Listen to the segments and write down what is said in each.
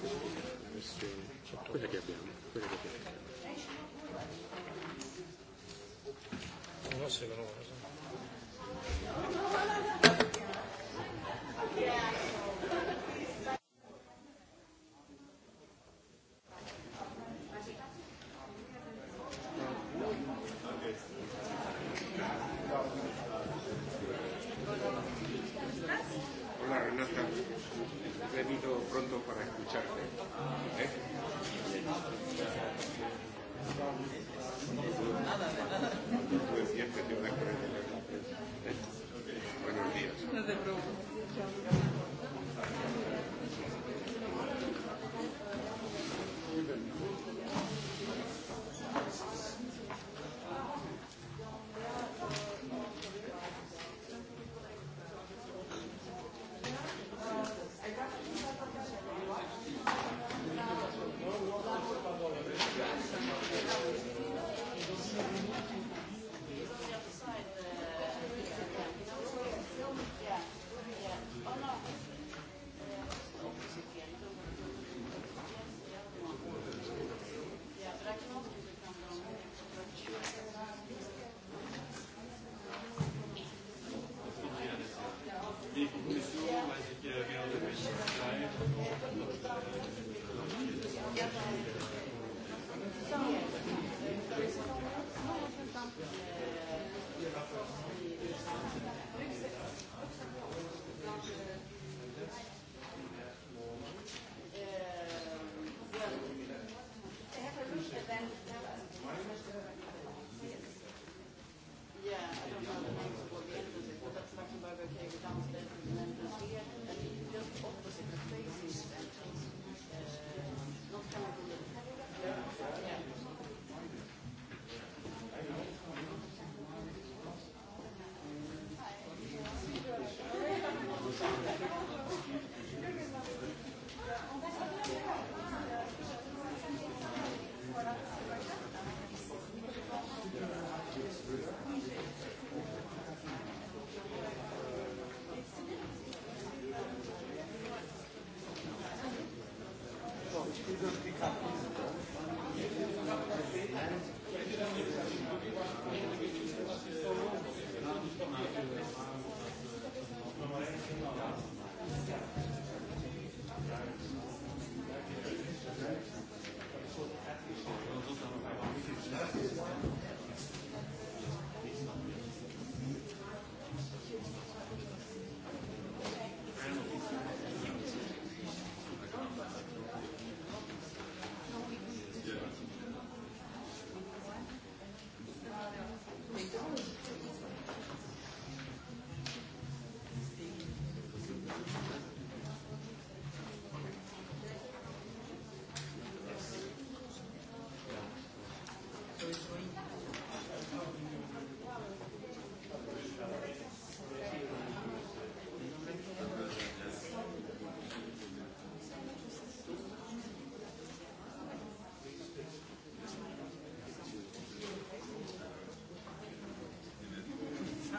questa qui è che abbiamo, quella che abbiamo.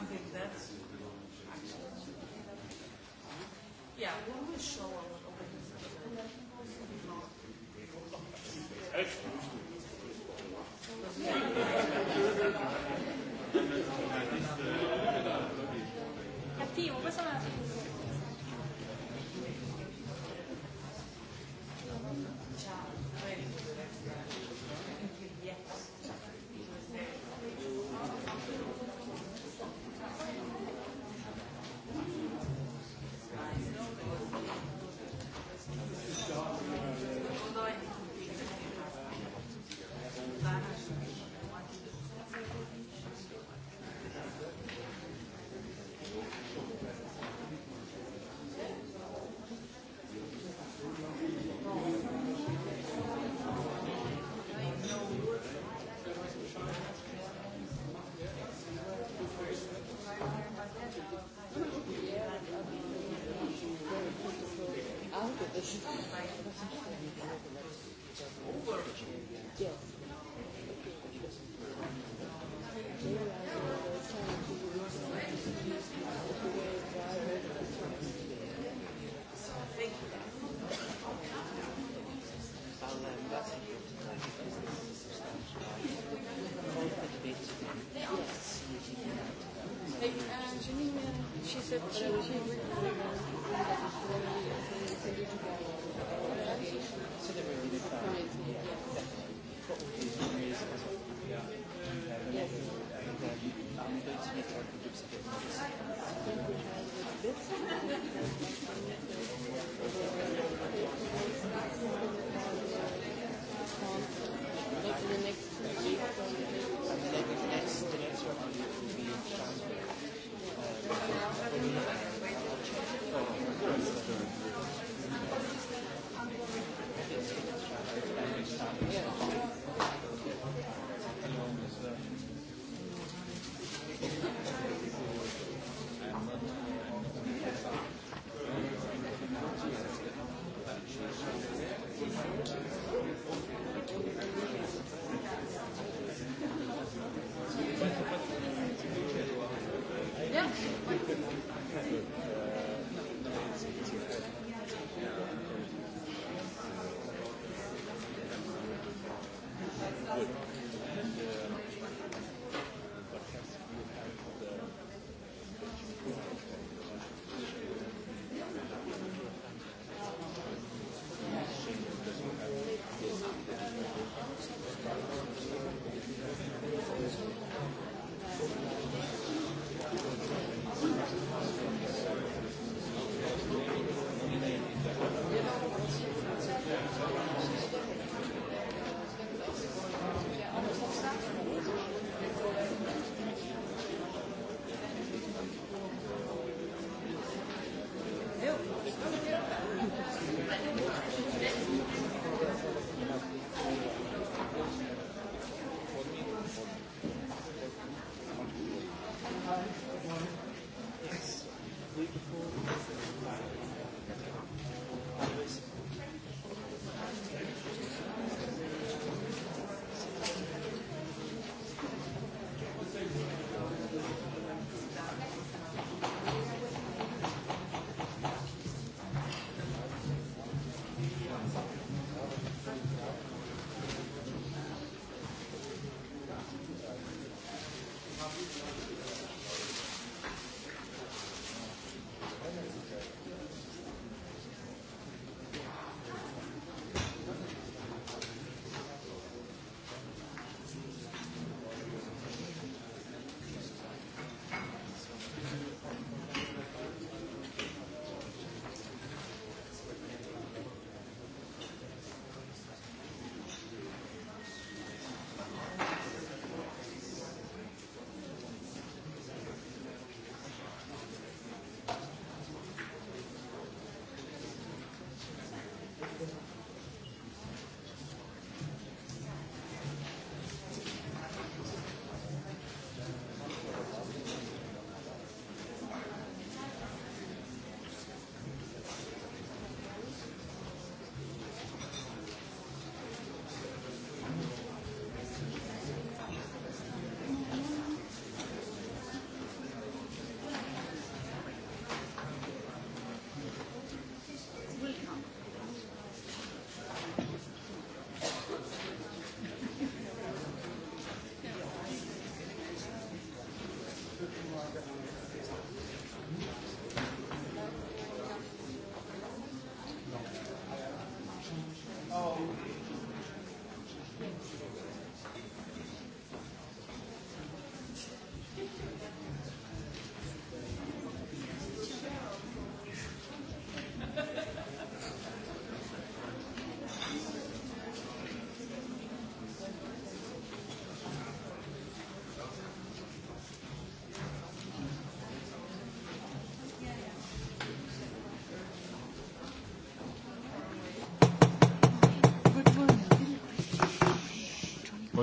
something that's yeah, we will show our Cattivo, questa è una yes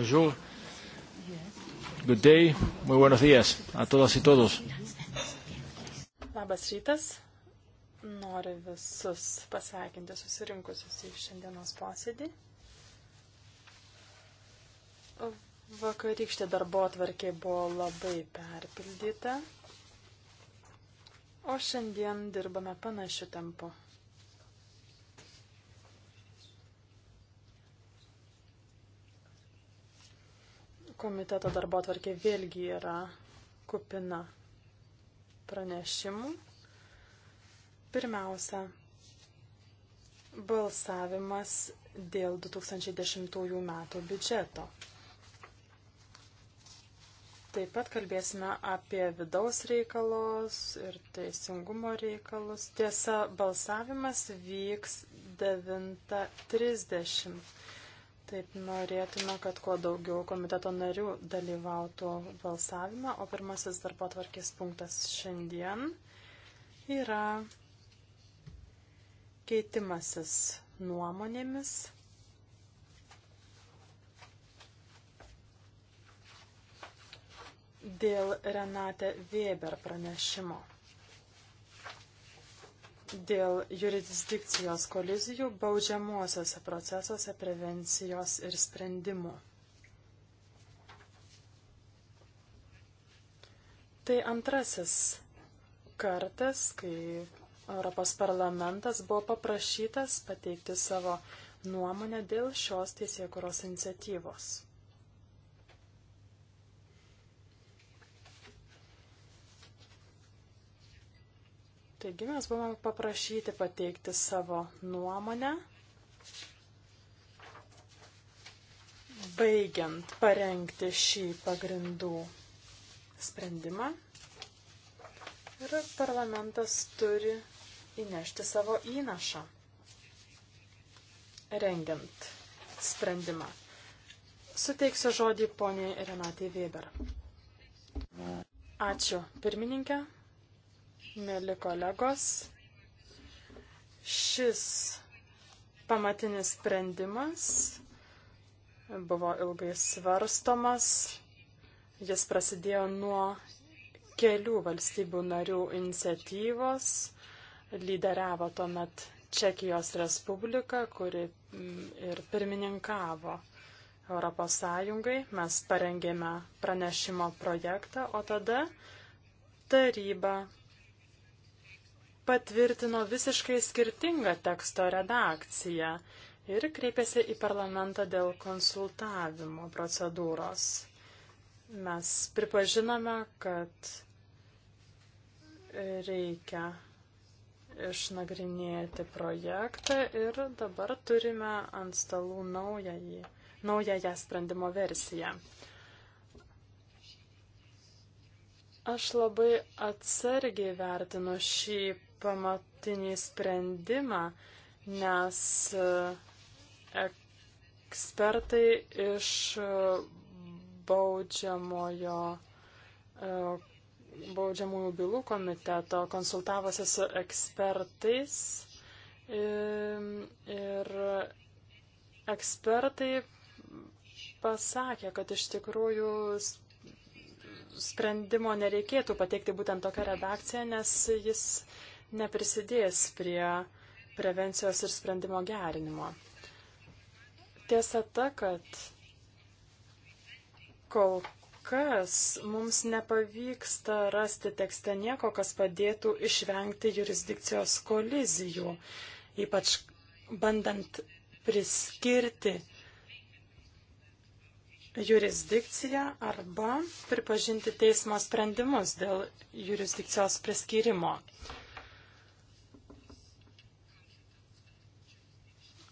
Bonjour. Good day. Muy buenos días a todas y todos. Labas rytas. Noriu visus pasveikinti susirinkusius į šiandienos posėdį. Vakarykštė darbo atvarkė buvo labai perpildyta, o šiandien dirbame panašiu tempu. komiteto darbo atvarkė vėlgi yra kupina pranešimų. Pirmiausia, balsavimas dėl 2010 metų biudžeto. Taip pat kalbėsime apie vidaus reikalus ir teisingumo reikalus. Tiesa, balsavimas vyks 9.30. Taip norėtume, kad kuo daugiau komiteto narių dalyvautų balsavime, o pirmasis darbo tvarkės punktas šiandien yra keitimasis nuomonėmis. Dėl Renate Weber pranešimo dėl jurisdikcijos kolizijų baudžiamuosiuose procesuose prevencijos ir sprendimų. Tai antrasis kartas, kai Europos parlamentas buvo paprašytas pateikti savo nuomonę dėl šios teisėkuros iniciatyvos. Taigi mes buvome paprašyti pateikti savo nuomonę. Baigiant parengti šį pagrindų sprendimą, ir parlamentas turi įnešti savo įnašą, rengiant sprendimą. Suteiksiu žodį poniai Renatai Weber. Ačiū, pirmininkė mėly kolegos, šis pamatinis sprendimas buvo ilgai svarstomas. Jis prasidėjo nuo kelių valstybių narių iniciatyvos, lyderiavo tuomet Čekijos Respublika, kuri mm, ir pirmininkavo Europos Sąjungai. Mes parengėme pranešimo projektą, o tada taryba patvirtino visiškai skirtingą teksto redakciją ir kreipėsi į parlamentą dėl konsultavimo procedūros. Mes pripažinome, kad reikia išnagrinėti projektą ir dabar turime ant stalų naująjį, naująją sprendimo versiją. Aš labai atsargiai vertinu šį pamatinį sprendimą, nes e, ekspertai iš e, baudžiamojo e, baudžiamųjų bylų komiteto konsultavosi su ekspertais ir ekspertai pasakė, kad iš tikrųjų sprendimo nereikėtų pateikti būtent tokią redakciją, nes jis neprisidės prie prevencijos ir sprendimo gerinimo. Tiesa ta, kad kol kas mums nepavyksta rasti tekste nieko, kas padėtų išvengti jurisdikcijos kolizijų, ypač bandant priskirti jurisdikciją arba pripažinti teismo sprendimus dėl jurisdikcijos priskirimo.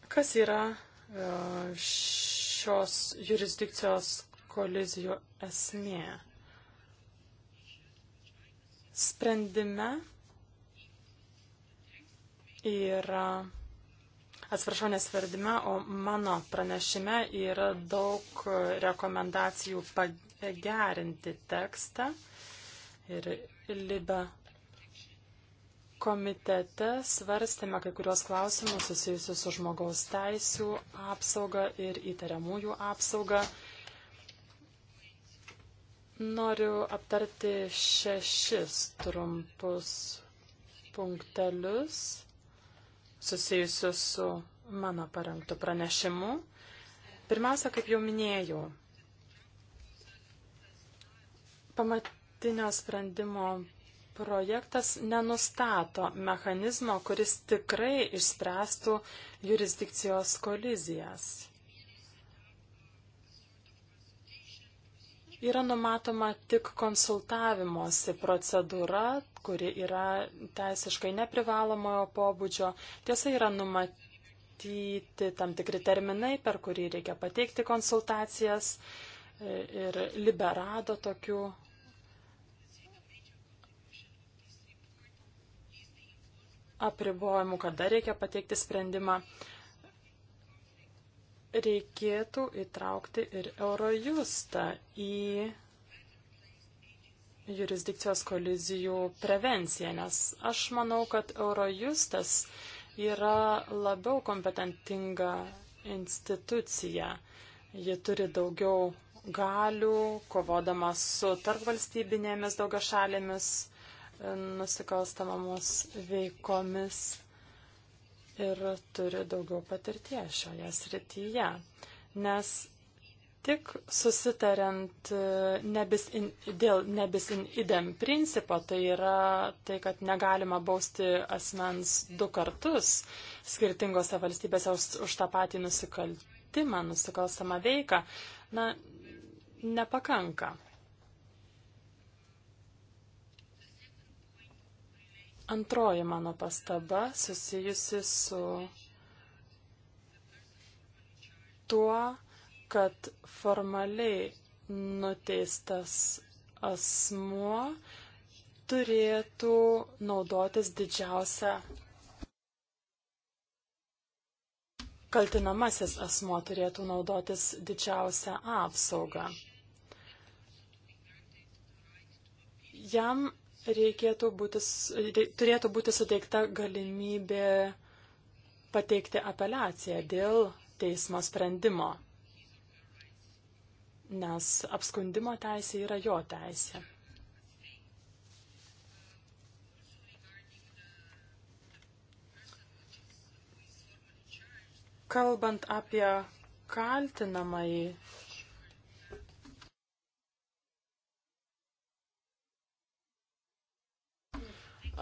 Kas yra e, šios jurisdikcijos kolizijų esmė? Sprendime yra Atsiprašau, nesverdime, o mano pranešime yra daug rekomendacijų pagerinti tekstą ir Libe komitete svarstėme kai kurios klausimus susijusius su žmogaus teisų apsauga ir įtariamųjų apsauga. Noriu aptarti šešis trumpus punktelius susijusius su mano parengtu pranešimu. Pirmiausia, kaip jau minėjau, pamatinio sprendimo projektas nenustato mechanizmo, kuris tikrai išspręstų jurisdikcijos kolizijas. Yra numatoma tik konsultavimosi procedūra, kuri yra teisiškai neprivalomojo pobūdžio. Tiesa, yra numatyti tam tikri terminai, per kurį reikia pateikti konsultacijas e, ir liberado tokių apribojimų, kada reikia pateikti sprendimą, reikėtų įtraukti ir Eurojustą į jurisdikcijos kolizijų prevenciją, nes aš manau, kad Eurojustas yra labiau kompetentinga institucija. Ji turi daugiau galių, kovodama su tarpvalstybinėmis daugiašalėmis nusikalstamamos veikomis ir turi daugiau patirties šioje srityje. Nes tik susitariant e, nebis in, dėl nebis in idem principo, tai yra tai, kad negalima bausti asmens du kartus skirtingose valstybėse už, už tą patį nusikaltimą, nusikalstamą veiką, na, nepakanka. Antroji mano pastaba susijusi su tuo, kad formaliai nuteistas asmuo turėtų naudotis didžiausią kaltinamasis asmuo turėtų naudotis didžiausią apsaugą. Jam reikėtų būti, turėtų būti suteikta galimybė pateikti apeliaciją dėl teismo sprendimo, nes apskundimo teisė yra jo teisė. Kalbant apie kaltinamąjį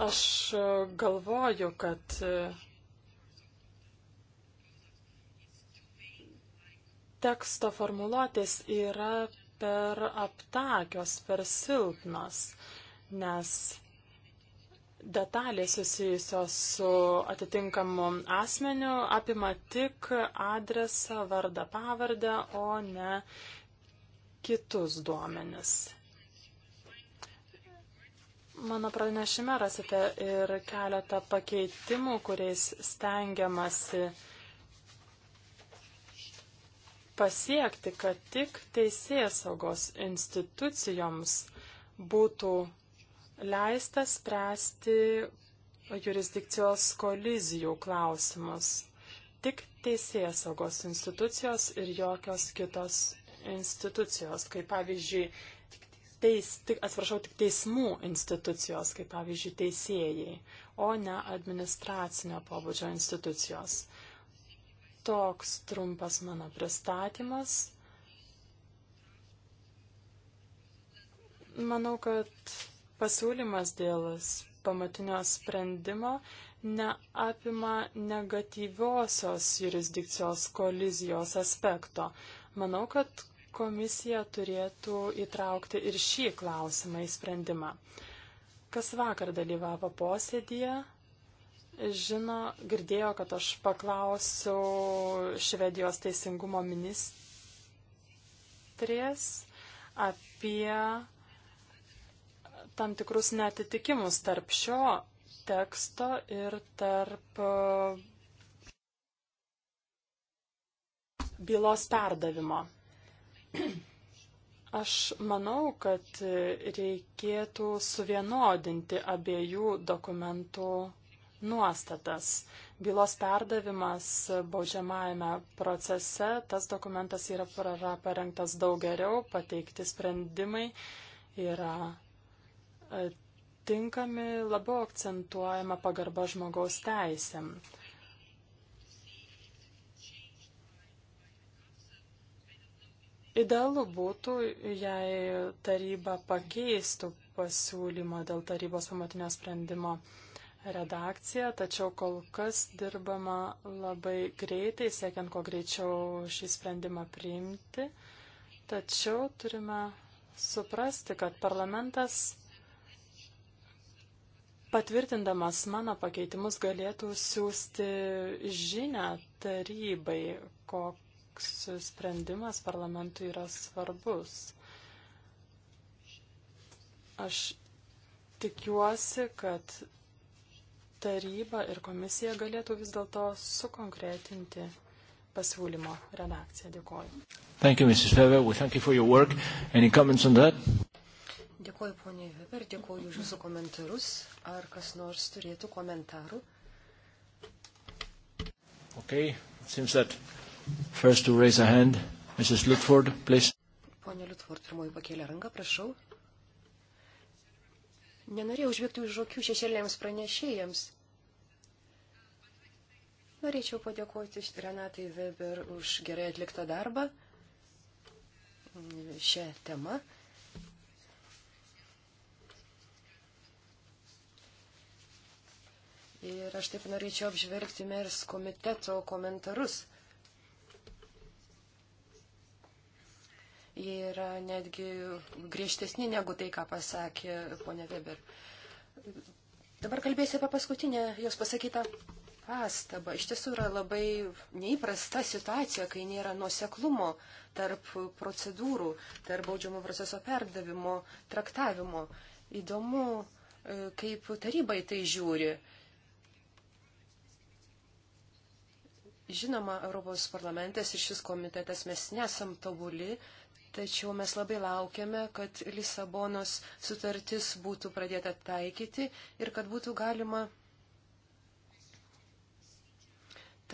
Aš e, galvoju, kad e, teksto formuluotės yra per aptakios, per silpnos, nes detalės susijusios su atitinkamu asmeniu apima tik adresą, vardą, pavardę, o ne kitus duomenis. Mano pranešime rasite ir keletą pakeitimų, kuriais stengiamasi pasiekti, kad tik teisės saugos institucijoms būtų leista spręsti jurisdikcijos kolizijų klausimus. Tik teisės saugos institucijos ir jokios kitos institucijos, kaip pavyzdžiui teis, tik, atsiprašau, tik teismų institucijos, kaip pavyzdžiui teisėjai, o ne administracinio pobūdžio institucijos. Toks trumpas mano pristatymas. Manau, kad pasiūlymas dėl pamatinio sprendimo neapima negatyviosios jurisdikcijos kolizijos aspekto. Manau, kad Komisija turėtų įtraukti ir šį klausimą į sprendimą. Kas vakar dalyvavo posėdėje, žino, girdėjo, kad aš paklausiau Švedijos teisingumo ministrės apie tam tikrus netitikimus tarp šio teksto ir tarp uh, bylos perdavimo. Aš manau, kad reikėtų suvienodinti abiejų dokumentų nuostatas. Bylos perdavimas baudžiamajame procese, tas dokumentas yra parengtas daug geriau, pateikti sprendimai yra e, tinkami, labiau akcentuojama pagarba žmogaus teisėm. Idealu būtų, jei taryba pakeistų pasiūlymą dėl tarybos pamatinio sprendimo redakciją, tačiau kol kas dirbama labai greitai, siekiant kuo greičiau šį sprendimą priimti. Tačiau turime suprasti, kad parlamentas patvirtindamas mano pakeitimus galėtų siūsti žinę tarybai, kokią toks sprendimas parlamentui yra svarbus. Aš tikiuosi, kad taryba ir komisija galėtų vis dėlto sukonkretinti pasiūlymo redakciją. Dėkoju. Thank you, Mrs. Weber. We thank you for your work. Any comments on that? Dėkoju, ponė Weber, dėkoju už jūsų komentarus. Ar kas nors turėtų komentarų? Okay, seems that First to raise a hand, Mrs. Lutford, please. Pone Lutford, pirmoji pakėlė ranką, prašau. Nenorėjau užbėgti už žokių šešėlėms pranešėjams. Norėčiau padėkoti Renatai Weber už gerai atliktą darbą mm, šią temą. Ir aš taip norėčiau apžvelgti MERS komiteto komentarus jie yra netgi griežtesni negu tai, ką pasakė ponė Weber. Dabar kalbėsiu apie paskutinę jos pasakytą pastabą. Iš tiesų yra labai neįprasta situacija, kai nėra nuoseklumo tarp procedūrų, tarp baudžiamo proceso perdavimo, traktavimo. Įdomu, e, kaip tarybai tai žiūri. Žinoma, Europos parlamentas ir šis komitetas mes nesam tobuli, Tačiau mes labai laukiame, kad Lisabonos sutartis būtų pradėta taikyti ir kad būtų galima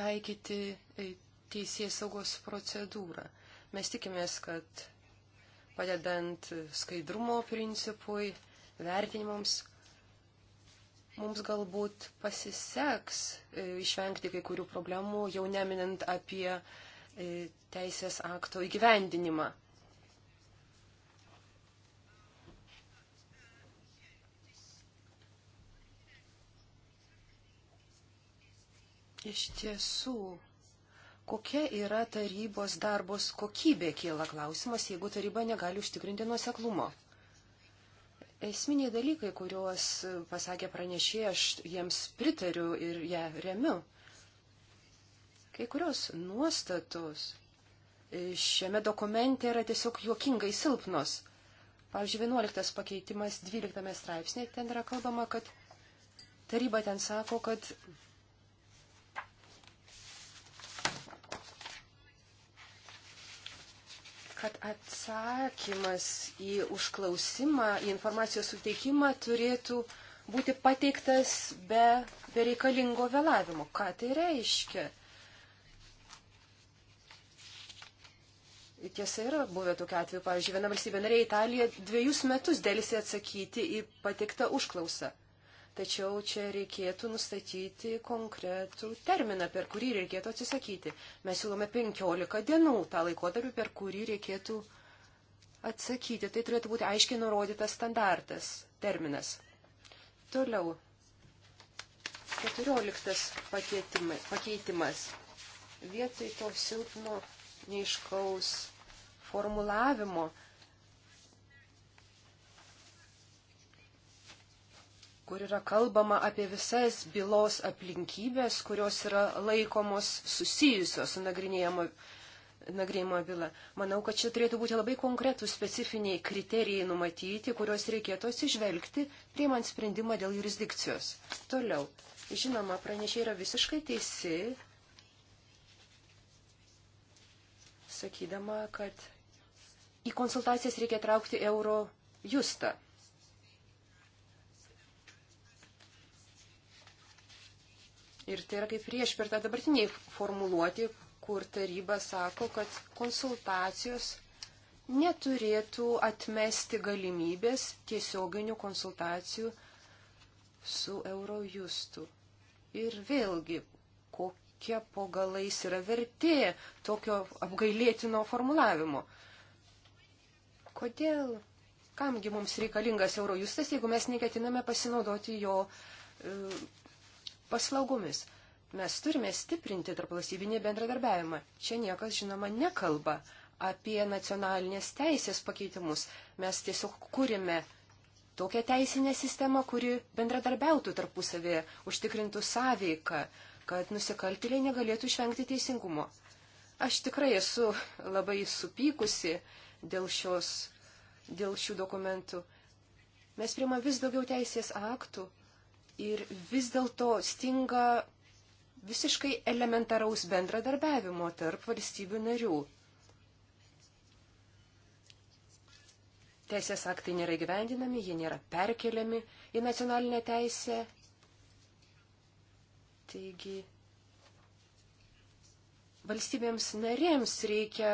taikyti e, teisės saugos procedūrą. Mes tikimės, kad padedant skaidrumo principui, vertinimams, mums galbūt pasiseks e, išvengti kai kurių problemų, jau neminint apie e, teisės akto įgyvendinimą. Iš tiesų, kokia yra tarybos darbos kokybė, kyla klausimas, jeigu taryba negali užtikrinti nuoseklumo. Esminiai dalykai, kuriuos pasakė pranešėjai, aš jiems pritariu ir ją remiu. Kai kurios nuostatos šiame dokumente yra tiesiog juokingai silpnos. Pavyzdžiui, 11 pakeitimas 12 straipsnė, ten yra kalbama, kad taryba ten sako, kad kad atsakymas į užklausimą, į informacijos suteikimą turėtų būti pateiktas be bereikalingo vėlavimo. Ką tai reiškia? Tiesa yra buvę tokia atveju, pavyzdžiui, viena valstybė narė Italija dviejus metus dėlisi atsakyti į pateiktą užklausą. Tačiau čia reikėtų nustatyti konkretų terminą, per kurį reikėtų atsisakyti. Mes siūlome 15 dienų tą laikotarpį, per kurį reikėtų atsakyti. Tai turėtų būti aiškiai nurodytas standartas, terminas. Toliau. 14 pakeitimas. Vietoj to silpno neiškaus formulavimo kur yra kalbama apie visas bylos aplinkybės, kurios yra laikomos susijusios su nagrinėjimo, nagrinėjimo byla. Manau, kad čia turėtų būti labai konkretų specifiniai kriterijai numatyti, kuriuos reikėtų atsižvelgti, priimant sprendimą dėl jurisdikcijos. Toliau. Žinoma, pranešė yra visiškai teisi, sakydama, kad į konsultacijas reikia traukti euro justą. Ir tai yra kaip prieš per tą dabartinį formuluoti, kur taryba sako, kad konsultacijos neturėtų atmesti galimybės tiesioginių konsultacijų su Eurojustu. Ir vėlgi, kokia po galais yra vertė tokio apgailėtino formulavimo. Kodėl, kamgi mums reikalingas Eurojustas, jeigu mes neketiname pasinaudoti jo e, paslaugomis. Mes turime stiprinti tarpvalstybinį bendradarbiavimą. Čia niekas, žinoma, nekalba apie nacionalinės teisės pakeitimus. Mes tiesiog kūrime tokią teisinę sistemą, kuri bendradarbiautų tarpusavėje, užtikrintų sąveiką, kad nusikaltėliai negalėtų išvengti teisingumo. Aš tikrai esu labai supykusi dėl, šios, dėl šių dokumentų. Mes priima vis daugiau teisės aktų, Ir vis dėlto stinga visiškai elementaraus bendradarbiavimo tarp valstybių narių. Teisės aktai nėra gyvendinami, jie nėra perkeliami į nacionalinę teisę. Taigi, valstybėms narėms reikia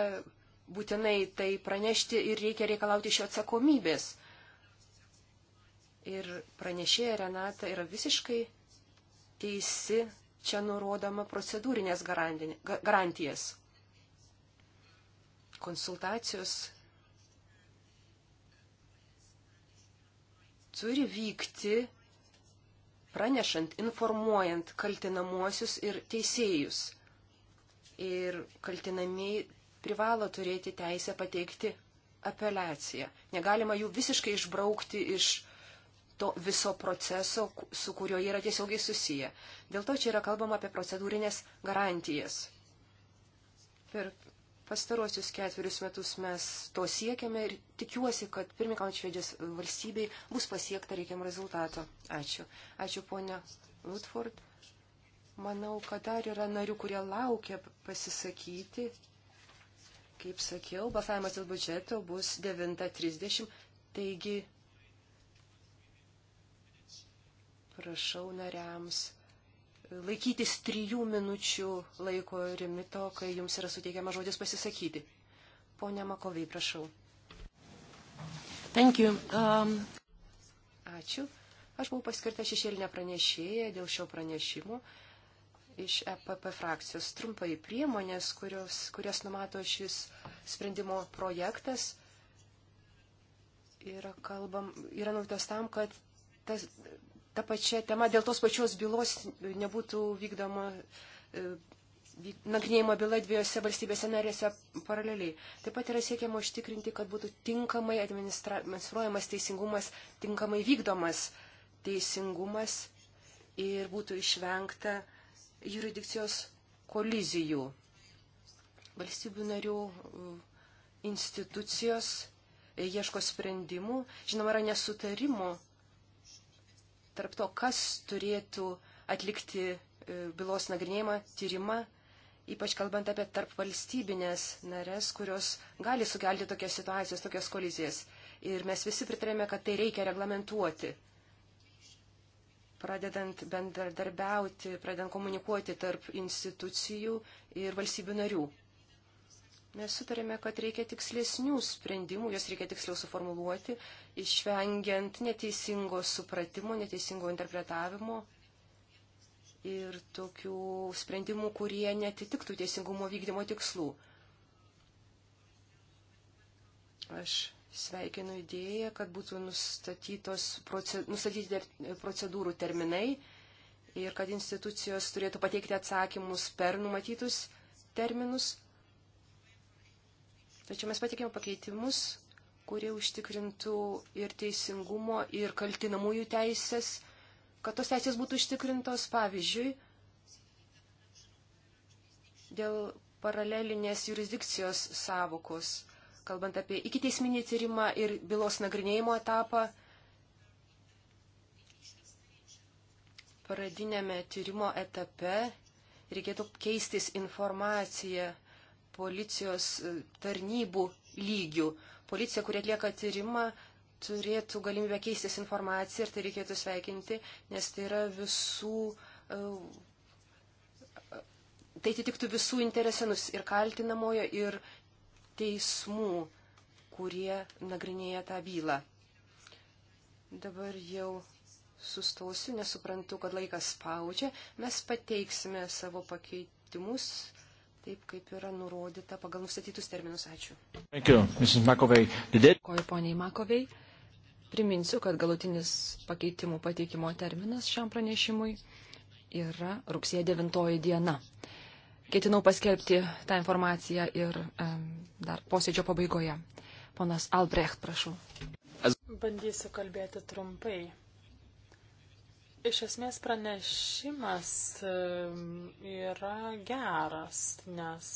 būtinai tai pranešti ir reikia reikalauti šio atsakomybės. Ir pranešėja Renata yra visiškai teisi, čia nurodoma procedūrinės garantijas. Konsultacijos turi vykti pranešant, informuojant kaltinamuosius ir teisėjus. Ir kaltinamiai privalo turėti teisę pateikti apeliaciją. Negalima jų visiškai išbraukti iš to viso proceso, su kuriuo yra tiesiogiai susiję. Dėl to čia yra kalbama apie procedūrinės garantijas. Per pastaruosius ketverius metus mes to siekiame ir tikiuosi, kad pirmikant švedės valstybei bus pasiekta reikiam rezultato. Ačiū. Ačiū ponia Lutford. Manau, kad dar yra narių, kurie laukia pasisakyti. Kaip sakiau, balsavimas dėl biudžeto bus 9.30. Taigi Prašau nariams laikytis trijų minučių laiko rimito, kai jums yra suteikiama žodis pasisakyti. Pone Makovai, prašau. Thank you. Um... Ačiū. Aš buvau paskirta šešėlinė pranešėja dėl šio pranešimo iš EPP frakcijos. Trumpai priemonės, kurios, kurias numato šis sprendimo projektas, yra, kalbam, yra naudos tam, kad tas ta pačia tema, dėl tos pačios bylos nebūtų vykdoma e, nagrinėjimo byla dviejose valstybėse narėse paraleliai. Taip pat yra siekiama užtikrinti, kad būtų tinkamai administruojamas teisingumas, tinkamai vykdomas teisingumas ir būtų išvengta juridikcijos kolizijų. Valstybių narių e, institucijos e, ieško sprendimų, žinoma, yra nesutarimų tarp to, kas turėtų atlikti e, bylos nagrinėjimą, tyrimą, ypač kalbant apie tarp valstybinės narės, kurios gali sukelti tokias situacijas, tokias kolizijas. Ir mes visi pritarėme, kad tai reikia reglamentuoti. Pradedant bendradarbiauti, pradedant komunikuoti tarp institucijų ir valstybių narių. Mes sutarėme, kad reikia tikslesnių sprendimų, juos reikia tiksliau suformuluoti, išvengiant neteisingo supratimo, neteisingo interpretavimo ir tokių sprendimų, kurie netitiktų teisingumo vykdymo tikslų. Aš sveikinu idėją, kad būtų nustatyti procedūrų terminai ir kad institucijos turėtų pateikti atsakymus per numatytus terminus Tačiau mes patikėme pakeitimus, kurie užtikrintų ir teisingumo, ir kaltinamųjų teisės, kad tos teisės būtų užtikrintos, pavyzdžiui, dėl paralelinės jurisdikcijos savokos, kalbant apie ikiteisminį tyrimą ir bylos nagrinėjimo etapą. Pradinėme tyrimo etape reikėtų keistis informaciją policijos e, tarnybų lygių. Policija, kurie atlieka tyrimą, turėtų galimybę keistis informaciją ir tai reikėtų sveikinti, nes tai yra visų. E, tai atitiktų visų interesenus ir kaltinamojo, ir teismų, kurie nagrinėja tą bylą. Dabar jau sustosiu, nesuprantu, kad laikas spaudžia. Mes pateiksime savo pakeitimus taip, kaip yra nurodyta pagal nustatytus terminus. Ačiū. Dėkoju poniai Makovei. Priminsiu, kad galutinis pakeitimų pateikimo terminas šiam pranešimui yra rugsėjo 9 diena. Ketinau paskelbti tą informaciją ir um, dar posėdžio pabaigoje. Ponas Albrecht, prašau. Bandysiu kalbėti trumpai. Iš esmės pranešimas yra geras, nes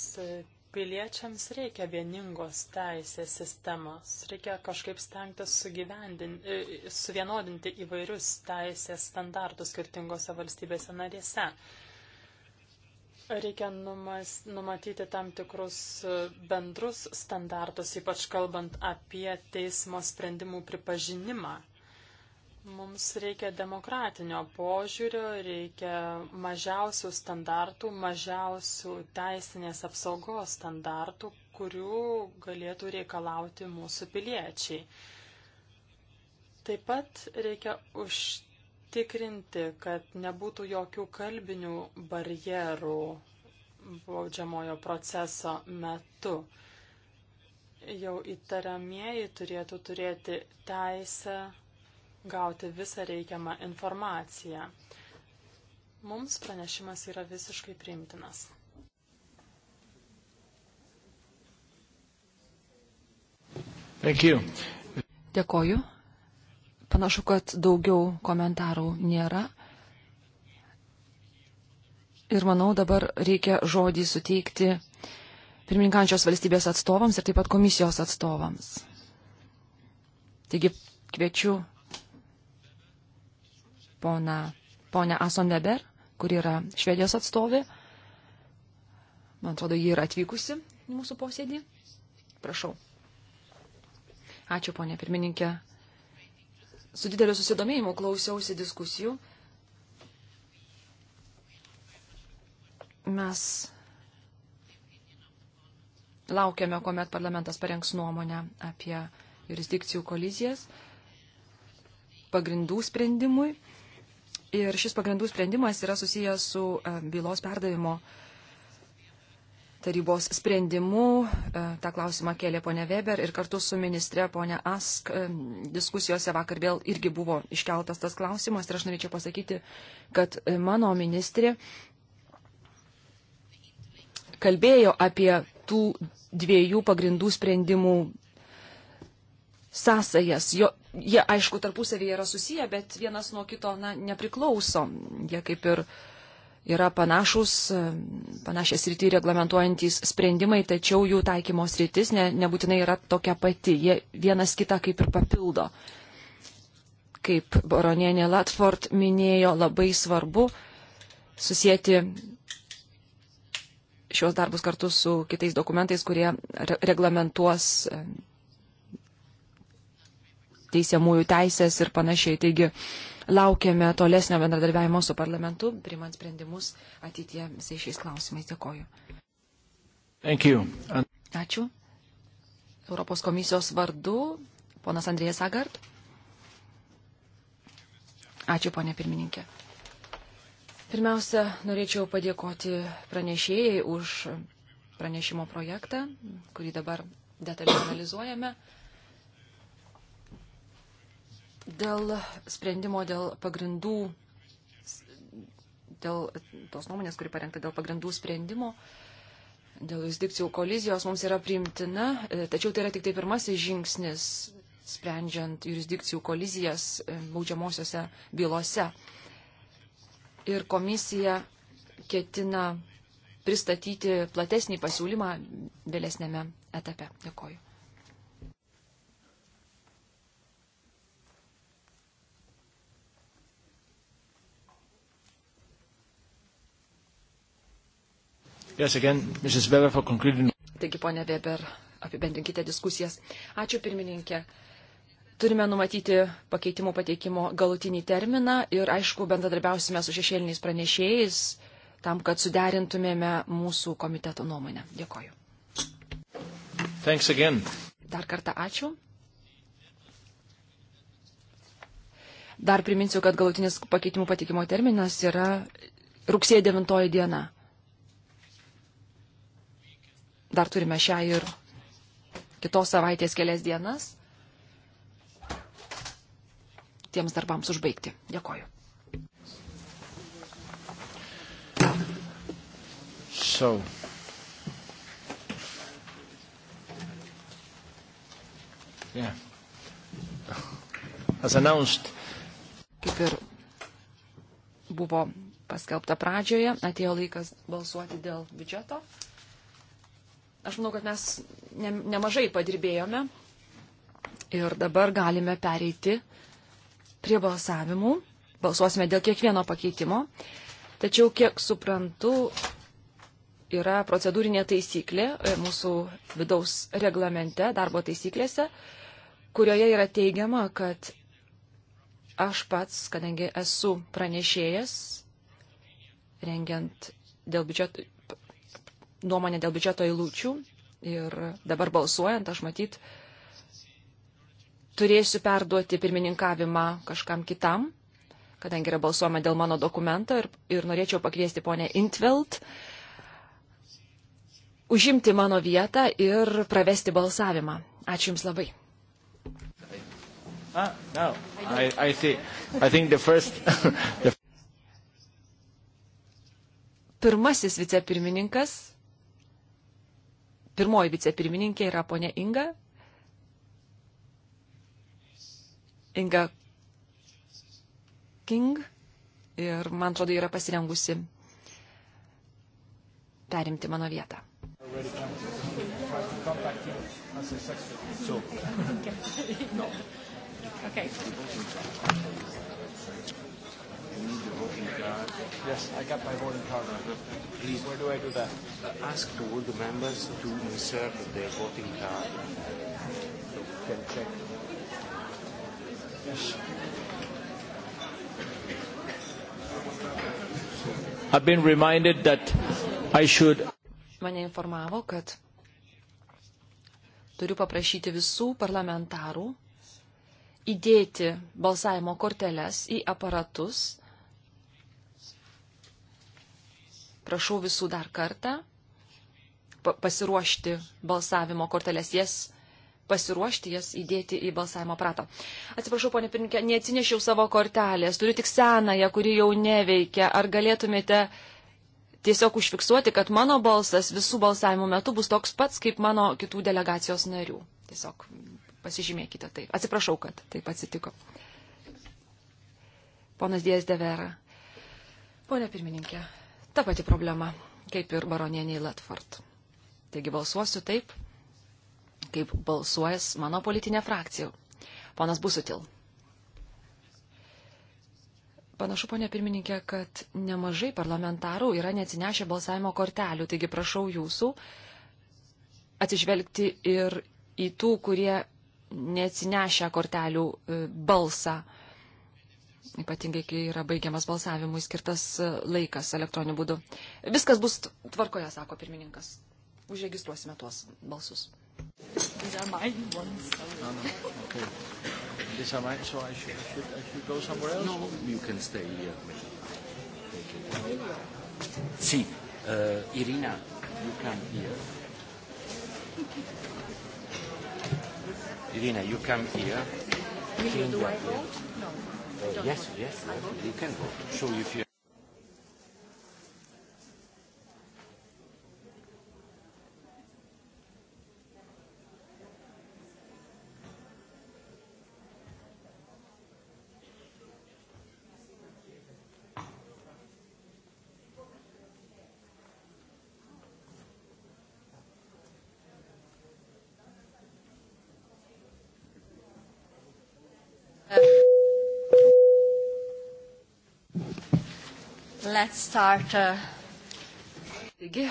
piliečiams reikia vieningos teisės sistemos, reikia kažkaip stengtis e, suvienodinti įvairius teisės standartus skirtingose valstybėse narėse. Reikia numas, numatyti tam tikrus e, bendrus standartus, ypač kalbant apie teismo sprendimų pripažinimą. Mums reikia demokratinio požiūrio, reikia mažiausių standartų, mažiausių teisinės apsaugos standartų, kurių galėtų reikalauti mūsų piliečiai. Taip pat reikia užtikrinti, kad nebūtų jokių kalbinių barjerų baudžiamojo proceso metu. Jau įtariamieji turėtų turėti teisę gauti visą reikiamą informaciją. Mums pranešimas yra visiškai priimtinas. Dėkoju. Panašu, kad daugiau komentarų nėra. Ir manau, dabar reikia žodį suteikti pirmininkančios valstybės atstovams ir taip pat komisijos atstovams. Taigi kviečiu ponę Asondeber, kuri yra Švedijos atstovė. Man atrodo, ji yra atvykusi į mūsų posėdį. Prašau. Ačiū, ponė pirmininkė. Su dideliu susidomėjimu klausiausi diskusijų. Mes laukiame, kuomet parlamentas parengs nuomonę apie jurisdikcijų kolizijas pagrindų sprendimui Ir šis pagrindų sprendimas yra susijęs su e, bylos perdavimo tarybos sprendimu. E, Ta klausimą kėlė ponė Weber ir kartu su ministre ponė Ask e, diskusijose vakar vėl irgi buvo iškeltas tas klausimas. Ir aš norėčiau pasakyti, kad mano ministrė kalbėjo apie tų dviejų pagrindų sprendimų sąsajas. Jo, jie, aišku, tarpusavėje yra susiję, bet vienas nuo kito na, nepriklauso. Jie kaip ir yra panašus, panašias rytį reglamentuojantis sprendimai, tačiau jų taikymos rytis ne, nebūtinai yra tokia pati. Jie vienas kitą kaip ir papildo. Kaip baronienė Latford minėjo, labai svarbu susijęti šios darbus kartu su kitais dokumentais, kurie reglamentuos teisiamųjų teisės ir panašiai. Taigi laukiame tolesnio bendradarbiavimo su parlamentu, primant sprendimus ateitie visais šiais klausimais. Dėkoju. And... Ačiū. Europos komisijos vardu, ponas Andrėjas Agart. Ačiū, ponė pirmininkė. Pirmiausia, norėčiau padėkoti pranešėjai už pranešimo projektą, kurį dabar detaliai analizuojame. Dėl sprendimo dėl pagrindų, dėl tos nuomonės, kuri parengta dėl pagrindų sprendimo, dėl jurisdikcijų kolizijos mums yra priimtina, e, tačiau tai yra tik tai pirmasis žingsnis sprendžiant jurisdikcijų kolizijas e, baudžiamosiose bylose. Ir komisija ketina pristatyti platesnį pasiūlymą vėlesnėme etape. Dėkoju. Yes, again, Mrs. Weber for concluding. Taigi, ponė Weber, apibendrinkite diskusijas. Ačiū pirmininkė. Turime numatyti pakeitimų pateikimo galutinį terminą ir, aišku, bendradarbiausime su šešėliniais pranešėjais tam, kad suderintumėme mūsų komiteto nuomonę. Dėkoju. Dar kartą ačiū. Dar priminsiu, kad galutinis pakeitimų pateikimo terminas yra rugsėjo 9 diena dar turime šią ir kitos savaitės kelias dienas tiems darbams užbaigti. Dėkoju. So. Yeah. As announced. Kaip ir buvo paskelbta pradžioje, atėjo laikas balsuoti dėl biudžeto. Aš manau, kad mes ne, nemažai padirbėjome ir dabar galime pereiti prie balsavimų. Balsuosime dėl kiekvieno pakeitimo. Tačiau, kiek suprantu, yra procedūrinė taisyklė e, mūsų vidaus reglamente, darbo taisyklėse, kurioje yra teigiama, kad aš pats, kadangi esu pranešėjas, rengiant dėl biudžeto, nuomonę dėl biudžeto eilučių ir dabar balsuojant aš matyt turėsiu perduoti pirmininkavimą kažkam kitam, kadangi yra balsuojama dėl mano dokumento ir, ir norėčiau pakviesti ponę Intveld užimti mano vietą ir pravesti balsavimą. Ačiū Jums labai. Ah, no. I, I see. I think the first, the... Pirmasis vicepirmininkas pirmoji vicepirmininkė yra ponė Inga. Inga King ir man atrodo yra pasirengusi perimti mano vietą. Okay need the voting card. Yes, I got my voting card. Please, where do I do that? Ask all the members to insert their voting card. So we can check. Yes. I've been reminded that I should. Mane informavo, kad turiu paprašyti visų parlamentarų įdėti balsavimo korteles į aparatus Prašau visų dar kartą pasiruošti balsavimo korteles, jas pasiruošti, jas įdėti į balsavimo pratą. Atsiprašau, ponė pirmininkė, neatsinešiau savo kortelės, turiu tik senąją, kuri jau neveikia. Ar galėtumėte tiesiog užfiksuoti, kad mano balsas visų balsavimų metu bus toks pats kaip mano kitų delegacijos narių? Tiesiog pasižymėkite tai. Atsiprašau, kad taip atsitiko. Ponas Dijas Devera. Pone pirmininkė, Ta pati problema, kaip ir baronieniai Latford. Taigi balsuosiu taip, kaip balsuojas mano politinė frakcija. Ponas Busutil. Panašu, ponė pirmininkė, kad nemažai parlamentarų yra neatsinešę balsavimo kortelių, taigi prašau jūsų atsižvelgti ir į tų, kurie neatsinešę kortelių e, balsą ypatingai kai yra baigiamas balsavimui skirtas e, laikas elektroniniu būdu. Viskas bus tvarkoje, sako pirmininkas. Užregistruosime tuos balsus. Sì, uh, eh, Irina, you come here. Irina, you come here. Will you do my vote? Yes, yes, yes, you can vote. Show if you. Let's start. Uh... Taigi,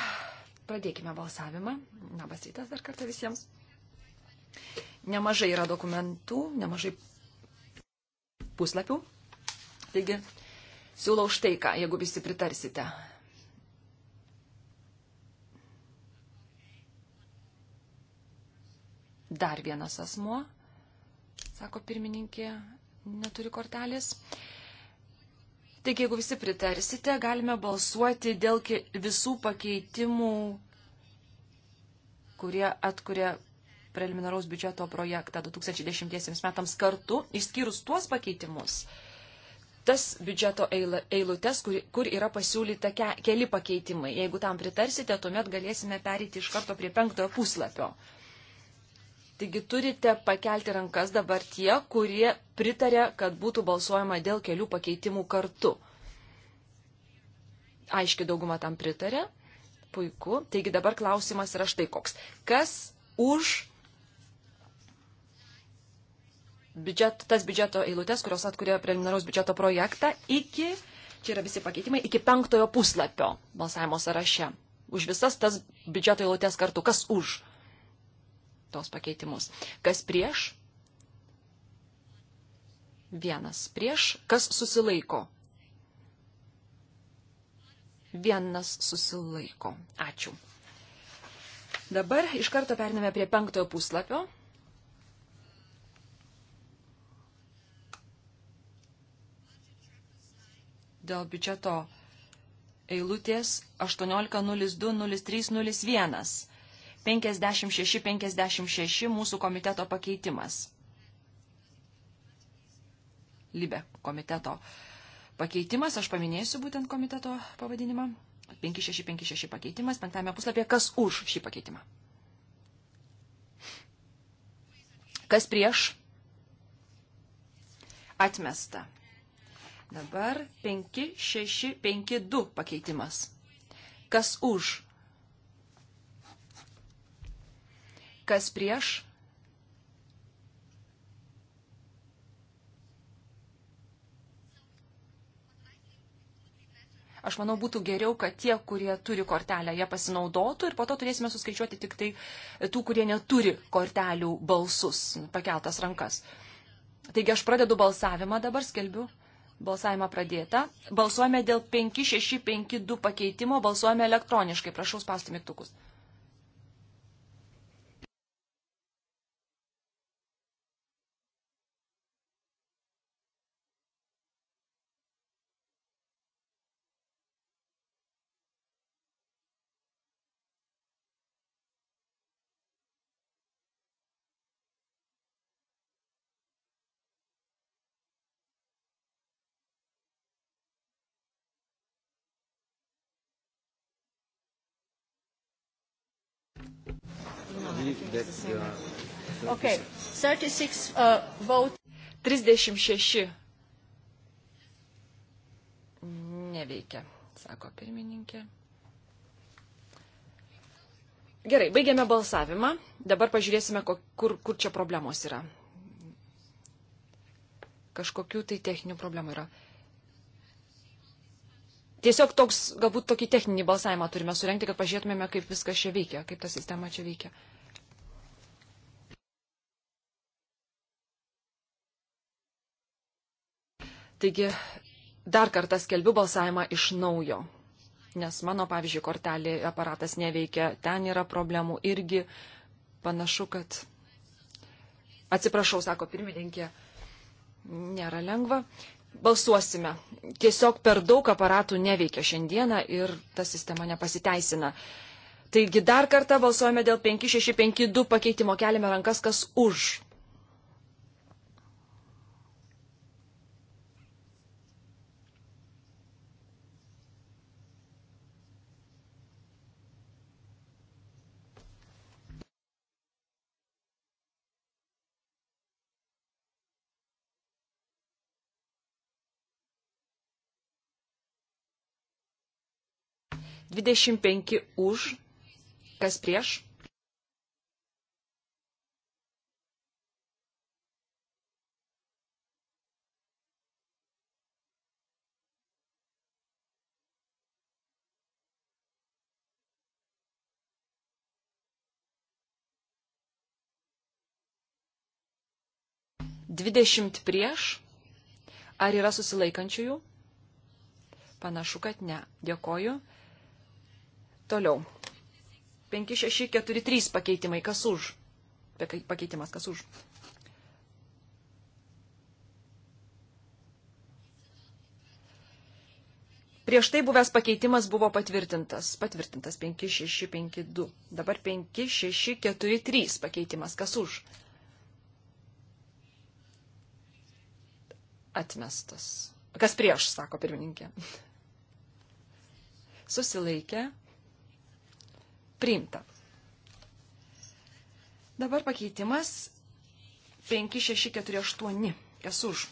pradėkime balsavimą. Labas rytas dar kartą visiems. Nemažai yra dokumentų, nemažai puslapių. Taigi, siūlau štai ką, jeigu visi pritarsite. Dar vienas asmuo, sako pirmininkė, neturi kortelės. Uh, Taigi, jeigu visi pritarsite, galime balsuoti dėl visų pakeitimų, kurie atkuria preliminaraus biudžeto projektą 2010 metams kartu, išskyrus tuos pakeitimus, tas biudžeto eilutes, kur, kur yra pasiūlyta ke, keli pakeitimai. Jeigu tam pritarsite, tuomet galėsime perėti iš karto prie penktojo puslapio. Taigi turite pakelti rankas dabar tie, kurie pritarė, kad būtų balsuojama dėl kelių pakeitimų kartu. Aiški dauguma tam pritarė. Puiku. Taigi dabar klausimas yra štai koks. Kas už biudžet, tas biudžeto eilutės, kurios atkuria preliminaraus biudžeto projektą, iki, čia yra visi pakeitimai, iki penktojo puslapio balsavimo sąraše. Už visas tas biudžeto eilutės kartu. Kas už? tos pakeitimus. Kas prieš? Vienas prieš. Kas susilaiko? Vienas susilaiko. Ačiū. Dabar iš karto periname prie penktojo puslapio. Dėl biudžeto eilutės 18.02.03.01. 56-56 mūsų komiteto pakeitimas. Libe komiteto pakeitimas, aš paminėsiu būtent komiteto pavadinimą. 5656 pakeitimas, penktame puslapyje, kas už šį pakeitimą. Kas prieš? Atmesta. Dabar 5652 pakeitimas. Kas už Kas prieš? Aš manau, būtų geriau, kad tie, kurie turi kortelę, ją pasinaudotų ir po to turėsime suskaičiuoti tik tai tų, kurie neturi kortelių balsus, pakeltas rankas. Taigi aš pradedu balsavimą dabar, skelbiu. Balsavimą pradėta. Balsuojame dėl 5652 pakeitimo, balsuojame elektroniškai. Prašau spausti mygtukus. believe that you uh, are... Okay, 36 uh, vote. 36. Neveikia, sako pirmininkė. Gerai, baigėme balsavimą. Dabar pažiūrėsime, kur, kur čia problemos yra. Kažkokių tai techninių problemų yra. Tiesiog toks, galbūt tokį techninį balsavimą turime surenkti, kad pažiūrėtumėme, kaip viskas čia veikia, kaip ta sistema čia veikia. Taigi dar kartą skelbiu balsavimą iš naujo, nes mano, pavyzdžiui, kortelė aparatas neveikia, ten yra problemų irgi panašu, kad. Atsiprašau, sako pirmininkė, nėra lengva balsuosime. Tiesiog per daug aparatų neveikia šiandieną ir ta sistema nepasiteisina. Taigi dar kartą balsuojame dėl 5652 pakeitimo keliame rankas, kas už. 25 už, kas prieš. Dvidešimt prieš. Ar yra susilaikančiųjų? Panašu, kad ne. Dėkoju. Toliau. 5643 pakeitimai. Kas už? Pakeitimas. Kas už? Prieš tai buvęs pakeitimas buvo patvirtintas. Patvirtintas 5652. Dabar 5643 pakeitimas. Kas už? Atmestas. Kas prieš, sako pirmininkė. Susilaikė priimta. Dabar pakeitimas 5648. Kas už?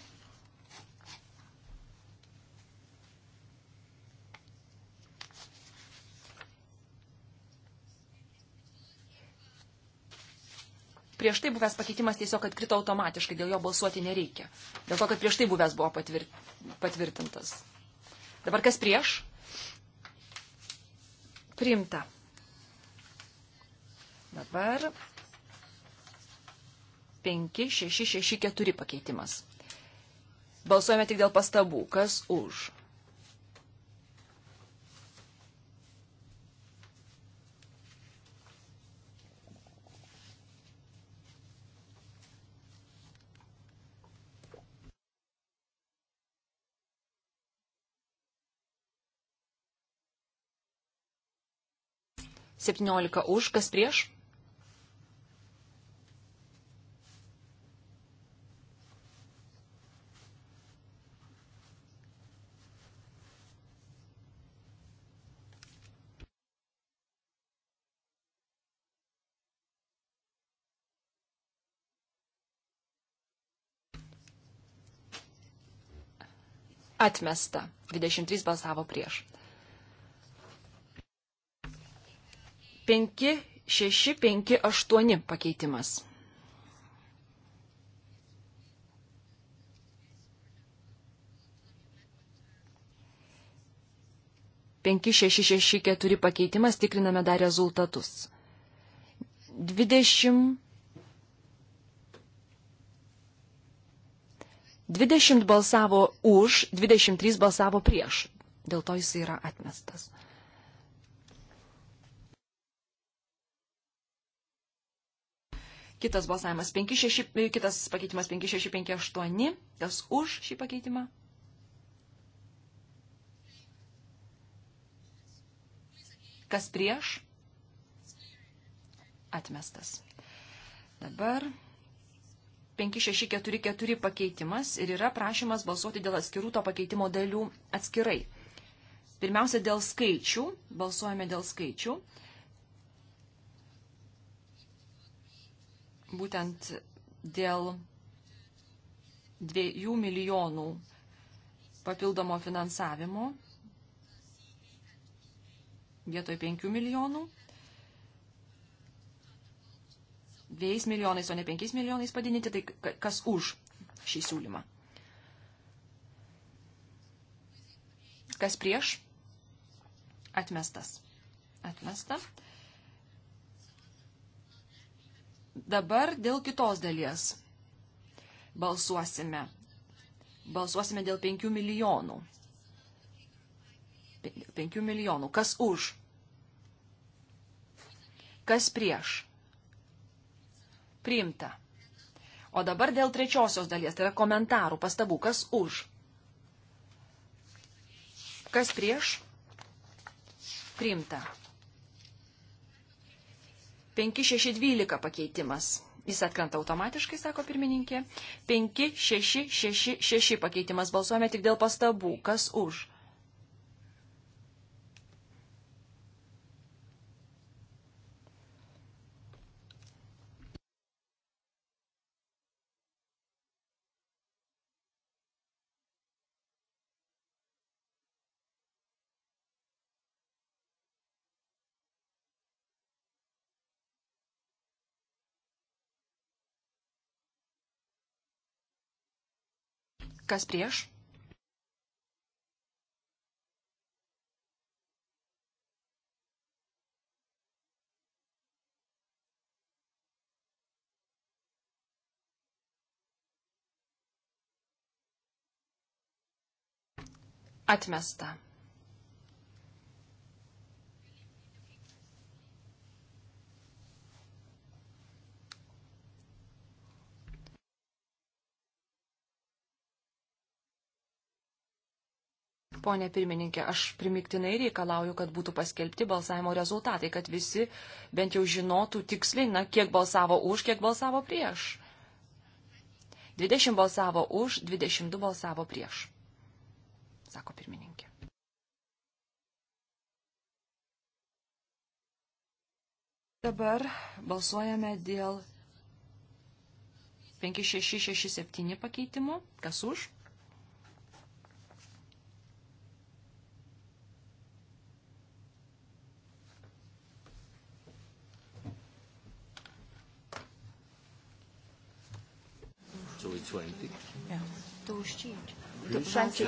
prieš tai buvęs pakeitimas tiesiog atkrito automatiškai, dėl jo balsuoti nereikia. Dėl to, kad prieš tai buvęs buvo patvir... patvirtintas. Dabar kas prieš? Priimta. Dabar 5664 pakeitimas. Balsuojame tik dėl pastabų. Kas už? Septyniolika už, kas prieš? Atmesta. 23 balsavo prieš. 5, 6, 5, 8 pakeitimas. Penki, šeši, šeši, keturi pakeitimas, tikriname dar rezultatus. Dvidešimt 20 balsavo už, 23 balsavo prieš. Dėl to jis yra atmestas. Kitas balsavimas 5, 6, kitas pakeitimas 5, 6, 5, 8. Kas už šį pakeitimą? Kas prieš? Atmestas. Dabar 5644 pakeitimas ir yra prašymas balsuoti dėl atskirų to pakeitimo dalių atskirai. Pirmiausia, dėl skaičių. Balsuojame dėl skaičių. Būtent dėl 2 milijonų papildomo finansavimo vietoj 5 milijonų. 2 milijonais, o ne 5 milijonais padidinti, tai kas už šį siūlymą? Kas prieš? Atmestas. Atmesta. Dabar dėl kitos dalies balsuosime. Balsuosime dėl 5 milijonų. 5 milijonų. Kas už? Kas prieš? Priimta. O dabar dėl trečiosios dalies, tai yra komentarų, pastabų, kas už. Kas prieš? Priimta. 5612 pakeitimas. Jis atkrenta automatiškai, sako pirmininkė. 5666 pakeitimas. Balsuojame tik dėl pastabų. Kas už? Kas prieš? Atmesta. Pone pirmininkė, aš primiktinai reikalauju, kad būtų paskelbti balsavimo rezultatai, kad visi bent jau žinotų tiksliai, na, kiek balsavo už, kiek balsavo prieš. 20 balsavo už, 22 balsavo prieš, sako pirmininkė. Dabar balsuojame dėl 5667 pakeitimo. Kas už? so it's 20. Yeah, those change. 20,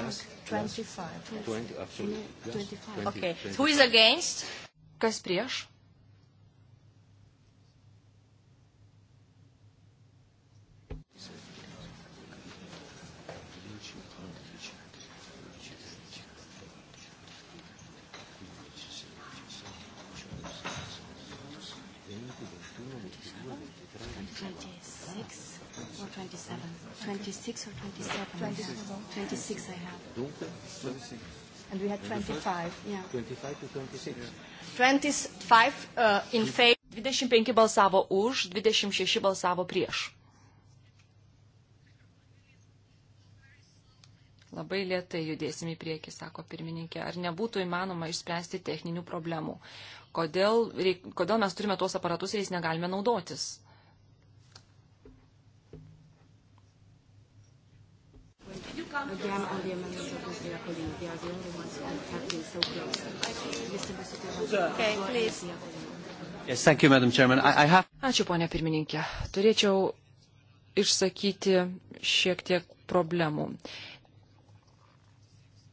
25. 20, absolutely. 25. Okay. Who is against? Kas prieš? 26 or 27? 27. 26 I have. Donc, 26. And we had 25. Yeah. 25 to 26. Yeah. 25 uh, in favor. 25 balsavo už, 26 balsavo prieš. Labai lietai judėsim į priekį, sako pirmininkė. Ar nebūtų įmanoma išspręsti techninių problemų? Kodėl, reik, kodėl mes turime tuos aparatus ir jais negalime naudotis? again on the amendments of Mr. Iacolini. They are the only ones that have been so close. Mr. Ambassador, okay, please. Yes, thank you, Madam Chairman. I, I have... Ačiū, ponia pirmininkė. Turėčiau išsakyti šiek tiek problemų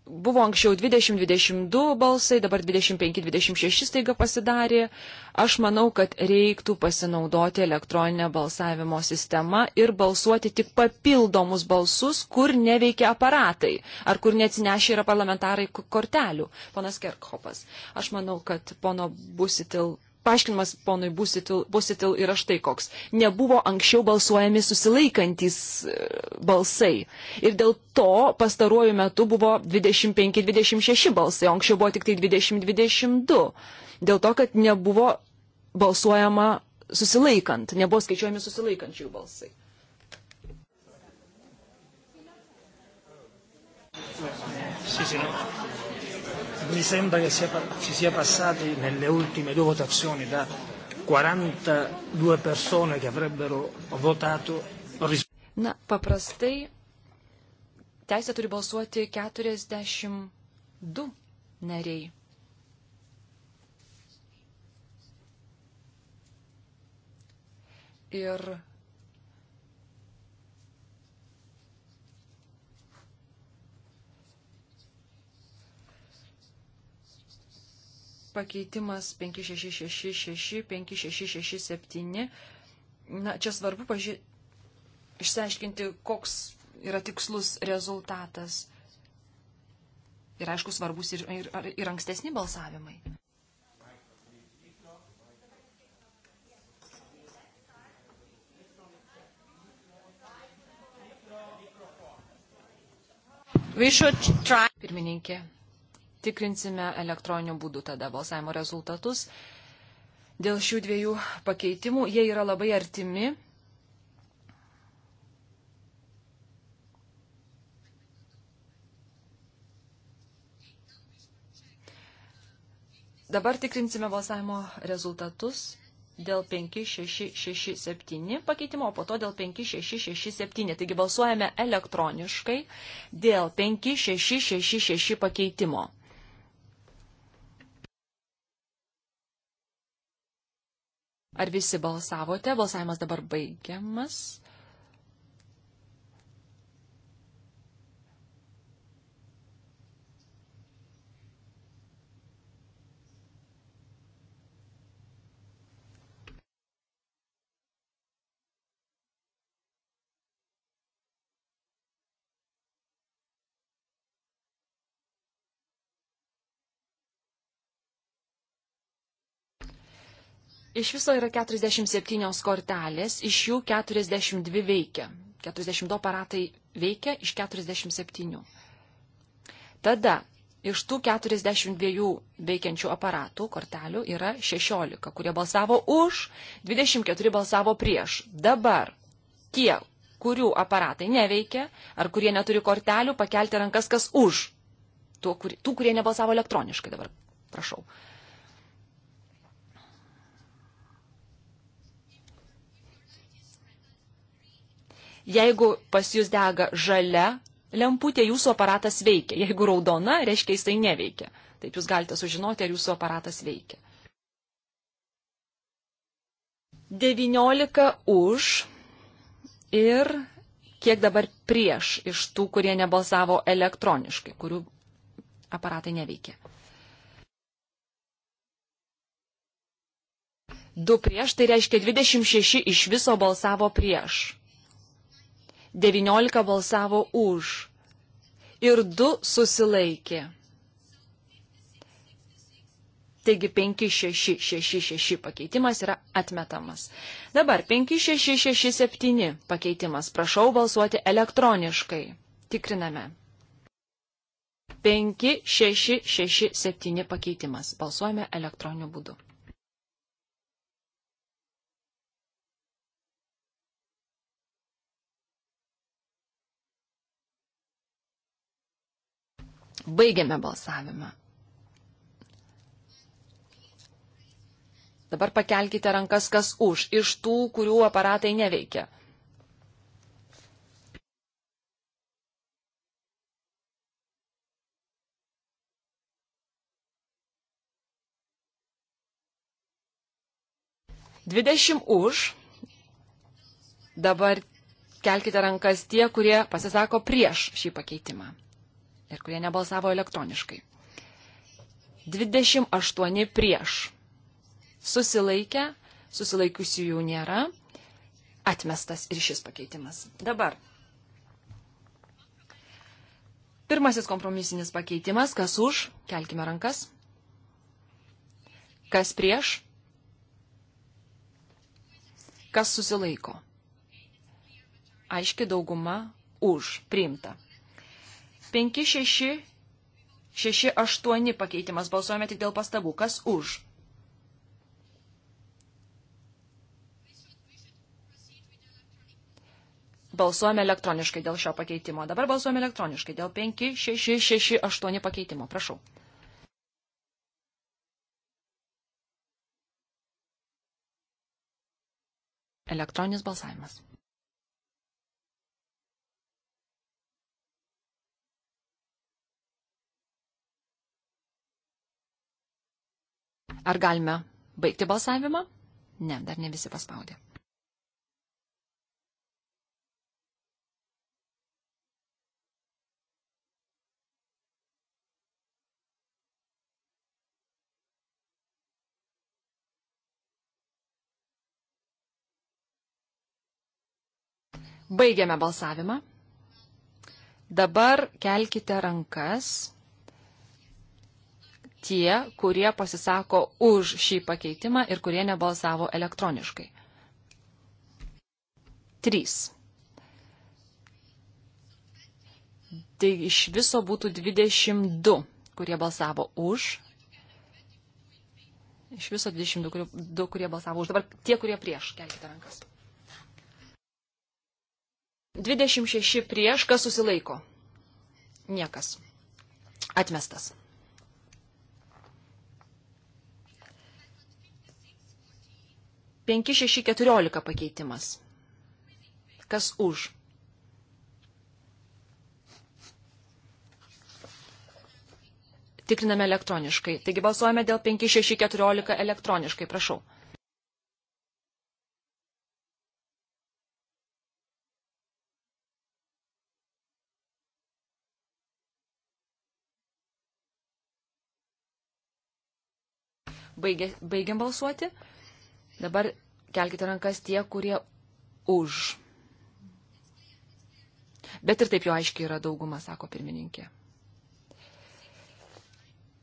buvo anksčiau 20-22 balsai, dabar 25-26 staiga pasidarė. Aš manau, kad reiktų pasinaudoti elektroninę balsavimo sistemą ir balsuoti tik papildomus balsus, kur neveikia aparatai ar kur neatsinešė yra parlamentarai kortelių. Ponas Kerkhopas, aš manau, kad pono Busitil paaiškinimas ponui Busitil yra štai koks. Nebuvo anksčiau balsuojami susilaikantis e, balsai. Ir dėl to pastaruoju metu buvo 25-26 balsai, o anksčiau buvo tik tai 20-22. Dėl to, kad nebuvo balsuojama susilaikant, nebuvo skaičiuojami susilaikančių balsai. Sí, sí, no mi sembra che sia, si sia passati nelle ultime due votazioni da 42 persone che avrebbero votato. Na, paprastai teisę turi balsuoti 42 nariai. Ir pakeitimas 5666, 5667. Na, čia svarbu paži... išsiaiškinti, koks yra tikslus rezultatas. Ir aišku, svarbus ir, ir, ir ankstesni balsavimai. Try... Pirmininkė, tikrinsime elektroniniu būdu tada balsavimo rezultatus. Dėl šių dviejų pakeitimų jie yra labai artimi. Dabar tikrinsime balsavimo rezultatus dėl 5667 pakeitimo, o po to dėl 5667. Taigi balsuojame elektroniškai dėl 5666 pakeitimo. Ar visi balsavote? Balsavimas dabar baigiamas. Iš viso yra 47 kortelės, iš jų 42 veikia. 42 aparatai veikia iš 47. Tada iš tų 42 veikiančių aparatų kortelių yra 16, kurie balsavo už, 24 balsavo prieš. Dabar tie, kurių aparatai neveikia ar kurie neturi kortelių, pakelti rankas, kas už. Tų, kurie, tų, kurie nebalsavo elektroniškai dabar. Prašau. Jeigu pas jūs dega žalia lemputė, jūsų aparatas veikia. Jeigu raudona, reiškia jisai neveikia. Taip jūs galite sužinoti, ar jūsų aparatas veikia. 19 už ir kiek dabar prieš iš tų, kurie nebalsavo elektroniškai, kurių aparatai neveikia. Du prieš, tai reiškia 26 iš viso balsavo prieš. 19 balsavo už ir 2 susilaikė. Taigi 5666 pakeitimas yra atmetamas. Dabar 5667 pakeitimas. Prašau balsuoti elektroniškai. Tikriname. 5667 pakeitimas. Balsuojame elektroniniu būdu. Baigiame balsavimą. Dabar pakelkite rankas, kas už, iš tų, kurių aparatai neveikia. Dvidešimt už. Dabar kelkite rankas tie, kurie pasisako prieš šį pakeitimą ir kurie nebalsavo elektroniškai. 28 prieš. Susilaikę, susilaikiusių jų nėra, atmestas ir šis pakeitimas. Dabar. Pirmasis kompromisinis pakeitimas, kas už, kelkime rankas. Kas prieš? Kas susilaiko? Aiški dauguma už priimta. 5, 6, 6, 8 pakeitimas. Balsuojame tik dėl pastabų. Kas už? Balsuojame elektroniškai dėl šio pakeitimo. Dabar balsuojame elektroniškai dėl 5, 6, 6, 8 pakeitimo. Prašau. Elektroninis balsavimas. Ar galime baigti balsavimą? Ne, dar ne visi paspaudė. Baigiame balsavimą. Dabar kelkite rankas tie, kurie pasisako už šį pakeitimą ir kurie nebalsavo elektroniškai. 3. Tai iš viso būtų 22, kurie balsavo už. Iš viso 22, kurie, 2, kurie balsavo už. Dabar tie, kurie prieš, kelkite rankas. 26 prieš, kas susilaiko? Niekas. Atmestas. 5614 pakeitimas. Kas už? Tikriname elektroniškai. Taigi balsuojame dėl 5614 elektroniškai, prašau. Baigia, baigiam balsuoti. Dabar kelkite rankas tie, kurie už. Bet ir taip jau aiškiai yra dauguma, sako pirmininkė.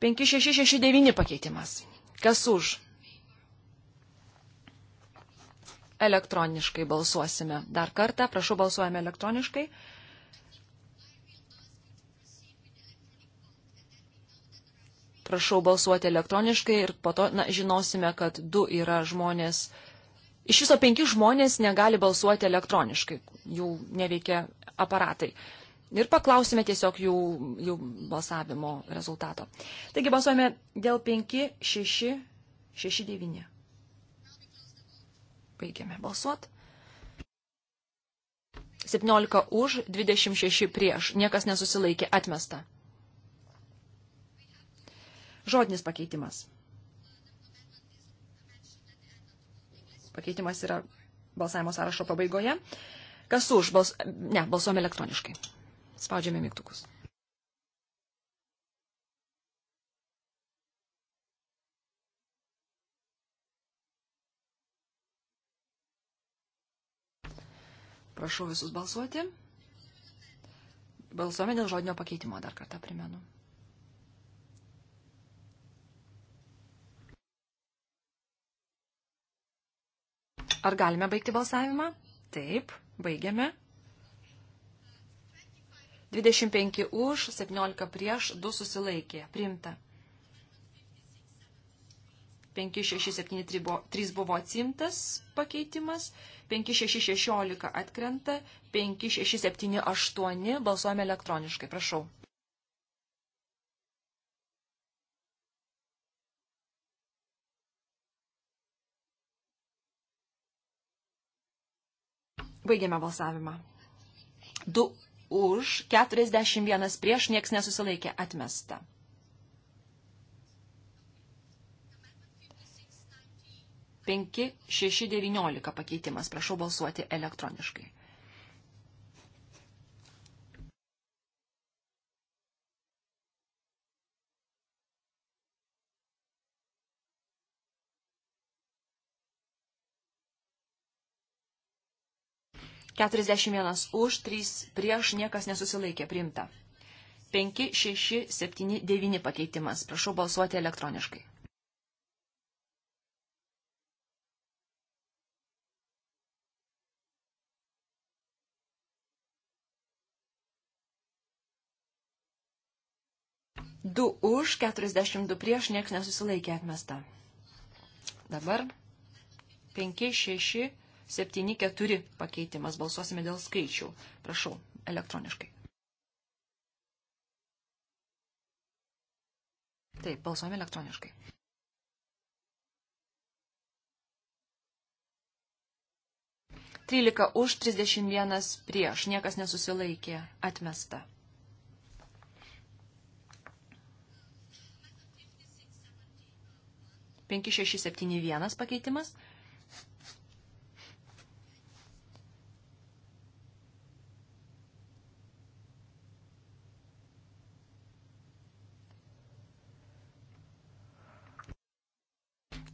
5669 pakeitimas. Kas už? Elektroniškai balsuosime. Dar kartą, prašau, balsuojame elektroniškai. 5669. Prašau balsuoti elektroniškai ir po to na, žinosime, kad du yra žmonės. Iš viso penki žmonės negali balsuoti elektroniškai, jų neveikia aparatai. Ir paklausime tiesiog jų, jų balsavimo rezultato. Taigi balsuojame dėl 5, 6, 6, 9. Baigiame balsuot. 17 už, 26 prieš. Niekas nesusilaikė. Atmesta. Žodinis pakeitimas. Pakeitimas yra balsavimo sąrašo pabaigoje. Kas už? Bals... Ne, balsuojame elektroniškai. Spaudžiame mygtukus. Prašau visus balsuoti. Balsuojame dėl žodinio pakeitimo, dar kartą primenu. Ar galime baigti balsavimą? Taip, baigiame. 25 už, 17 prieš, 2 susilaikė. Primta. 5673 buvo, 3 buvo atsimtas pakeitimas, 5616 atkrenta, 5678 balsuojame elektroniškai, prašau. Baigėme balsavimą. 2 už, 41 prieš, nieks nesusilaikė atmesta. Penki, šeši, devyniolika pakeitimas. Prašau balsuoti elektroniškai. 41 už, 3 prieš, niekas nesusilaikė, priimta. 5, 6, 7, 9 pakeitimas. Prašau balsuoti elektroniškai. Du už, 42 prieš, niekas nesusilaikė atmesta. Dabar 5, 6, 7-4 pakeitimas. Balsuosime dėl skaičių. Prašau, elektroniškai. Taip, balsuojame elektroniškai. Trylika už, 31 prieš, niekas nesusilaikė, atmesta. 5671 pakeitimas.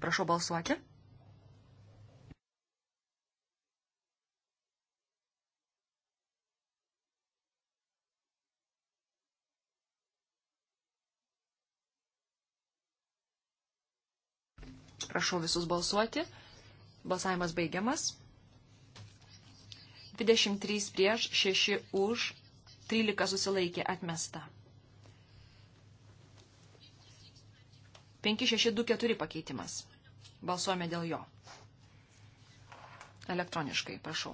Prašau balsuoti. Prašau visus balsuoti. Balsavimas baigiamas. 23 prieš, 6 už, 13 susilaikė atmesta. 5624 pakeitimas. Balsuojame dėl jo. Elektroniškai, prašau.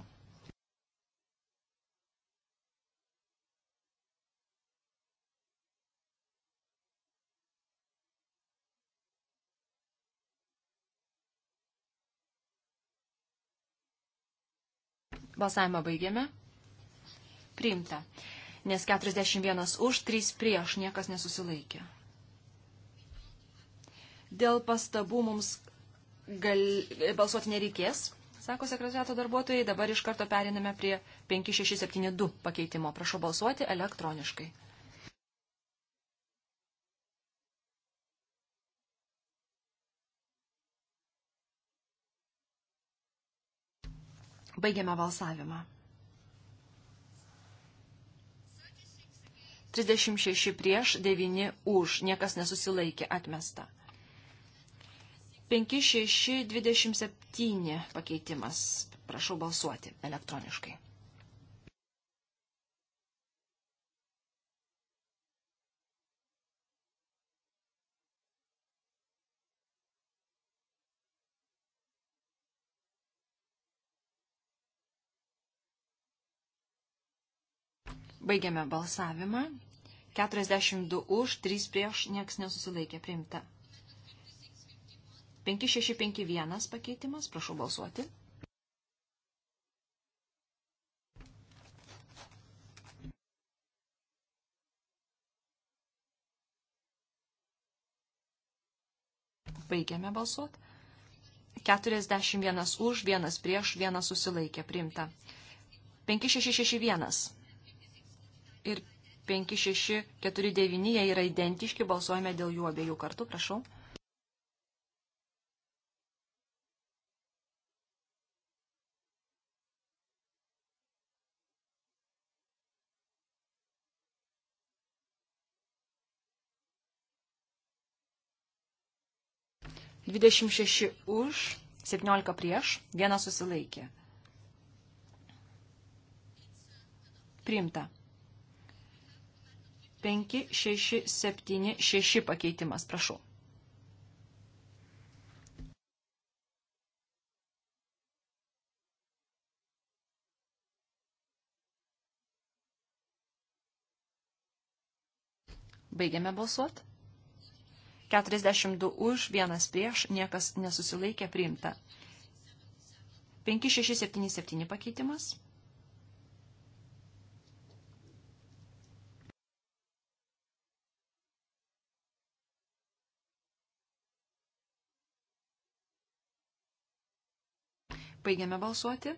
Balsavimą baigėme. Priimta. Nes 41 už, 3 prieš, niekas nesusilaikė. Dėl pastabų mums gal, balsuoti nereikės, sako sekretariato darbuotojai. Dabar iš karto periname prie 5672 pakeitimo. Prašau balsuoti elektroniškai. Baigiame balsavimą. 36 prieš, 9 už, niekas nesusilaikė, atmesta. 5627 pakeitimas. Prašau balsuoti elektroniškai. Baigiame balsavimą. 42 už, 3 prieš, nieks nesusilaikė priimta. 5651 pakeitimas, prašau balsuoti. Baigiame balsuoti. 41 už, 1 prieš, 1 susilaikė, priimta. 5661 ir 5649 jie yra identiški, balsuojame dėl jų abiejų kartų, prašau. 26 už, 17 prieš, vienas susilaikė. Priimta. 5, 6, 7, 6 pakeitimas, prašau. Baigiame balsuoti. 42 už, vienas prieš, niekas nesusilaikė priimta. 5677 pakeitimas. Baigiame balsuoti.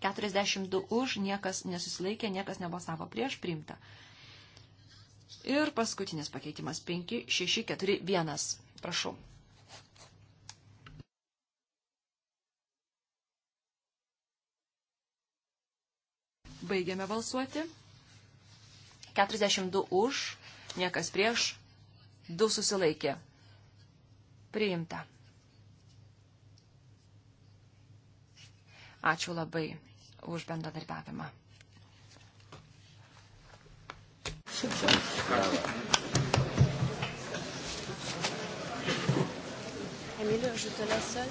42 už, niekas nesusilaikė, niekas nebalsavo prieš, priimta. Ir paskutinis pakeitimas 5641. Prašau. Baigiame balsuoti. 42 už, niekas prieš, 2 susilaikė. Priimta. Ačiū labai už bendradarbiavimą. Emile, je te laisse seule.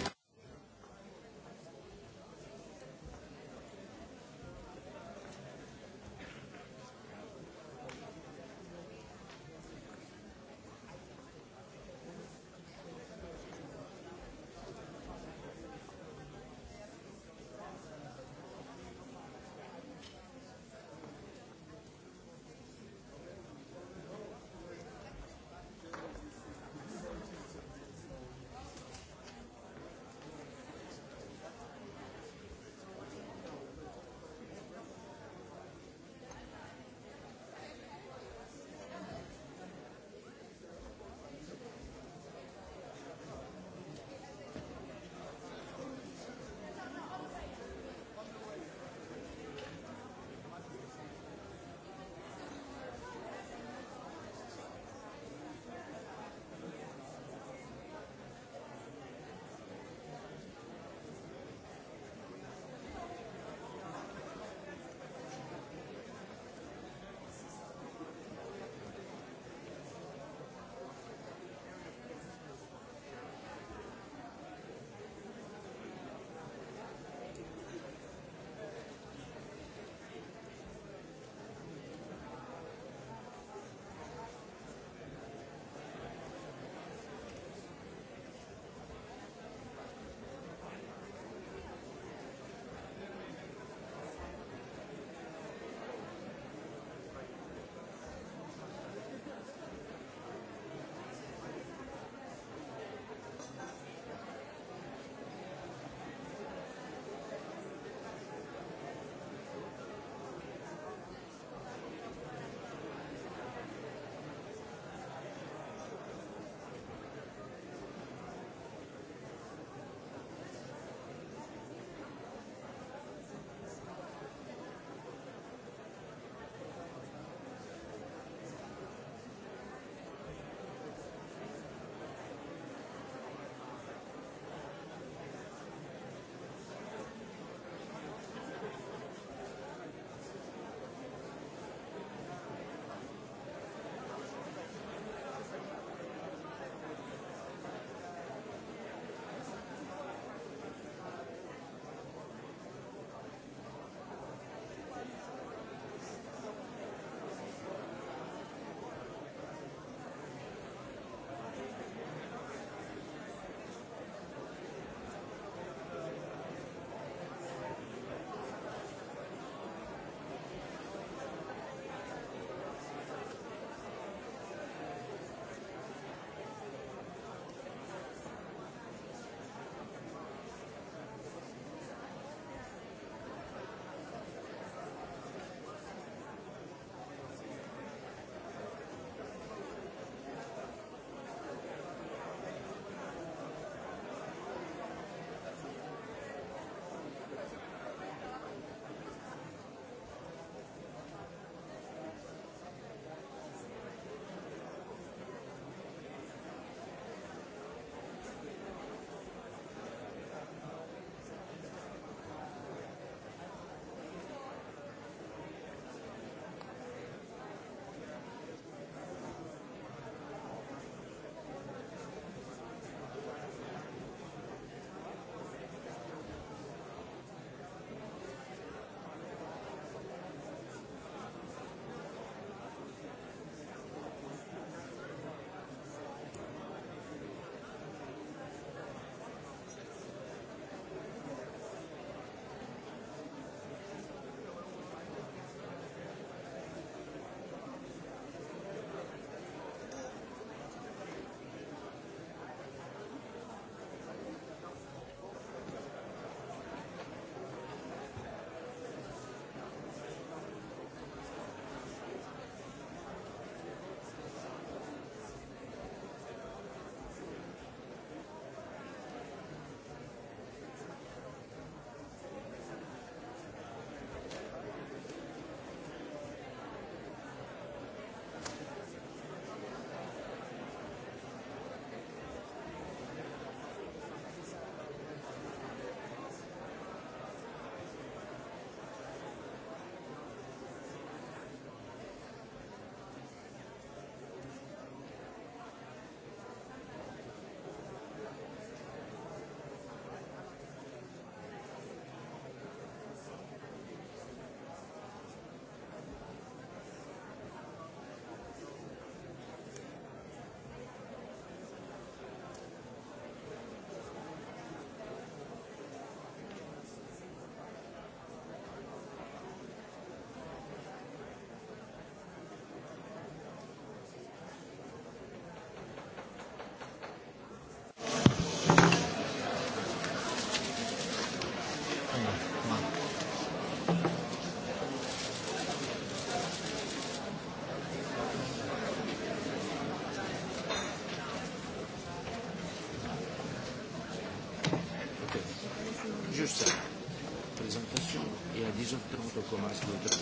poco más de otra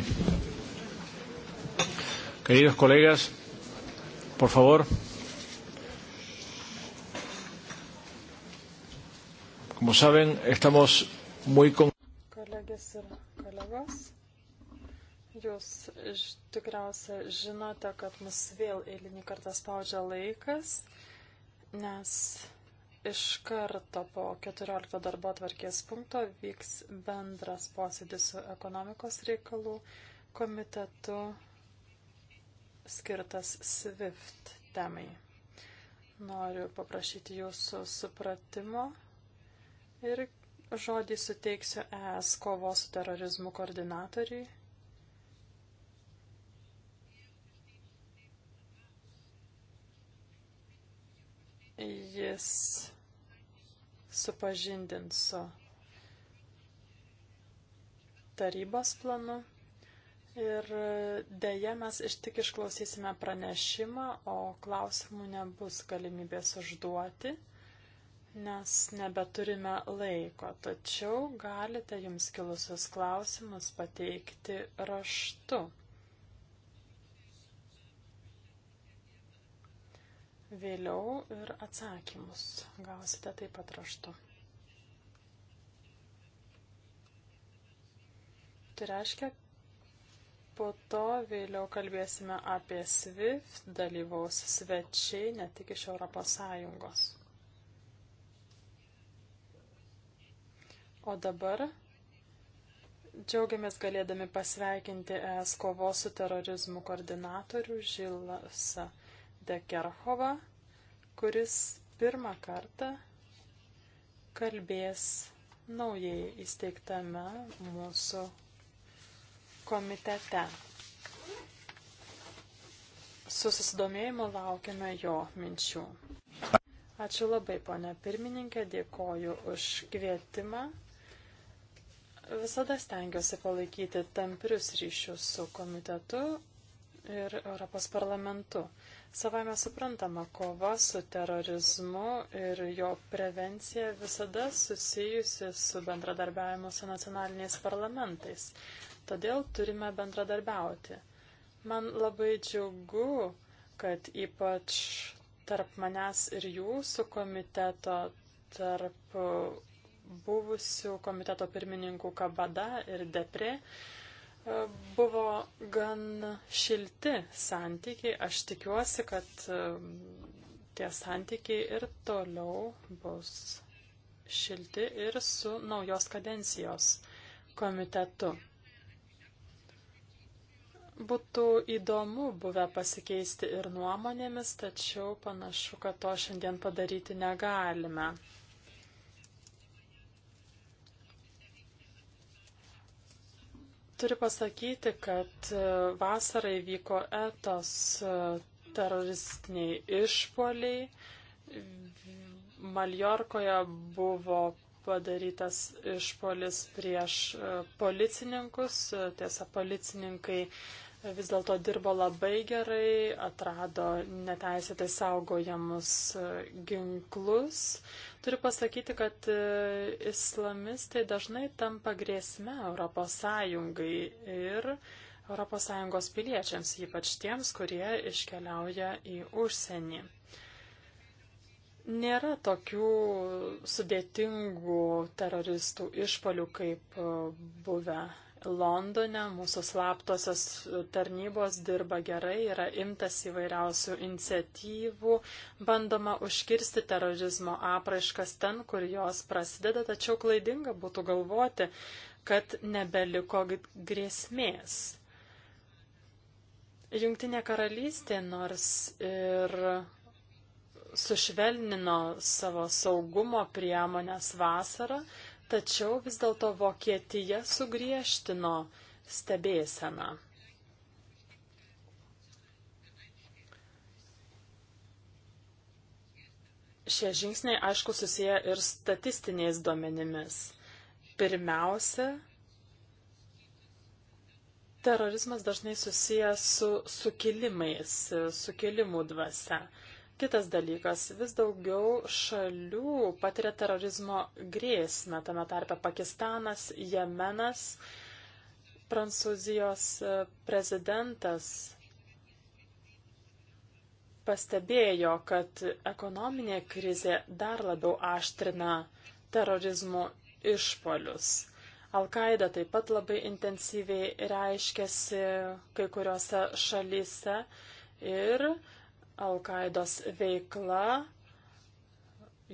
vez. Sí. Queridos colegas, por favor. Como saben, estamos muy con. Kolegės ir kolegos, jūs tikriausiai žinote, kad mus vėl eilinį kartą spaudžia laikas, nes Iš karto po 14 darbo atvarkės punkto vyks bendras posėdis su ekonomikos reikalų komitetu skirtas SWIFT temai. Noriu paprašyti jūsų supratimo ir žodį suteiksiu ES kovos su terorizmu koordinatoriui jis supažindins su tarybos planu. Ir dėje mes iš tik išklausysime pranešimą, o klausimų nebus galimybės užduoti, nes nebeturime laiko. Tačiau galite jums kilusius klausimus pateikti raštu. vėliau ir atsakymus gausite taip pat raštu. Tai reiškia, po to vėliau kalbėsime apie SWIFT, dalyvaus svečiai ne tik iš Europos Sąjungos. O dabar džiaugiamės galėdami pasveikinti ES kovos su terorizmu koordinatorių Žilsą. Dekerhovą, kuris pirmą kartą kalbės naujai įsteigtame mūsų komitete. Su susidomėjimu laukiame jo minčių. Ačiū labai, ponė pirmininkė, dėkoju už kvietimą. Visada stengiuosi palaikyti tamprius ryšius su komitetu ir Europos parlamentu. Savai mes suprantama, kova su terorizmu ir jo prevencija visada susijusi su bendradarbiavimu su nacionaliniais parlamentais. Todėl turime bendradarbiauti. Man labai džiugu, kad ypač tarp manęs ir jūsų komiteto, tarp buvusių komiteto pirmininkų Kabada ir Depre, buvo gan šilti santykiai. Aš tikiuosi, kad um, tie santykiai ir toliau bus šilti ir su naujos kadencijos komitetu. Būtų įdomu buvę pasikeisti ir nuomonėmis, tačiau panašu, kad to šiandien padaryti negalime. Turiu pasakyti, kad e, vasarai vyko etos e, teroristiniai išpoliai. Maljorkoje buvo padarytas išpolis prieš e, policininkus. Tiesa, policininkai vis dėlto dirbo labai gerai, atrado neteisėtai saugojamus ginklus. Turiu pasakyti, kad e, islamistai dažnai tampa grėsme Europos Sąjungai ir Europos Sąjungos piliečiams, ypač tiems, kurie iškeliauja į užsienį. Nėra tokių sudėtingų teroristų išpolių kaip e, buvę Londone mūsų slaptosios tarnybos dirba gerai, yra imtas įvairiausių iniciatyvų, bandoma užkirsti terorizmo apraiškas ten, kur jos prasideda, tačiau klaidinga būtų galvoti, kad nebeliko grėsmės. Jungtinė karalystė nors ir sušvelnino savo saugumo priemonės vasarą, Tačiau vis dėlto Vokietija sugriežtino stebėseną. Šie žingsniai, aišku, susiję ir statistiniais duomenimis. Pirmiausia, terorizmas dažnai susijęs su sukilimais, sukilimų dvasia. Kitas dalykas, vis daugiau šalių patiria terorizmo grėsmę, tame tarpe Pakistanas, Jemenas, Prancūzijos e, prezidentas pastebėjo, kad ekonominė krizė dar labiau aštrina terorizmo išpolius. Al-Qaeda taip pat labai intensyviai reiškiasi kai kuriuose šalyse ir uh, Al-Qaidos veikla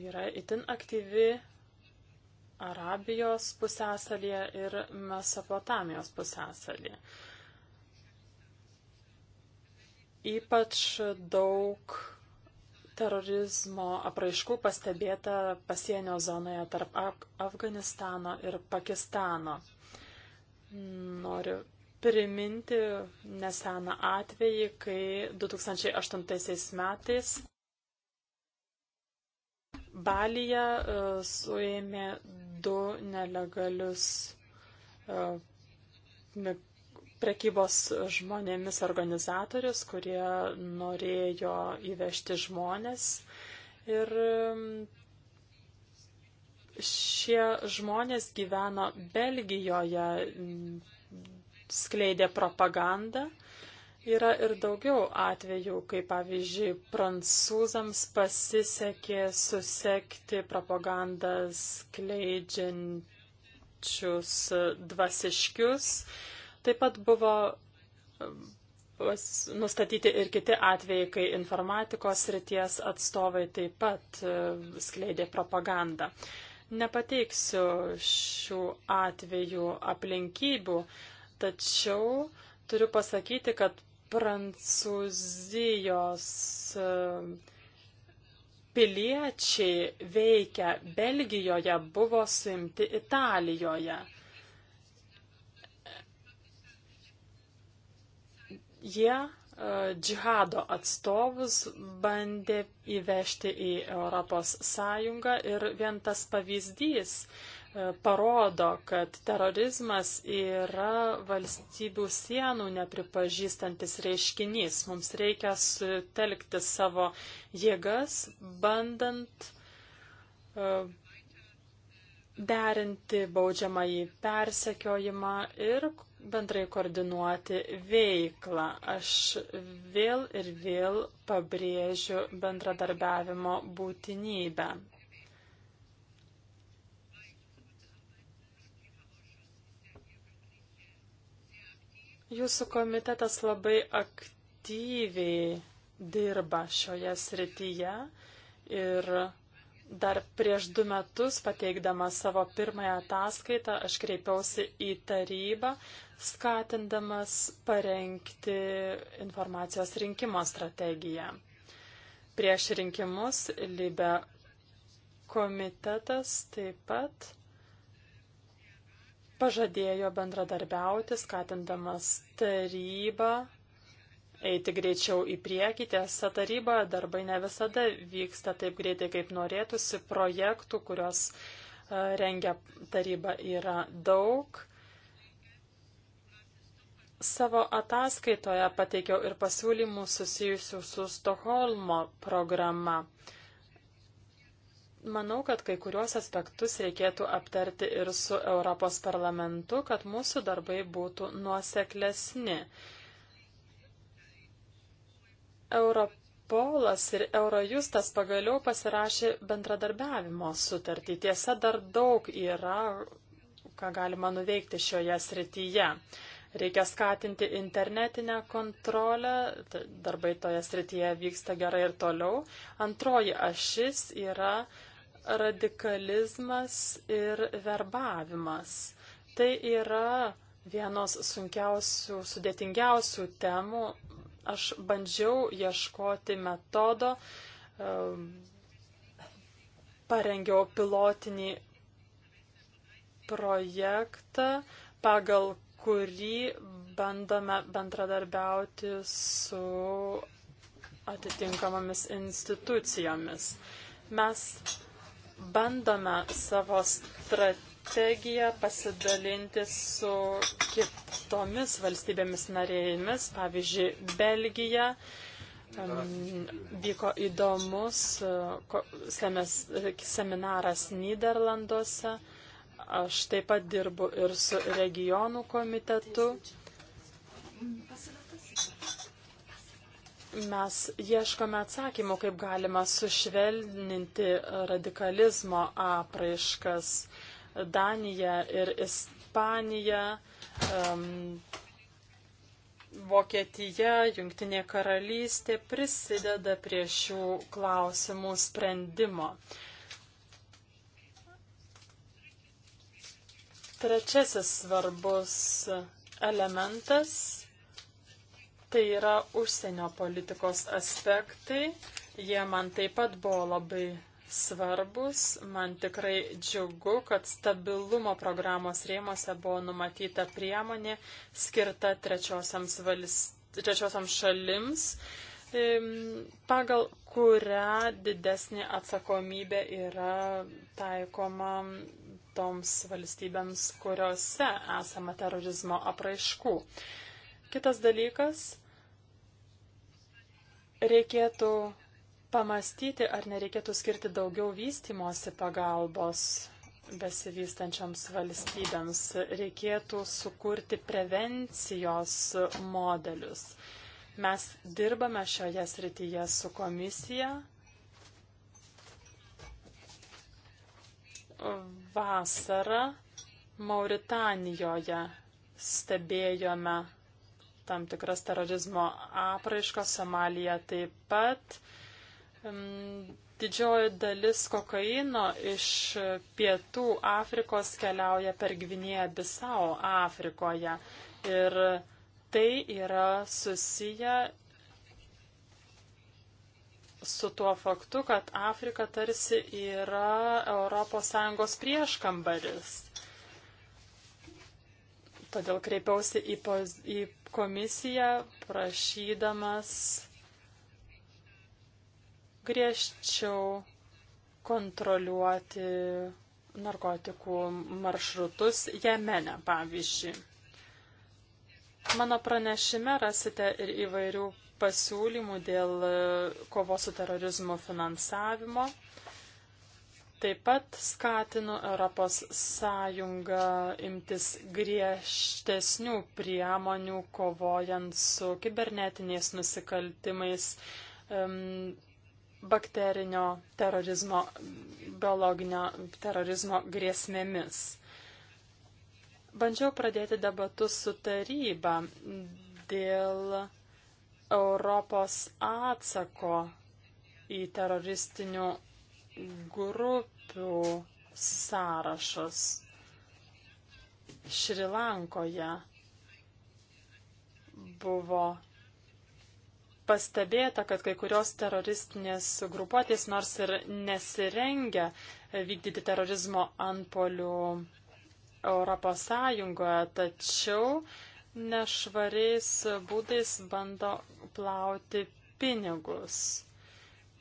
yra itin aktyvi Arabijos pusėsalyje ir Mesopotamijos pusėsalyje. Ypač daug terorizmo apraiškų pastebėta pasienio zonoje tarp Afganistano ir Pakistano. Noriu priminti neseną atvejį, kai 2008 metais Balyje e, suėmė du nelegalius e, prekybos žmonėmis organizatorius, kurie norėjo įvežti žmonės. Ir e, šie žmonės gyveno Belgijoje, skleidė propagandą. Yra ir daugiau atvejų, kai pavyzdžiui prancūzams pasisekė susekti propagandą skleidžiančius dvasiškius. Taip pat buvo nustatyti ir kiti atvejai, kai informatikos ryties atstovai taip pat e, skleidė propagandą. Nepateiksiu šių atvejų aplinkybių, Tačiau turiu pasakyti, kad Prancūzijos e, piliečiai veikia Belgijoje, buvo suimti Italijoje. Jie e, džihado atstovus bandė įvežti į Europos Sąjungą ir vien tas pavyzdys parodo, kad terorizmas yra valstybių sienų nepripažįstantis reiškinys. Mums reikia sutelkti savo jėgas, bandant e, derinti baudžiamąjį persekiojimą ir bendrai koordinuoti veiklą. Aš vėl ir vėl pabrėžiu bendradarbiavimo būtinybę. Jūsų komitetas labai aktyviai dirba šioje srityje ir dar prieš du metus, pateikdama savo pirmąją ataskaitą, aš kreipiausi į tarybą, skatindamas parengti informacijos rinkimo strategiją. Prieš rinkimus Libe komitetas taip pat pažadėjo bendradarbiauti, skatindamas tarybą eiti greičiau į priekį. Tiesa, taryboje darbai ne visada vyksta taip greitai, kaip norėtųsi. Projektų, kurios e, rengia taryba, yra daug. Savo ataskaitoje pateikiau ir pasiūlymų susijusių su Stoholmo programa. Manau, kad kai kuriuos aspektus reikėtų aptarti ir su Europos parlamentu, kad mūsų darbai būtų nuoseklesni. Europolas ir Eurojustas pagaliau pasirašė bendradarbiavimo sutartį. Tiesa, dar daug yra, ką galima nuveikti šioje srityje. Reikia skatinti internetinę kontrolę, darbai toje srityje vyksta gerai ir toliau. Antroji ašis yra radikalizmas ir verbavimas. Tai yra vienos sunkiausių, sudėtingiausių temų. Aš bandžiau ieškoti metodo, ehm, parengiau pilotinį projektą, pagal kurį bandome bendradarbiauti su atitinkamomis institucijomis. Mes bandome savo strategiją pasidalinti su kitomis valstybėmis narėjimis, pavyzdžiui, Belgija. Vyko įdomus e, seminaras Niderlanduose. Aš taip pat dirbu ir su regionų komitetu. Mes ieškome atsakymų, kaip galima sušvelninti radikalizmo apraiškas. Danija ir Ispanija, um, Vokietija, Junktinė karalystė prisideda prie šių klausimų sprendimo. Trečiasis svarbus elementas Tai yra užsienio politikos aspektai. Jie man taip pat buvo labai svarbus. Man tikrai džiugu, kad stabilumo programos rėmose buvo numatyta priemonė skirta trečiosiams, valst... trečiosiams šalims pagal kurią didesnė atsakomybė yra taikoma toms valstybėms, kuriuose esama terorizmo apraiškų. Kitas dalykas reikėtų pamastyti, ar nereikėtų skirti daugiau vystimosi pagalbos besivystančioms valstybėms. Reikėtų sukurti prevencijos modelius. Mes dirbame šioje srityje su komisija. Vasarą Mauritanijoje stebėjome tam tikras terorizmo apraiškas, Somalija taip pat. Didžioji dalis kokaino iš pietų Afrikos keliauja per Gvinėją Bisau Afrikoje. Ir tai yra susiję su tuo faktu, kad Afrika tarsi yra ES prieškambaris. Todėl kreipiausi į, poz, į komisiją prašydamas griežčiau kontroliuoti narkotikų maršrutus Jemene, pavyzdžiui. Mano pranešime rasite ir įvairių pasiūlymų dėl kovos su terorizmo finansavimo. Taip pat skatinu Europos Sąjungą imtis griežtesnių priemonių kovojant su kibernetiniais nusikaltimais, bakterinio terorizmo, biologinio terorizmo grėsmėmis. Bandžiau pradėti debatus su taryba dėl Europos atsako į teroristinių grupių grupių sąrašas. Šri Lankoje buvo pastebėta, kad kai kurios teroristinės grupuotės nors ir nesirengia vykdyti terorizmo antpolių Europos Sąjungoje, tačiau nešvariais būdais bando plauti pinigus.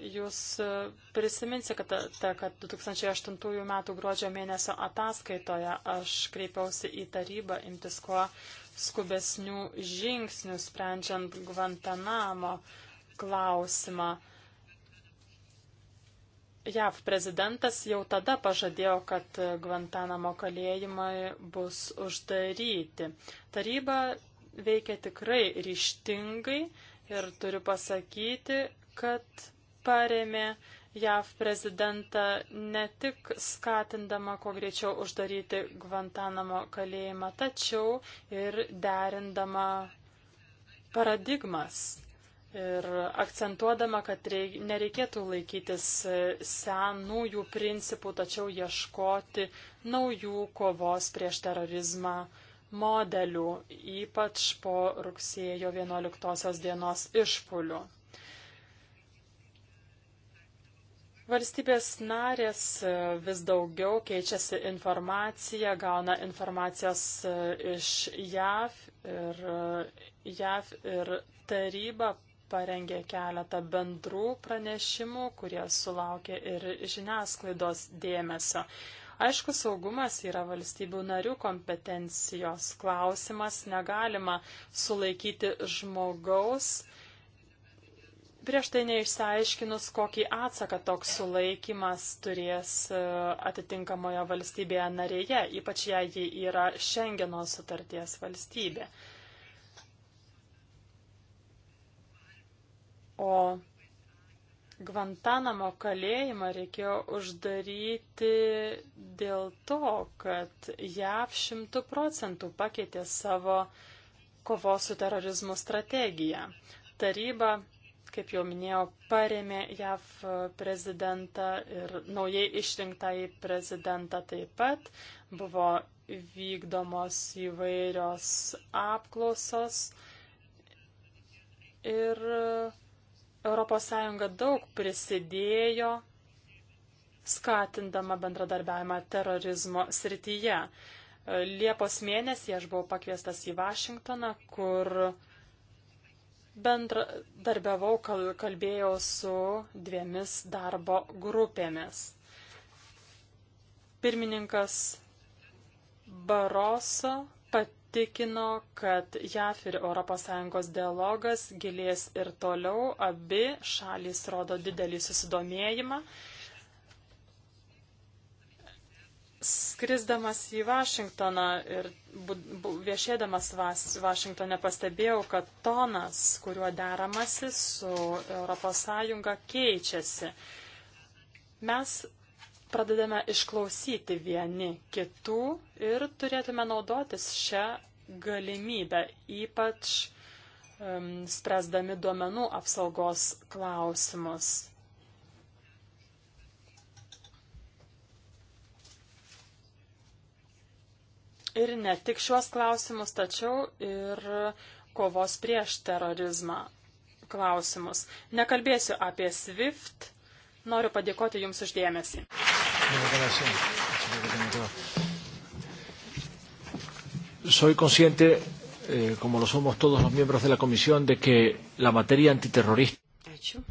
Jūs e, prisiminsite, kad 2008 metų gruodžio mėnesio ataskaitoje aš kreipiausi į tarybą imtis kuo skubesnių žingsnių sprendžiant Guantanamo klausimą. JAV prezidentas jau tada pažadėjo, kad Guantanamo kalėjimai bus uždaryti. Taryba veikia tikrai ryštingai ir turiu pasakyti, kad paremė JAV prezidentą ne tik skatindama kuo greičiau uždaryti Gvantanamo kalėjimą, tačiau ir derindama paradigmas ir akcentuodama, kad reik, nereikėtų laikytis senųjų principų, tačiau ieškoti naujų kovos prieš terorizmą modelių, ypač po rugsėjo 11 dienos išpulių. Valstybės narės e, vis daugiau keičiasi informacija, gauna informacijos e, iš JAV ir e, JAV ir taryba parengė keletą bendrų pranešimų, kurie sulaukė ir žiniasklaidos dėmesio. Aišku, saugumas yra valstybių narių kompetencijos klausimas, negalima sulaikyti žmogaus Prieš tai neišsiaiškinus, kokį atsaką toks sulaikimas turės e, atitinkamoje valstybėje narėje, ypač jei ji yra Šengeno sutarties valstybė. O Gvantanamo kalėjimą reikėjo uždaryti dėl to, kad JAV šimtų procentų pakeitė savo kovos su terorizmu strategiją. Taryba kaip jau minėjau, paremė JAV prezidentą ir naujai išrinktąjį prezidentą taip pat. Buvo vykdomos įvairios apklausos ir ES daug prisidėjo skatindama bendradarbiavimą terorizmo srityje. Liepos mėnesį aš buvau pakviestas į Vašingtoną, kur bendradarbiavau, kalbėjau su dviemis darbo grupėmis. Pirmininkas Baroso patikino, kad JAF ir ES dialogas gilės ir toliau, abi šalys rodo didelį susidomėjimą skrisdamas į Vašingtoną ir bu, bu, viešėdamas Vas, Vašingtone pastebėjau, kad tonas, kuriuo deramasi su ES, keičiasi. Mes pradedame išklausyti vieni kitų ir turėtume naudotis šią galimybę, ypač um, spręsdami duomenų apsaugos klausimus. ir ne tik šiuos klausimus, tačiau ir kovos prieš terorizmą klausimus. Nekalbėsiu apie SWIFT. Noriu padėkoti Jums uždėmesi. Soy consciente, eh, como lo somos todos los miembros de la Comisión, de que la materia antiterrorista. Ačiū.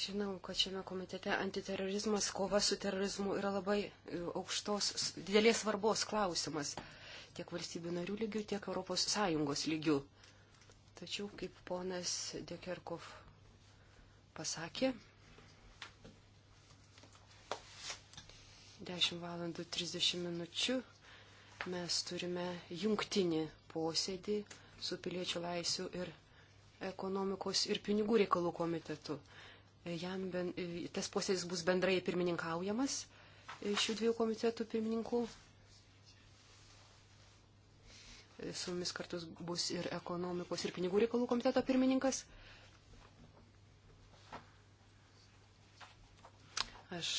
Žinau, kad šiame komitete antiterorizmas, kova su terorizmu yra labai e, aukštos, didelės svarbos klausimas tiek valstybių narių lygių, tiek ES lygių. Tačiau, kaip ponas Dekerkov pasakė, 10 valandų 30 minučių mes turime jungtinį posėdį su piliečių laisvių ir ekonomikos ir pinigų reikalų komitetu. Jam ben, e, tas posėdis bus bendrai pirmininkaujamas e, šių dviejų komitetų pirmininkų. E, su mumis kartus bus ir ekonomikos ir pinigų reikalų komiteto pirmininkas. Aš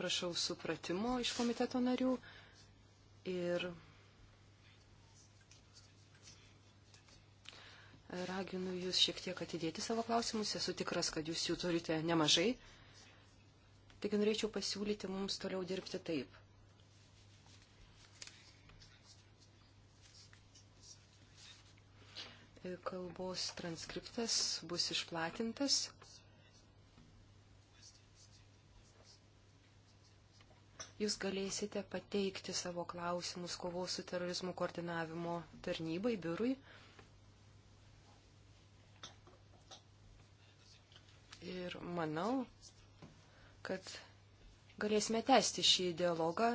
prašau supratimo iš komiteto narių ir raginu jūs šiek tiek atidėti savo klausimus, esu tikras, kad jūs jų turite nemažai. Taigi norėčiau pasiūlyti mums toliau dirbti taip. Kalbos transkriptas bus išplatintas. Jūs galėsite pateikti savo klausimus kovos su terorizmu koordinavimo tarnybai, biurui. ir manau, kad galėsime tęsti šį dialogą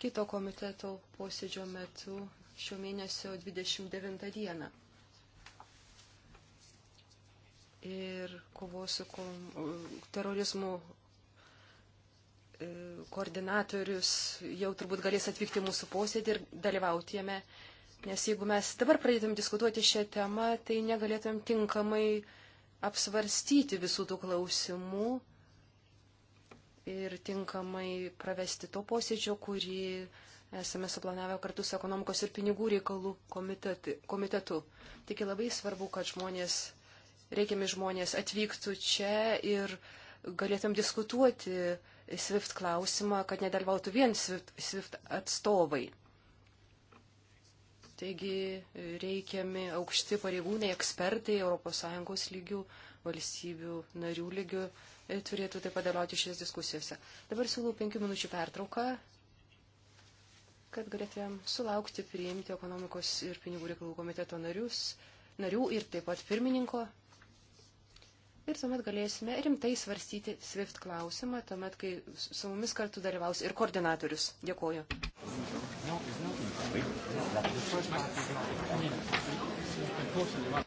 kito komiteto posėdžio metu šio mėnesio 29 dieną. Ir kovos su terorizmu e, koordinatorius jau turbūt galės atvykti mūsų posėdį ir dalyvauti jame. Nes jeigu mes dabar pradėtum diskutuoti šią temą, tai negalėtum tinkamai uh, apsvarstyti visų tų klausimų ir tinkamai pravesti to posėdžio, kurį esame suplanavę kartu su ekonomikos ir pinigų reikalų komitetu. Tik labai svarbu, kad žmonės, reikiami žmonės atvyktų čia ir galėtum diskutuoti SWIFT klausimą, kad nedalyvautų vien SWIFT, SWIFT atstovai. Taigi e, reikiami aukšti pareigūnai, ekspertai ES lygių, valstybių narių lygių e, turėtų taip padalyvauti šias diskusijose. Dabar siūlau penkių minučių pertrauką, kad galėtumėm sulaukti priimti ekonomikos ir pinigų reikalų komiteto narius, narių ir taip pat pirmininko ir tuomet galėsime rimtai svarstyti SWIFT klausimą, tuomet, kai su mumis kartu dalyvaus ir koordinatorius. Dėkuoju. No, Unfortunately,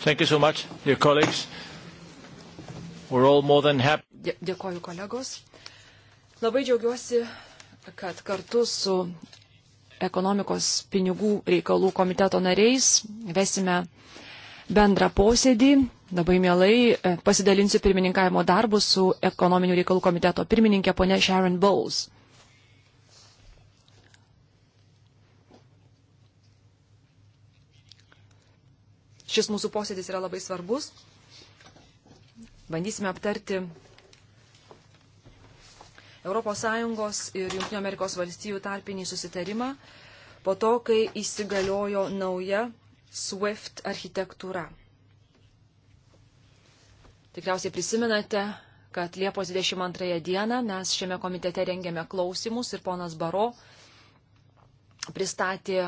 Thank you so much, dear colleagues. We're all more than happy. Dėkoju kolegos. Labai džiaugiuosi, kad kartu su ekonomikos pinigų reikalų komiteto nariais vesime bendrą posėdį. Labai mielai e, pasidalinsiu pirmininkavimo darbu su ekonominių reikalų komiteto pirmininkė ponė Sharon Bowles. Šis mūsų posėdis yra labai svarbus. Bandysime aptarti ES ir JAV tarpinį susitarimą po to, kai įsigaliojo nauja SWIFT architektūra. Tikriausiai prisimenate, kad Liepos 22 dieną mes šiame komitete rengėme klausimus ir ponas Baro pristatė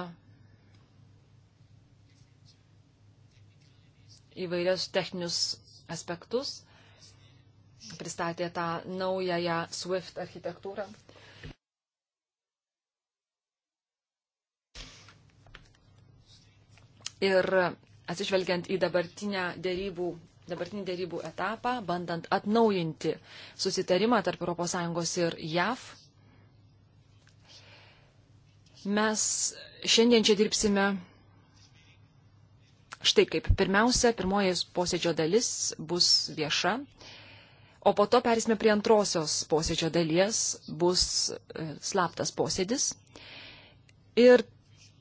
įvairias techninius aspektus, pristatė tą naująją SWIFT architektūrą. Ir atsižvelgiant į dabartinę dėrybų, dabartinį dėrybų etapą, bandant atnaujinti susitarimą tarp ES ir JAV, mes šiandien čia dirbsime Štai kaip. Pirmiausia, pirmoji posėdžio dalis bus vieša, o po to perėsime prie antrosios posėdžio dalies, bus e, slaptas posėdis. Ir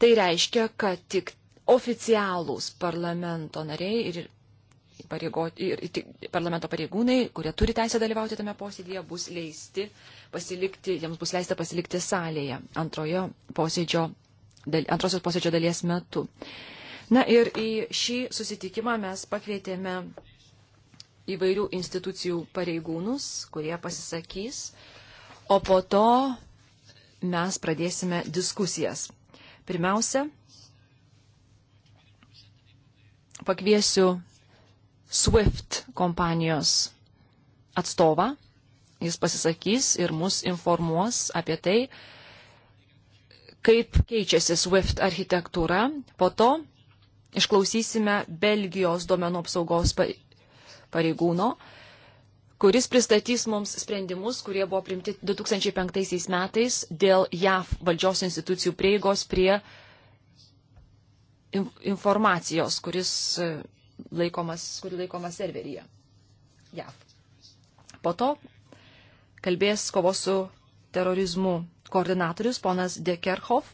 tai reiškia, kad tik oficialūs parlamento nariai ir, pareigo, ir, ir parlamento pareigūnai, kurie turi teisę dalyvauti tame posėdėje, bus leisti pasilikti, jiems bus leista pasilikti salėje antrojo posėdžio, antrosios posėdžio dalies metu. Uh, Na ir į šį susitikimą mes pakvietėme įvairių institucijų pareigūnus, kurie pasisakys, o po to mes pradėsime diskusijas. Pirmiausia, pakviesiu SWIFT kompanijos atstovą. Jis pasisakys ir mus informuos apie tai, kaip keičiasi SWIFT architektūra. Po to išklausysime Belgijos duomenų apsaugos pareigūno, kuris pristatys mums sprendimus, kurie buvo primti 2005 metais dėl JAV valdžios institucijų prieigos prie informacijos, kuris e, laikomas, kuri laikomas serveryje JAV. Po to kalbės kovos su terorizmu koordinatorius ponas Dekerhoff.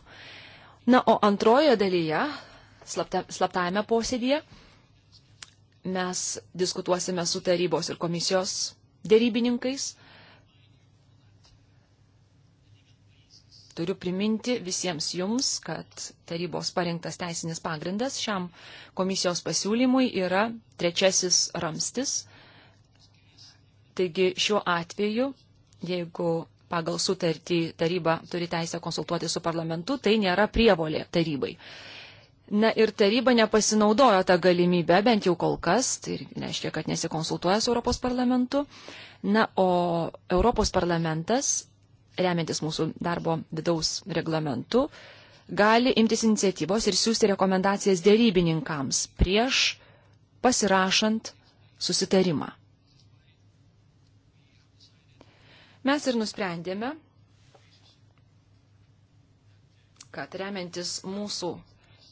Na, o antroje dalyje slapta, slaptajame posėdėje. Mes diskutuosime su tarybos ir komisijos dėrybininkais. Turiu priminti visiems jums, kad tarybos parinktas teisinis pagrindas šiam komisijos pasiūlymui yra trečiasis ramstis. Taigi šiuo atveju, jeigu pagal sutartį taryba turi teisę konsultuoti su parlamentu, tai nėra prievolė tarybai. Na ir taryba nepasinaudojo tą galimybę, bent jau kol kas, tai reiškia, kad nesikonsultuoja su Europos parlamentu. Na, o Europos parlamentas, remiantis mūsų darbo vidaus reglamentu, gali imtis iniciatyvos ir siūsti rekomendacijas dėrybininkams prieš pasirašant susitarimą. Mes ir nusprendėme, kad remiantis mūsų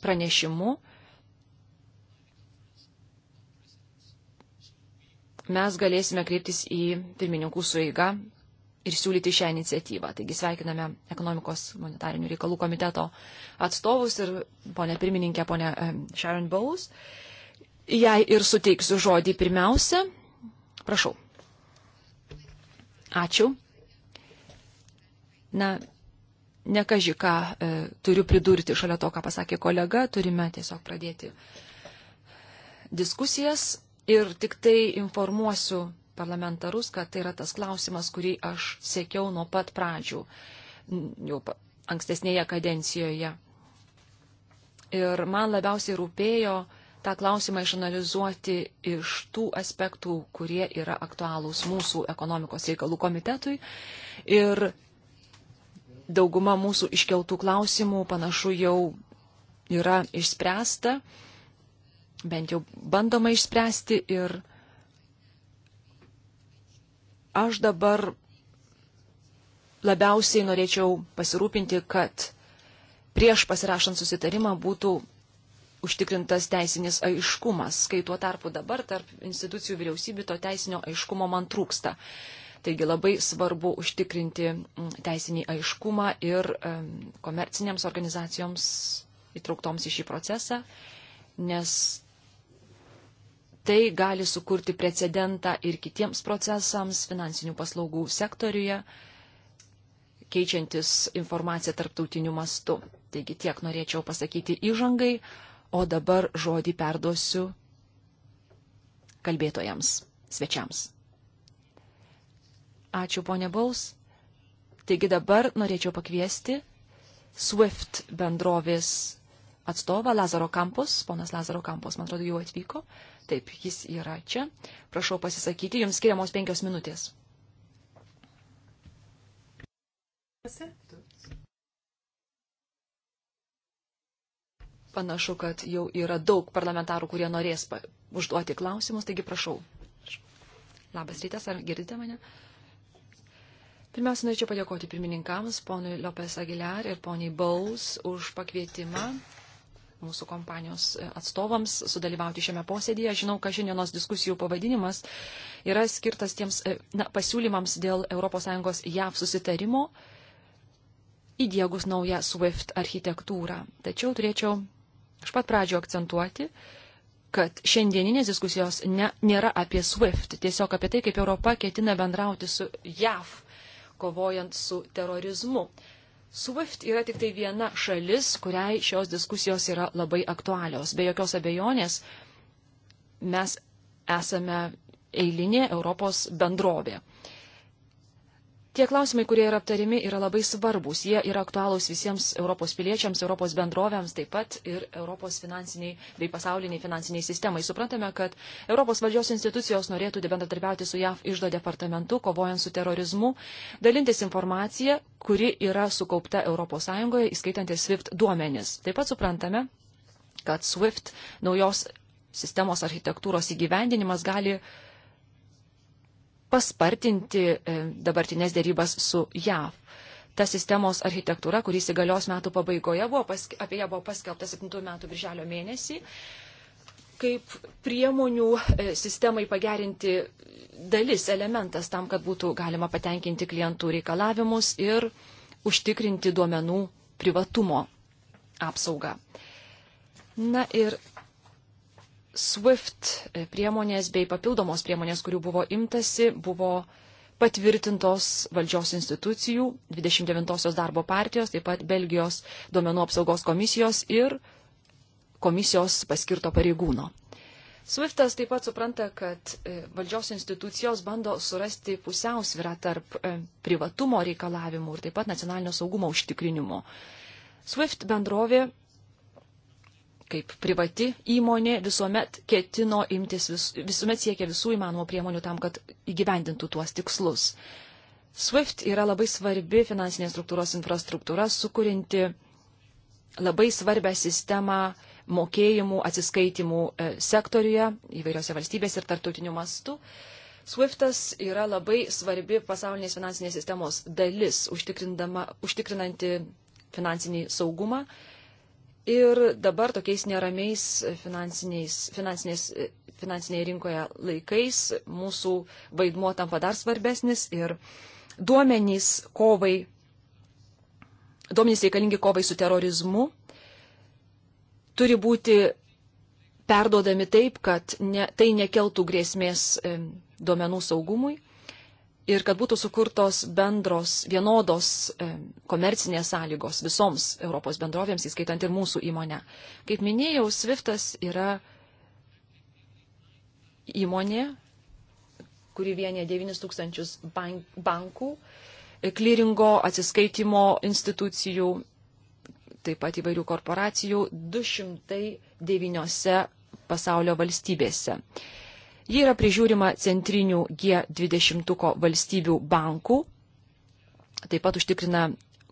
pranešimu mes galėsime kreiptis į pirmininkų sueigą ir siūlyti šią iniciatyvą. Taigi sveikiname ekonomikos monetarinių reikalų komiteto atstovus ir ponė pirmininkė, ponė e, Sharon Bowles. Jei ir suteiksiu žodį pirmiausia, prašau. Ačiū. Na, nekaži ką e, turiu pridurti šalia to, ką pasakė kolega, turime tiesiog pradėti diskusijas ir tik tai informuosiu parlamentarus, kad tai yra tas klausimas, kurį aš siekiau nuo pat pradžių, jau ankstesnėje kadencijoje. Ir man labiausiai rūpėjo tą klausimą išanalizuoti iš tų aspektų, kurie yra aktualūs mūsų ekonomikos reikalų komitetui. Ir dauguma mūsų iškeltų klausimų panašu jau yra išspręsta, bent jau bandoma išspręsti ir aš dabar labiausiai norėčiau pasirūpinti, kad prieš pasirašant susitarimą būtų užtikrintas teisinis aiškumas, kai tuo tarpu dabar tarp institucijų vyriausybių to teisinio aiškumo man trūksta. Taigi labai svarbu užtikrinti mm, teisinį aiškumą ir komercinėms organizacijoms įtrauktoms į šį procesą, nes tai gali sukurti precedentą ir kitiems procesams finansinių paslaugų sektoriuje, keičiantis informaciją tarptautiniu mastu. Taigi tiek norėčiau pasakyti įžangai, o dabar žodį perduosiu kalbėtojams, svečiams. Ačiū, ponė Baus. Taigi dabar norėčiau pakviesti SWIFT bendrovės atstovą Lazaro Kampus. Ponas Lazaro Kampus, man atrodo, jau atvyko. Taip, jis yra čia. Prašau pasisakyti, jums skiriamos penkios minutės. Panašu, kad jau yra daug parlamentarų, kurie norės užduoti klausimus, taigi prašau. Labas rytas, ar girdite mane? Uh, Pirmiausia, norėčiau padėkoti pirmininkams, ponui Lopes Aguilar ir poniai Baus, už pakvietimą mūsų kompanijos atstovams sudalyvauti šiame posėdėje. Žinau, kad šiandienos diskusijų pavadinimas yra skirtas tiems e, na, pasiūlymams dėl ES JAV susitarimo įdėgus naują SWIFT architektūrą. Tačiau turėčiau iš pat pradžio akcentuoti, kad šiandieninės diskusijos ne, nėra apie SWIFT, tiesiog apie tai, kaip Europa ketina bendrauti su JAV kovojant su terorizmu. SWIFT yra tik tai viena šalis, kuriai šios diskusijos yra labai aktualios. Be jokios abejonės mes esame eilinė Europos bendrovė. Tie klausimai, kurie yra aptarimi, yra labai svarbus. Jie yra aktualūs visiems Europos piliečiams, Europos bendrovėms, taip pat ir Europos finansiniai bei pasauliniai finansiniai sistemai. Suprantame, kad Europos valdžios institucijos norėtų bendradarbiauti su JAV išdo departamentu, kovojant su terorizmu, dalintis informaciją, kuri yra sukaupta ES, įskaitant ir SWIFT duomenis. Taip pat suprantame, kad SWIFT naujos sistemos architektūros įgyvendinimas gali paspartinti e, dabartinės dėrybas su JAV. Ta sistemos architektūra, kuris įgalios metų pabaigoje, buvo paske, apie ją buvo paskelbta 7 metų birželio mėnesį, kaip priemonių e, sistemai pagerinti dalis, elementas tam, kad būtų galima patenkinti klientų reikalavimus ir užtikrinti duomenų privatumo apsaugą. Na ir SWIFT e, priemonės bei papildomos priemonės, kurių buvo imtasi, buvo patvirtintos valdžios institucijų, 29-osios darbo partijos, taip pat Belgijos duomenų apsaugos komisijos ir komisijos paskirto pareigūno. SWIFTas taip pat supranta, kad e, valdžios institucijos bando surasti pusiausvirą tarp e, privatumo reikalavimų ir taip pat nacionalinio saugumo užtikrinimo. SWIFT bendrovė kaip privati įmonė visuomet ketino imtis, vis, visuomet siekia visų įmanomų priemonių tam, kad įgyvendintų tuos tikslus. SWIFT yra labai svarbi finansinės struktūros infrastruktūra, sukurinti labai svarbę sistemą mokėjimų, atsiskaitimų e, sektoriuje įvairiose valstybėse ir tartutiniu mastu. SWIFTas yra labai svarbi pasaulinės finansinės sistemos dalis, užtikrinanti finansinį saugumą Ir dabar tokiais neramiais finansinėje rinkoje laikais mūsų vaidmuo tampa dar svarbesnis ir duomenys kovai, duomenys reikalingi kovai su terorizmu turi būti perduodami taip, kad ne, tai nekeltų grėsmės duomenų saugumui ir kad būtų sukurtos bendros, vienodos e, komercinės sąlygos visoms Europos bendrovėms, įskaitant ir mūsų įmonę. Kaip minėjau, Swiftas yra įmonė, kuri vienė 9 tūkstančius bankų, e, klyringo atsiskaitimo institucijų, taip pat įvairių korporacijų 209 pasaulio valstybėse. Ji yra prižiūrima centrinių G20 valstybių bankų, taip pat užtikrina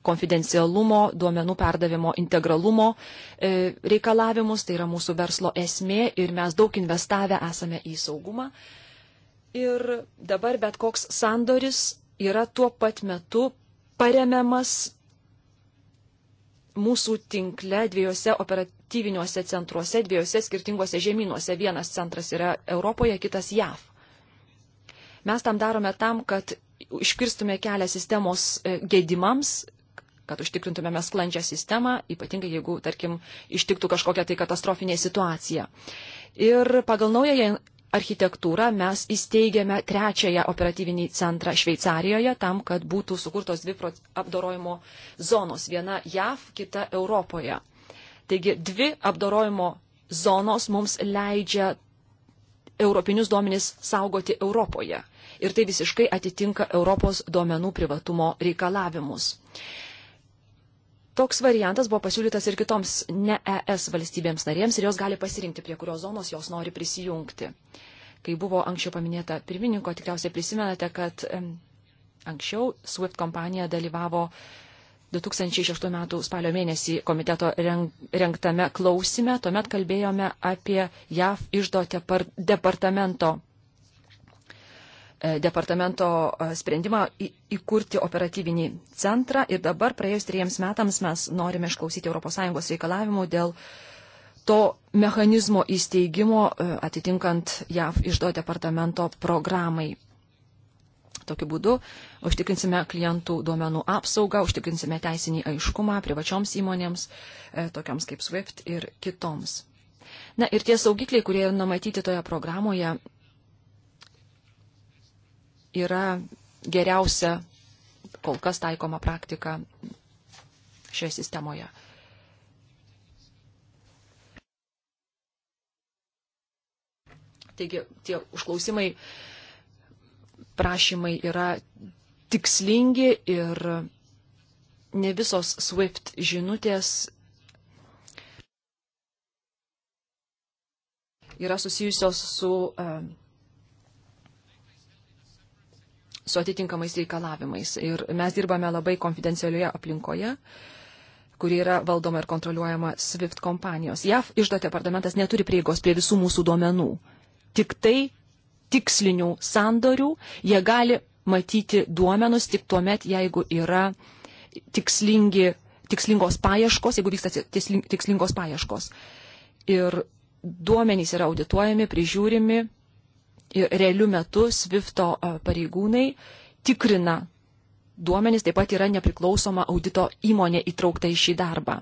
konfidencialumo, duomenų perdavimo integralumo e, reikalavimus, tai yra mūsų verslo esmė ir mes daug investavę esame į saugumą. Ir dabar bet koks sandoris yra tuo pat metu paremiamas mūsų tinkle dviejose opera, operatyviniuose centruose dviejose skirtingose žemynuose. Vienas centras yra Europoje, kitas JAV. Mes tam darome tam, kad iškirstume kelią sistemos e, gedimams, kad užtikrintumėme sklandžią sistemą, ypatingai jeigu, tarkim, ištiktų kažkokia tai katastrofinė situacija. Ir pagal naująją architektūrą mes įsteigėme trečiąją operatyvinį centrą Šveicarijoje tam, kad būtų sukurtos dvi apdorojimo zonos - viena JAV, kita Europoje. Taigi dvi apdorojimo zonos mums leidžia europinius duomenis saugoti Europoje. Ir tai visiškai atitinka Europos duomenų privatumo reikalavimus. Toks variantas buvo pasiūlytas ir kitoms ne ES valstybėms narėms ir jos gali pasirinkti, prie kurios zonos jos nori prisijungti. Kai buvo anksčiau paminėta pirmininko, tikriausiai prisimenate, kad anksčiau SWIFT kompanija dalyvavo uh, 2006 m. spalio mėnesį komiteto renktame klausime, tuomet kalbėjome apie JAV išdo departamento, e, departamento e, sprendimą įkurti operatyvinį centrą ir dabar praėjus trijiems metams mes norime išklausyti ES reikalavimų dėl to mechanizmo įsteigimo e, atitinkant JAV išdo departamento programai Tokiu būdu užtikrinsime klientų duomenų apsaugą, užtikrinsime teisinį aiškumą privačioms įmonėms, e, tokiams kaip SWIFT ir kitoms. Na ir tie saugikliai, kurie numatyti toje programoje, yra geriausia kol kas taikoma praktika šioje sistemoje. Taigi tie užklausimai prašymai yra tikslingi ir ne visos SWIFT žinutės yra susijusios su, su atitinkamais reikalavimais. Ir mes dirbame labai konfidencialioje aplinkoje kuri yra valdoma ir kontroliuojama SWIFT kompanijos. JAV išdo departamentas neturi prieigos prie visų mūsų duomenų. Tik tai tikslinių sandorių, jie gali matyti duomenus tik tuo met, jeigu yra tikslingi, tikslingos paieškos, jeigu vyksta tikslingos paieškos. Ir duomenys yra audituojami, prižiūrimi ir realių metų Svifto pareigūnai tikrina duomenys, taip pat yra nepriklausoma audito įmonė įtraukta į šį darbą.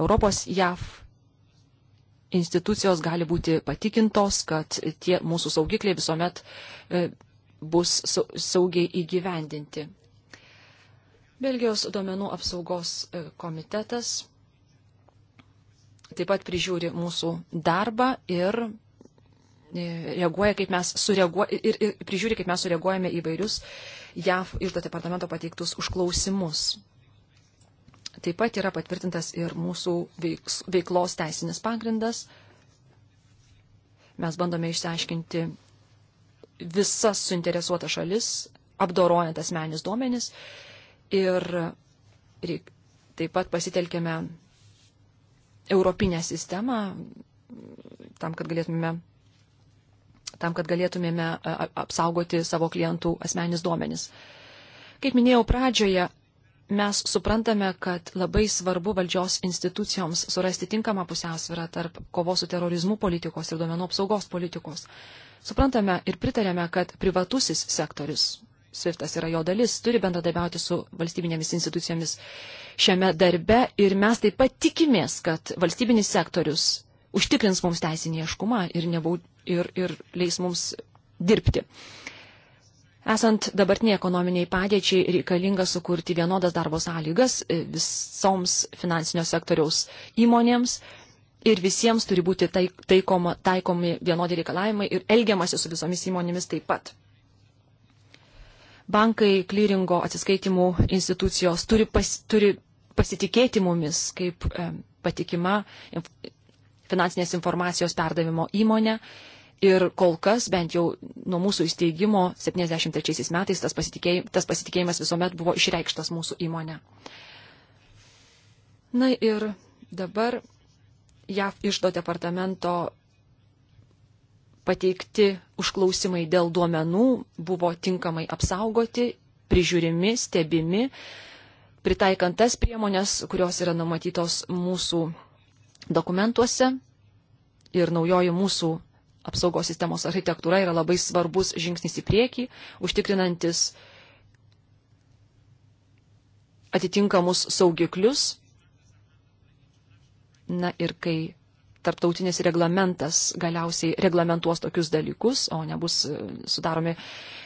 Europos JAV institucijos gali būti patikintos, kad tie mūsų saugikliai visuomet e, bus saugiai įgyvendinti. Belgijos duomenų apsaugos e, komitetas taip pat prižiūri mūsų darbą ir e, reaguoja, kaip mes sureaguojame ir, ir prižiūri, kaip mes sureaguojame įvairius JAV iždo departamento pateiktus užklausimus. Taip pat yra patvirtintas ir mūsų veiks, veiklos teisinis pagrindas. Mes bandome išsiaiškinti visas suinteresuotas šalis, apdorojant asmenis duomenis ir reik, taip pat pasitelkėme europinę sistemą tam, kad galėtume tam, kad galėtumėme apsaugoti savo klientų asmenis duomenis. Kaip minėjau pradžioje, mes suprantame, kad labai svarbu valdžios institucijoms surasti tinkamą pusiausvyrą tarp kovos su terorizmu politikos ir duomenų apsaugos politikos. Suprantame ir pritarėme, kad privatusis sektorius, SWIFTas yra jo dalis, turi bendradabiauti su valstybinėmis institucijomis šiame darbe ir mes taip pat tikimės, kad valstybinis sektorius užtikrins mums teisinį ieškumą ir, nebaud, ir, ir leis mums dirbti. Uh, Esant dabartiniai ekonominiai padėčiai reikalinga sukurti vienodas darbo sąlygas e, visoms finansinio sektoriaus įmonėms ir visiems turi būti tai, taikoma, taikomi vienodi reikalavimai ir elgiamasi su visomis įmonėmis taip pat. Bankai, klyringo atsiskaitimų institucijos turi, pas, turi pasitikėti mumis kaip e, patikima inf, finansinės informacijos perdavimo įmonė. E, Ir kol kas, bent jau nuo mūsų įsteigimo 73 metais, tas, pasitikėj, tas pasitikėjimas visuomet buvo išreikštas mūsų įmonė. Na ir dabar JAV išdo departamento pateikti užklausimai dėl duomenų buvo tinkamai apsaugoti, prižiūrimi, stebimi, pritaikant tas priemonės, kurios yra numatytos mūsų dokumentuose ir naujoji mūsų apsaugos sistemos architektūra yra labai svarbus žingsnis į priekį, užtikrinantis atitinkamus saugiklius. Na ir kai tarptautinis reglamentas galiausiai reglamentuos tokius dalykus, o nebus e, sudaromi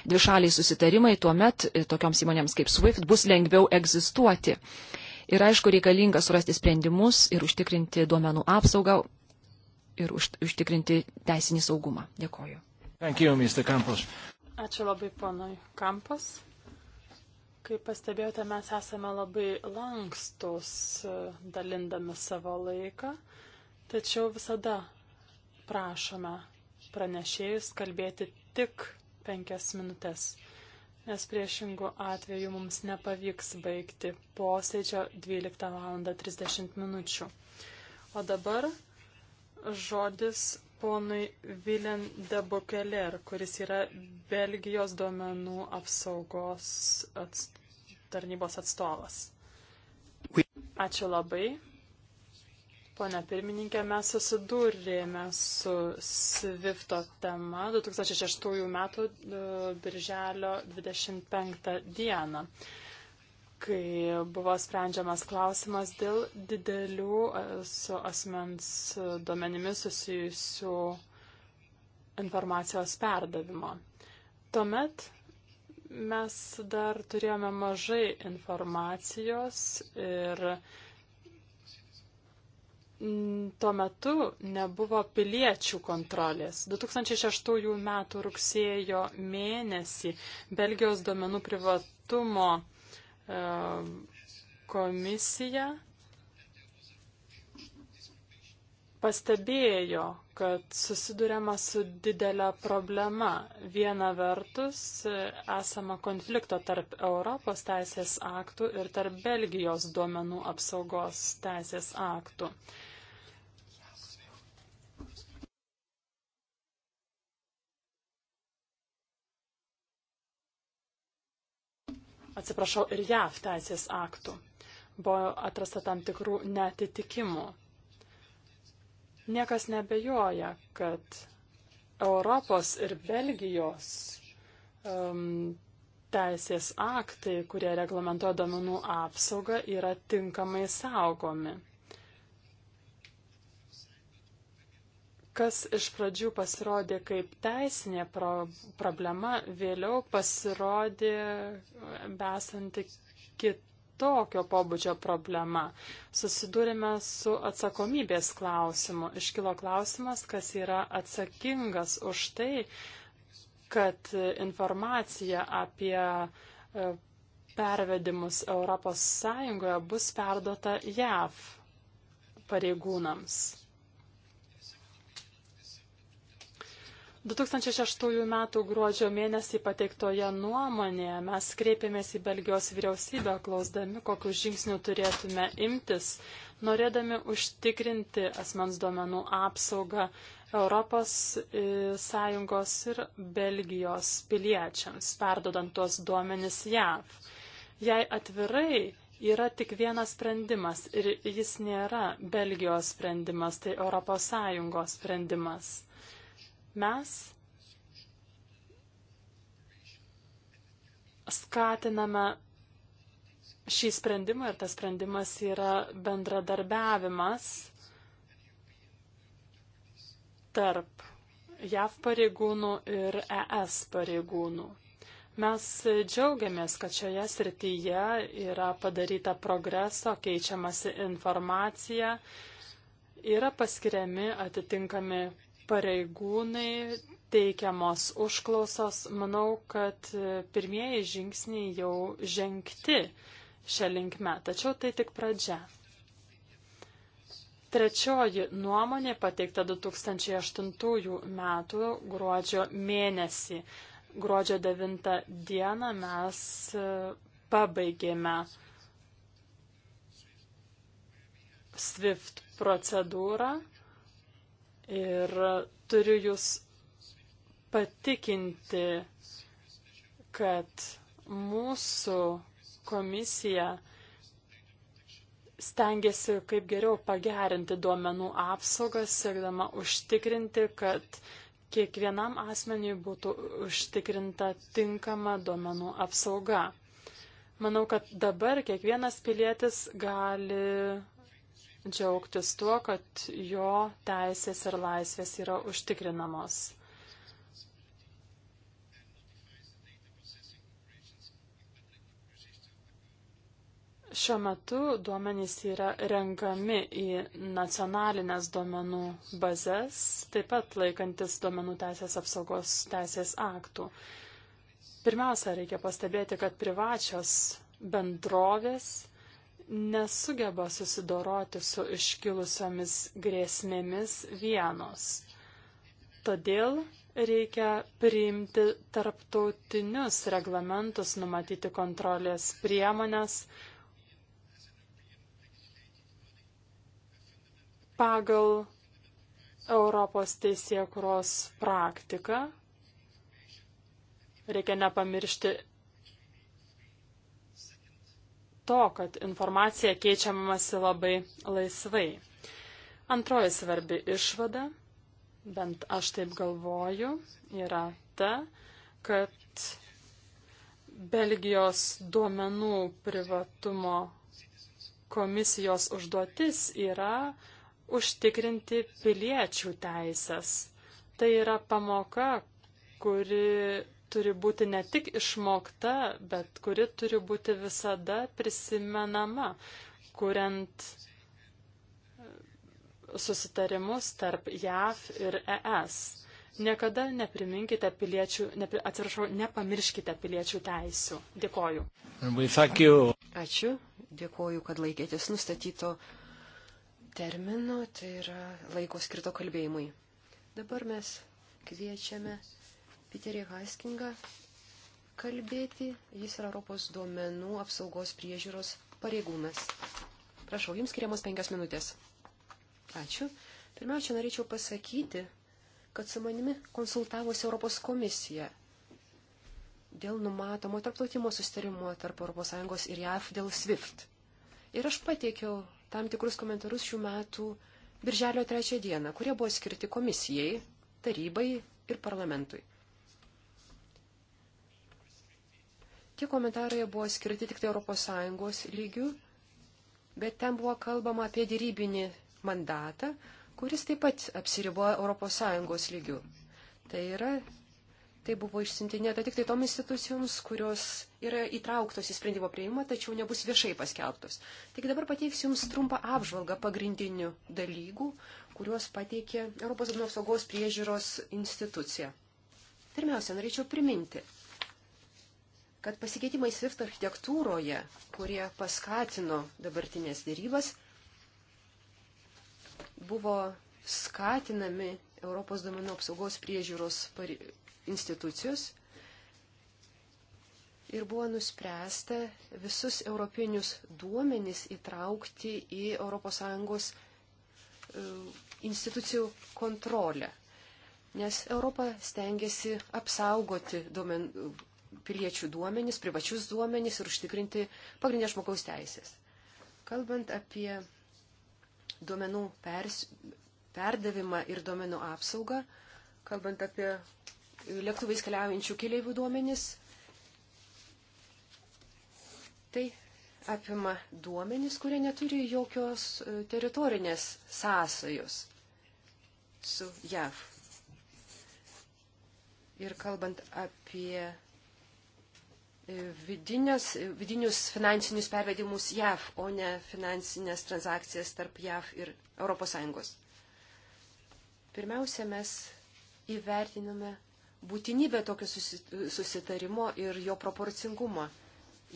dvišaliai susitarimai, tuomet e, tokioms įmonėms kaip SWIFT bus lengviau egzistuoti. Ir aišku, reikalinga surasti sprendimus ir užtikrinti duomenų apsaugą, ir užtikrinti teisinį saugumą. Dėkoju. You, Ačiū labai ponui Kampas. Kaip pastebėjote, mes esame labai lankstus e, dalindami savo laiką, tačiau visada prašome pranešėjus kalbėti tik penkias minutės, nes priešingų atveju mums nepavyks baigti posėdžio 12 val. 30 minučių. O dabar žodis ponui Vilen de Bokeler, kuris yra Belgijos duomenų apsaugos atst tarnybos atstovas. Ačiū labai. Pone pirmininkė, mes susidūrėme su Svifto tema 2006 m. E, birželio 25 dieną kai buvo sprendžiamas klausimas dėl didelių e, su asmens duomenimis susijusių informacijos perdavimo. Tuomet mes dar turėjome mažai informacijos ir tuo metu nebuvo piliečių kontrolės. 2006 m. rugsėjo mėnesį Belgijos duomenų privatumo komisija pastebėjo, kad susidurėma su didelė problema. Viena vertus, esama konflikto tarp Europos teisės aktų ir tarp Belgijos duomenų apsaugos teisės aktų. atsiprašau, ir JAV teisės aktų. Buvo atrasta tam tikrų netitikimų. Niekas nebejoja, kad Europos ir Belgijos um, teisės aktai, kurie reglamentuoja domenų apsaugą, yra tinkamai saugomi. kas iš pradžių pasirodė kaip teisinė pro problema, vėliau pasirodė besanti kitokio pobūdžio problema. Susidūrėme su atsakomybės klausimu. Iškilo klausimas, kas yra atsakingas už tai, kad informacija apie e, pervedimus ES bus perdota JAV pareigūnams. 2006 m. gruodžio mėnesį pateiktoje nuomonėje mes kreipėmės į Belgijos vyriausybę, klausdami, kokius žingsnių turėtume imtis, norėdami užtikrinti asmens duomenų apsaugą Europos e, Sąjungos ir Belgijos piliečiams, perdodant tuos duomenis JAV. Jei atvirai yra tik vienas sprendimas ir jis nėra Belgijos sprendimas, tai Europos Sąjungos sprendimas. Mes skatiname šį sprendimą ir tas sprendimas yra bendradarbiavimas tarp JAV pareigūnų ir ES pareigūnų. Mes džiaugiamės, kad šioje srityje yra padaryta progreso, keičiamasi informacija, yra paskiriami atitinkami pareigūnai, teikiamos užklausos, manau, kad pirmieji žingsniai jau žengti šią linkmę, tačiau tai tik pradžia. Trečioji nuomonė pateikta 2008 metų gruodžio mėnesį. Gruodžio 9 dieną mes e, pabaigėme SWIFT procedūrą Ir turiu jūs patikinti, kad mūsų komisija stengiasi kaip geriau pagerinti duomenų apsaugą, siekdama užtikrinti, kad kiekvienam asmeniui būtų užtikrinta tinkama duomenų apsauga. Manau, kad dabar kiekvienas pilietis gali džiaugtis tuo, kad jo teisės ir laisvės yra užtikrinamos. Šiuo metu duomenys yra renkami į nacionalinės duomenų bazės, taip pat laikantis duomenų teisės apsaugos teisės aktų. Pirmiausia, reikia pastebėti, kad privačios bendrovės nesugeba susidoroti su iškilusiomis grėsmėmis vienos. Todėl reikia priimti tarptautinius reglamentus, numatyti kontrolės priemonės pagal Europos teisėkuros praktiką. Reikia nepamiršti to, kad informacija keičiamasi labai laisvai. Antroji svarbi išvada, bent aš taip galvoju, yra ta, kad Belgijos duomenų privatumo komisijos užduotis yra užtikrinti piliečių teisės. Tai yra pamoka, kuri turi būti ne tik išmokta, bet kuri turi būti visada prisimenama, kuriant e, susitarimus tarp JAV ir ES. Niekada nepriminkite piliečių, nepri, atsiprašau, nepamirškite piliečių teisų. Dėkoju. Ačiū. Dėkoju, kad laikėtės nustatyto termino, tai yra laiko skirto kalbėjimui. Dabar mes kviečiame Piterį Haskingą kalbėti. Jis yra Europos duomenų apsaugos priežiūros pareigūnas. Prašau, jums skiriamos penkias minutės. Ačiū. Pirmiausia, norėčiau pasakyti, kad su manimi konsultavosi Europos komisija dėl numatomo tarptautimo sustarimo tarp ES ir JAF dėl SWIFT. Ir aš pateikiau tam tikrus komentarus šių metų birželio trečią dieną, kurie buvo skirti komisijai, tarybai ir parlamentui. Tie komentarai buvo skirti tik tai ES lygių, bet ten buvo kalbama apie dėrybinį mandatą, kuris taip pat apsiriboja ES lygių. Tai yra, tai buvo išsintinėta tik tai tom institucijoms, kurios yra įtrauktos į sprendimo prieimą, tačiau nebus viešai paskelbtos. Taigi dabar pateiksiu Jums trumpą apžvalgą pagrindinių dalykų, kuriuos pateikė Europos apsaugos priežiūros institucija. Pirmiausia, norėčiau priminti, kad pasikeitimai SWIFT architektūroje, kurie paskatino dabartinės dėrybas, buvo skatinami Europos domenų apsaugos priežiūros institucijos ir buvo nuspręsta visus europinius duomenys įtraukti į ES e, institucijų kontrolę. Nes Europa stengiasi apsaugoti duomen, piliečių duomenis, privačius duomenis ir užtikrinti pagrindinės žmogaus teisės. Kalbant apie duomenų pers, perdavimą ir duomenų apsaugą, kalbant apie lėktuvais keliaujančių keliaivių duomenis, tai apima duomenis, kurie neturi jokios e, teritorinės sąsajos su JAV. Ir kalbant apie vidinius, vidinius finansinius pervedimus JAV, o ne finansinės transakcijas tarp JAV ir ES. Pirmiausia, mes įvertiname būtinybę tokio susitarimo ir jo proporcingumo,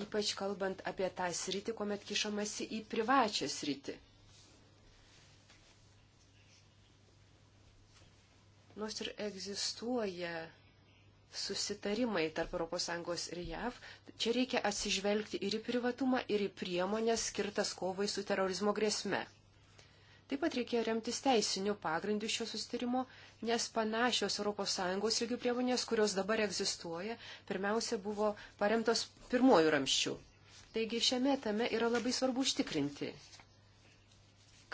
ypač kalbant apie tą sritį, kuomet kišamasi į privačią sritį. Nors ir egzistuoja susitarimai tarp ES ir JAV, čia reikia atsižvelgti ir į privatumą, ir į priemonės skirtas kovai su terorizmo grėsme. Taip pat reikėjo remtis teisiniu pagrindu šio sustarimo, nes panašios ES lygių priemonės, kurios dabar egzistuoja, pirmiausia buvo paremtos pirmojų ramščių. Taigi šiame tame yra labai svarbu užtikrinti,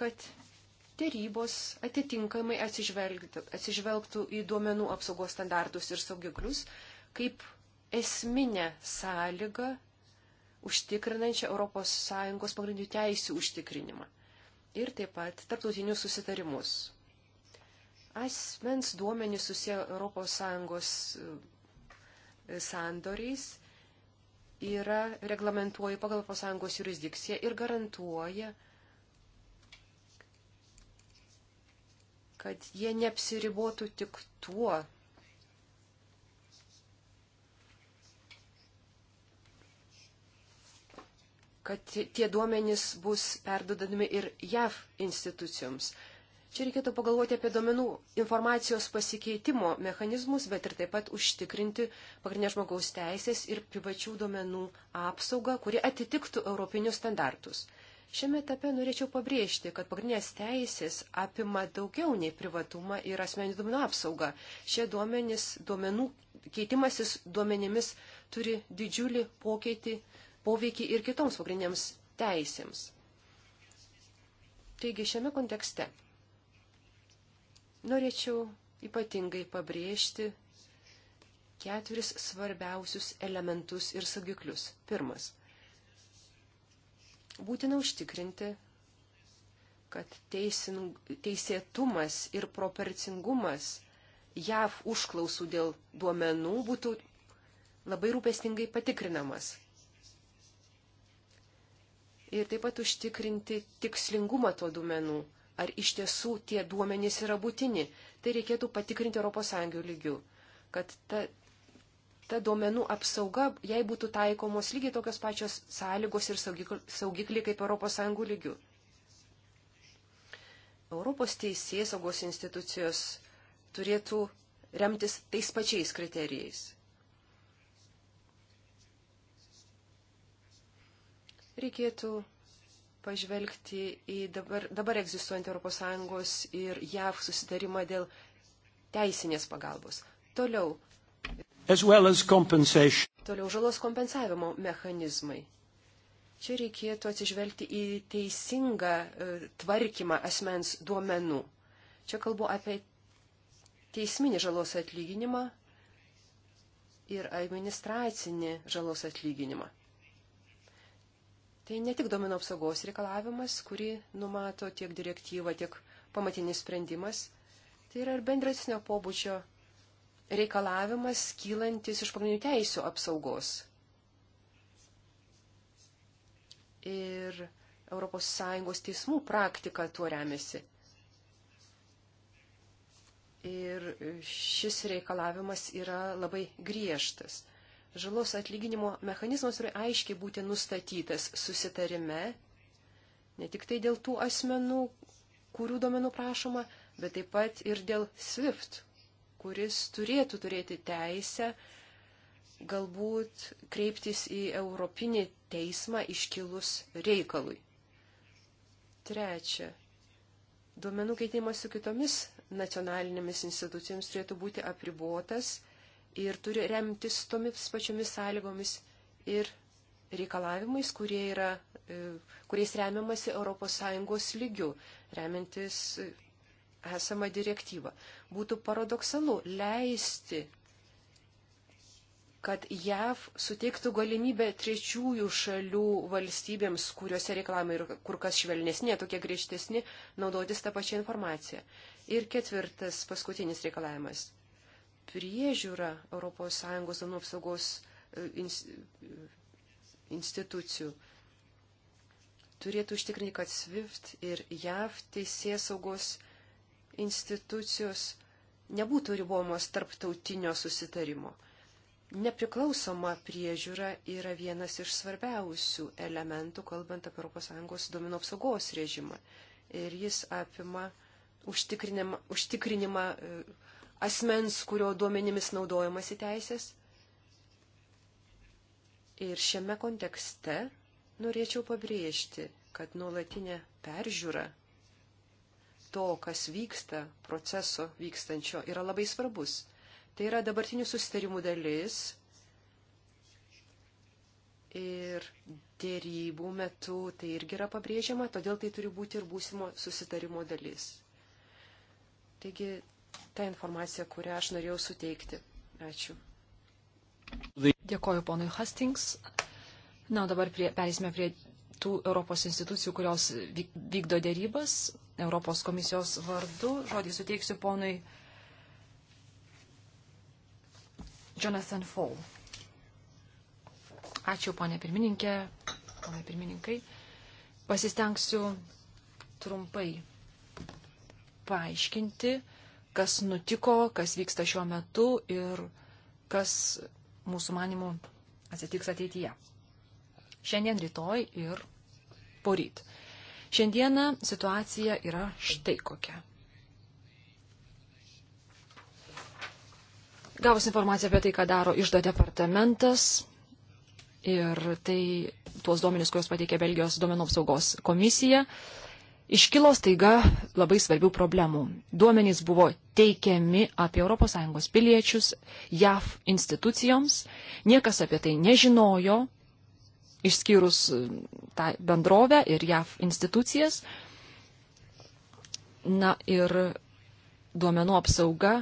kad tarybos atitinkamai atsižvelgtų į duomenų apsaugos standartus ir saugiklius kaip esminę sąlygą užtikrinančią ES pagrindinių teisių užtikrinimą ir taip pat tarptautinius susitarimus. Asmens duomenys susiję ES e, sandoriais yra reglamentuoji pagal ES jurisdikciją ir garantuoja kad jie neapsiribotų tik tuo. kad tie duomenys bus perdodami ir JAV institucijoms. Čia reikėtų pagalvoti apie duomenų informacijos pasikeitimo mechanizmus, bet ir taip pat užtikrinti pagrindinės žmogaus teisės ir privačių duomenų apsaugą, kuri atitiktų europinius standartus. Šiame etape norėčiau pabrėžti, kad pagrindinės teisės apima daugiau nei privatumą ir asmenį duomenų apsaugą. Šie duomenys, duomenų keitimasis duomenimis turi didžiulį pokeitį, poveikį ir kitoms pagrindiniams teisėms. Taigi šiame kontekste norėčiau ypatingai pabrėžti ketveris svarbiausius elementus ir sagiklius. Pirmas – Būtina užtikrinti, kad teisin, teisėtumas ir proporcingumas JAV užklausų dėl duomenų būtų labai rūpestingai patikrinamas. Ir taip pat užtikrinti tikslingumą to duomenų, ar iš tiesų tie duomenys yra būtini. Tai reikėtų patikrinti ES lygių, kad ta ta duomenų apsauga, jei būtų taikomos lygiai tokios pačios sąlygos ir saugikliai kaip ES lygių. Europos teisės saugos institucijos turėtų remtis tais pačiais kriterijais. Reikėtų pažvelgti į dabar, dabar egzistuojant ES ir JAV susitarimą dėl teisinės pagalbos. Toliau well Toliau žalos kompensavimo mechanizmai. Čia reikėtų atsižvelgti į teisingą e, tvarkymą asmens duomenų. Čia kalbu apie teisminį žalos atlyginimą ir administracinį žalos atlyginimą. Tai ne tik domino apsaugos reikalavimas, kurį numato tiek direktyva, tiek pamatinis sprendimas, tai yra ir bendresnio pobūdžio reikalavimas kylantis iš pagrindinių teisų apsaugos. Ir ES teismų praktika tuo remiasi. Ir šis reikalavimas yra labai griežtas. Žalos atlyginimo mechanizmas turi aiškiai būti nustatytas susitarime, ne tik tai dėl tų asmenų, kurių domenų prašoma, bet taip pat ir dėl SWIFT kuris turėtų turėti teisę galbūt kreiptis į Europinį teismą iškilus reikalui. Trečia. Duomenų keitimas su kitomis nacionalinėmis institucijomis turėtų būti apribuotas ir turi remtis tomis pačiomis sąlygomis ir reikalavimais, kurie yra, e, kuriais remiamasi ES lygių, remiantis esamą direktyvą. Būtų paradoksalu leisti, kad JAV suteiktų galimybę trečiųjų šalių valstybėms, kuriuose reklamai ir kur kas švelnesnė, tokie griežtesni, naudotis tą pačią informaciją. Ir ketvirtas, paskutinis reikalavimas. Priežiūra ES duomenų apsaugos e, e, institucijų turėtų užtikrinti, kad SWIFT ir JAV teisės saugos institucijų institucijos nebūtų ribomos tarptautinio susitarimo. Nepriklausoma priežiūra yra vienas iš svarbiausių elementų, kalbant apie ES duomenų apsaugos režimą. Ir jis apima užtikrinimą, užtikrinimą e, asmens, kurio duomenimis naudojamas į teisės. Ir šiame kontekste norėčiau pabrėžti, kad nuolatinė peržiūra to, kas vyksta, proceso vykstančio, yra labai svarbus. Tai yra dabartinių susitarimų dalis ir dėrybų metu tai irgi yra pabrėžiama, todėl tai turi būti ir būsimo susitarimo dalis. Taigi, ta informacija, kurią aš norėjau suteikti. Ačiū. Dėkoju ponui Hastings. Na, o dabar prie, perėsime prie tų Europos institucijų, kurios vykdo dėrybas. Europos komisijos vardu. Žodį suteiksiu ponui Jonathan Fall. Ačiū, ponė pirmininkė, ponė pirmininkai. Pasistengsiu trumpai paaiškinti, kas nutiko, kas vyksta šiuo metu ir kas mūsų manimų atsitiks ateityje. Šiandien, rytoj ir poryt. Šiandieną situacija yra štai kokia. Gavus informaciją apie tai, ką daro išdo departamentas ir tai tuos duomenis, kuriuos pateikė Belgijos duomenų apsaugos komisija, iškilo staiga labai svarbių problemų. Duomenys buvo teikiami apie ES piliečius JAV institucijoms, niekas apie tai nežinojo, išskyrus e, tą bendrovę ir JAF institucijas. Na ir duomenų apsauga.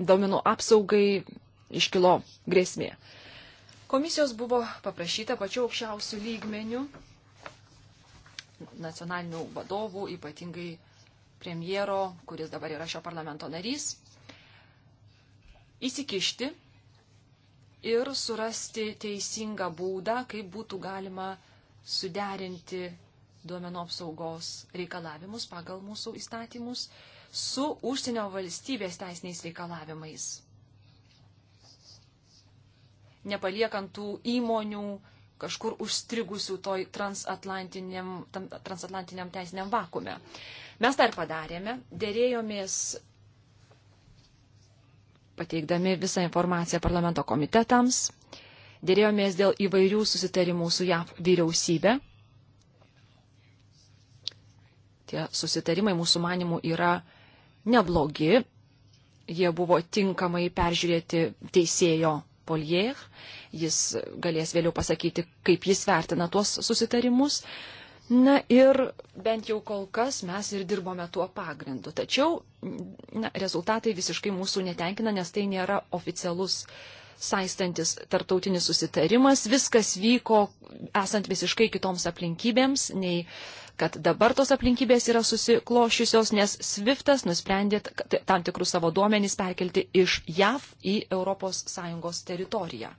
Duomenų apsaugai iškilo grėsmė. Komisijos buvo paprašyta pačiu aukščiausių lygmenių nacionalinių vadovų, ypatingai premjero, kuris dabar yra šio parlamento narys, įsikišti ir surasti teisingą būdą, kaip būtų galima suderinti duomenų apsaugos reikalavimus pagal mūsų įstatymus su užsienio valstybės teisiniais reikalavimais. Nepaliekant tų įmonių kažkur užstrigusių toj transatlantiniam, transatlantiniam teisiniam vakume. Mes dar padarėme, dėrėjomės pateikdami visą informaciją parlamento komitetams. Dėrėjomės dėl įvairių susitarimų su JAV vyriausybė. Tie susitarimai mūsų manimų yra neblogi. Jie buvo tinkamai peržiūrėti teisėjo Polier. Jis galės vėliau pasakyti, kaip jis vertina tuos susitarimus. Uh, Na ir bent jau kol kas mes ir dirbome tuo pagrindu. Tačiau na, rezultatai visiškai mūsų netenkina, nes tai nėra oficialus saistantis tartautinis susitarimas. Viskas vyko esant visiškai kitoms aplinkybėms, nei kad dabar tos aplinkybės yra susiklošiusios, nes Swiftas nusprendė tam tikrus savo duomenys perkelti iš JAV į ES teritoriją.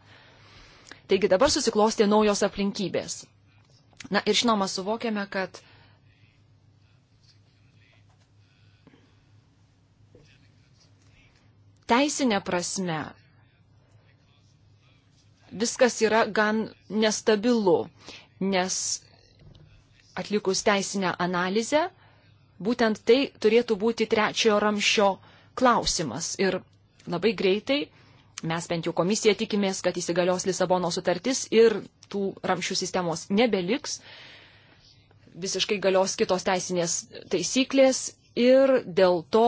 Taigi dabar susiklostė naujos aplinkybės. Na ir žinoma, suvokiame, kad teisinė prasme viskas yra gan nestabilu, nes atlikus teisinę analizę, būtent tai turėtų būti trečiojo ramšio klausimas. Ir labai greitai mes bent jau komisija tikimės, kad įsigalios Lisabono sutartis ir tų ramšių sistemos nebeliks, visiškai galios kitos teisinės taisyklės ir dėl to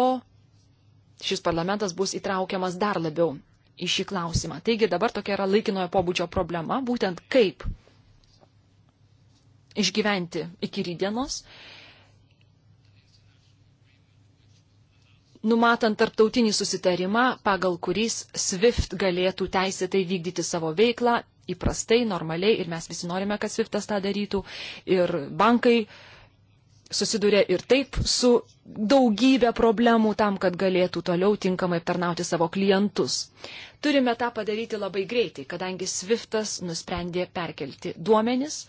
šis parlamentas bus įtraukiamas dar labiau į šį klausimą. Taigi dabar tokia yra laikinojo pobūdžio problema, būtent kaip išgyventi iki rydienos, numatant tarptautinį susitarimą, pagal kuris SWIFT galėtų teisėtai vykdyti savo veiklą įprastai, normaliai ir mes visi norime, kad Swiftas tą darytų. Ir bankai susiduria ir taip su daugybė problemų tam, kad galėtų toliau tinkamai aptarnauti savo klientus. Turime tą padaryti labai greitai, kadangi Swiftas nusprendė perkelti duomenis,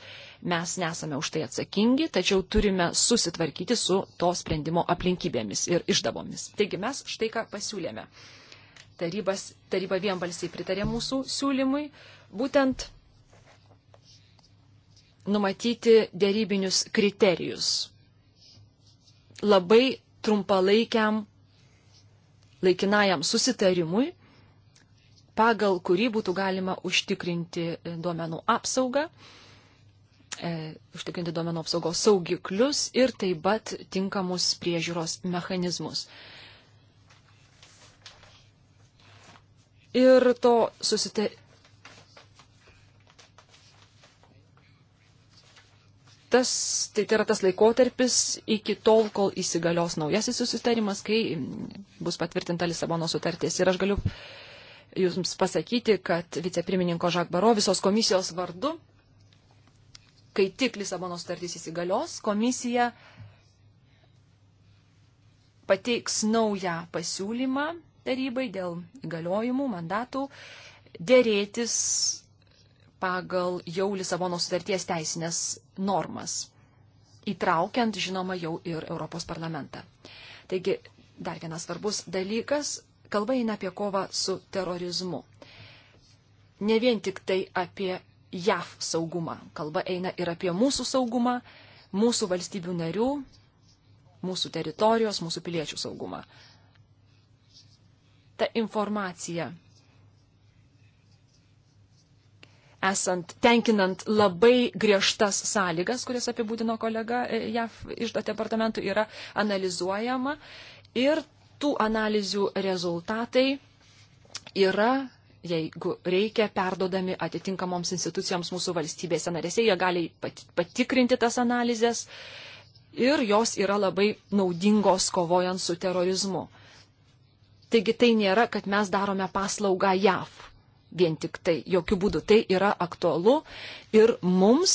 mes nesame už tai atsakingi, tačiau turime susitvarkyti su to sprendimo aplinkybėmis ir išdavomis. Taigi mes štai ką pasiūlėme. Tarybas, taryba vienbalsiai pritarė mūsų siūlymui būtent numatyti dėrybinius kriterijus labai trumpalaikiam laikinajam susitarimui, pagal kurį būtų galima užtikrinti duomenų apsaugą, e, užtikrinti duomenų apsaugos saugiklius ir taip pat tinkamus priežiūros mechanizmus. Ir to susitarimų tas, tai, tai yra tas laikotarpis iki tol, kol įsigalios naujasis susitarimas, kai bus patvirtinta Lisabono sutartis. Ir aš galiu Jums pasakyti, kad vicepirmininko Žakbaro visos komisijos vardu, kai tik Lisabono sutartys įsigalios, komisija pateiks naują pasiūlymą tarybai dėl įgaliojimų, mandatų, dėrėtis pagal jau Lisabono sutarties teisinės normas, įtraukiant, žinoma, jau ir Europos parlamentą. Taigi, dar vienas svarbus dalykas - kalba eina apie kovą su terorizmu. Ne vien tik tai apie JAV saugumą, kalba eina ir apie mūsų saugumą, mūsų valstybių narių, mūsų teritorijos, mūsų piliečių saugumą. Ta informacija esant tenkinant labai griežtas sąlygas, kurias apibūdino kolega e, JAF iš departamentų, yra analizuojama ir tų analizių rezultatai yra jeigu reikia, perdodami atitinkamoms institucijoms mūsų valstybėse narėse, jie gali patikrinti tas analizės ir jos yra labai naudingos kovojant su terorizmu. Taigi tai nėra, kad mes darome paslaugą JAV vien tik tai, jokių būdų. Tai yra aktualu ir mums,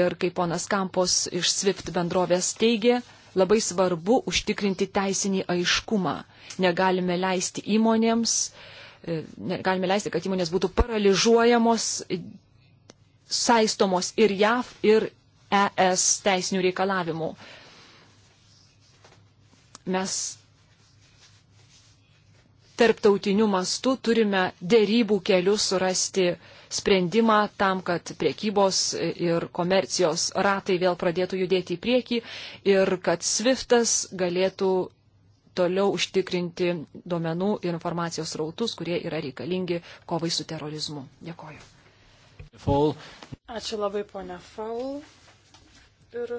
ir kaip ponas Kampos iš SWIFT bendrovės teigė, labai svarbu užtikrinti teisinį aiškumą. Negalime leisti įmonėms, e, negalime leisti, kad įmonės būtų paralyžiuojamos, saistomos ir JAV, ir ES teisinių reikalavimų. Mes tarptautiniu mastu turime dėrybų keliu surasti sprendimą tam, kad priekybos ir komercijos ratai vėl pradėtų judėti į priekį ir kad SWIFTas galėtų toliau užtikrinti duomenų ir informacijos rautus, kurie yra reikalingi kovai su terorizmu. Dėkoju. Fall. Ačiū labai, ponia Faul. Ir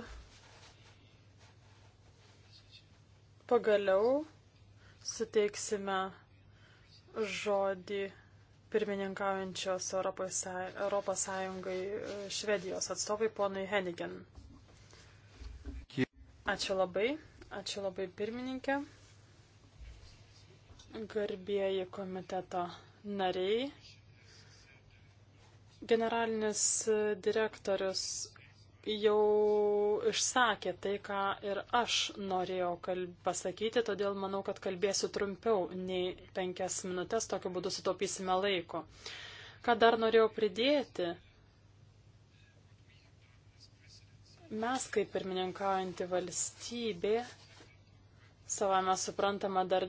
pagaliau suteiksime žodį pirmininkaujančios Europos Sąjungai e, Švedijos atstovai ponui Henigen. Ačiū labai, ačiū labai pirmininkė, garbėjai komiteto nariai. Generalinis direktorius jau išsakė tai, ką ir aš norėjau pasakyti, todėl manau, kad kalbėsiu trumpiau nei penkias minutės, tokiu būdu sutaupysime laiko. Ką dar norėjau pridėti? Mes, kaip pirmininkaujanti valstybė, savame suprantama, dar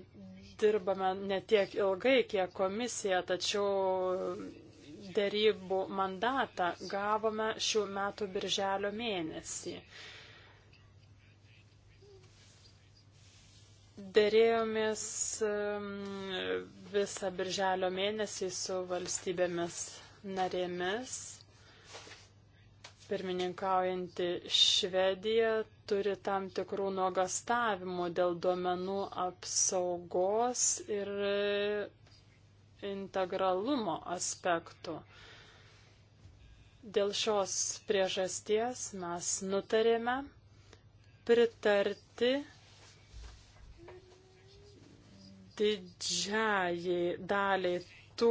dirbame ne tiek ilgai, kiek komisija, tačiau dėrybų mandatą gavome šių metų birželio mėnesį. Dėrėjomės um, visą birželio mėnesį su valstybėmis narėmis. Pirmininkaujanti Švedija turi tam tikrų nuogastavimų dėl duomenų apsaugos ir integralumo aspektų. Dėl šios priežasties mes nutarėme pritarti didžiajai daliai tų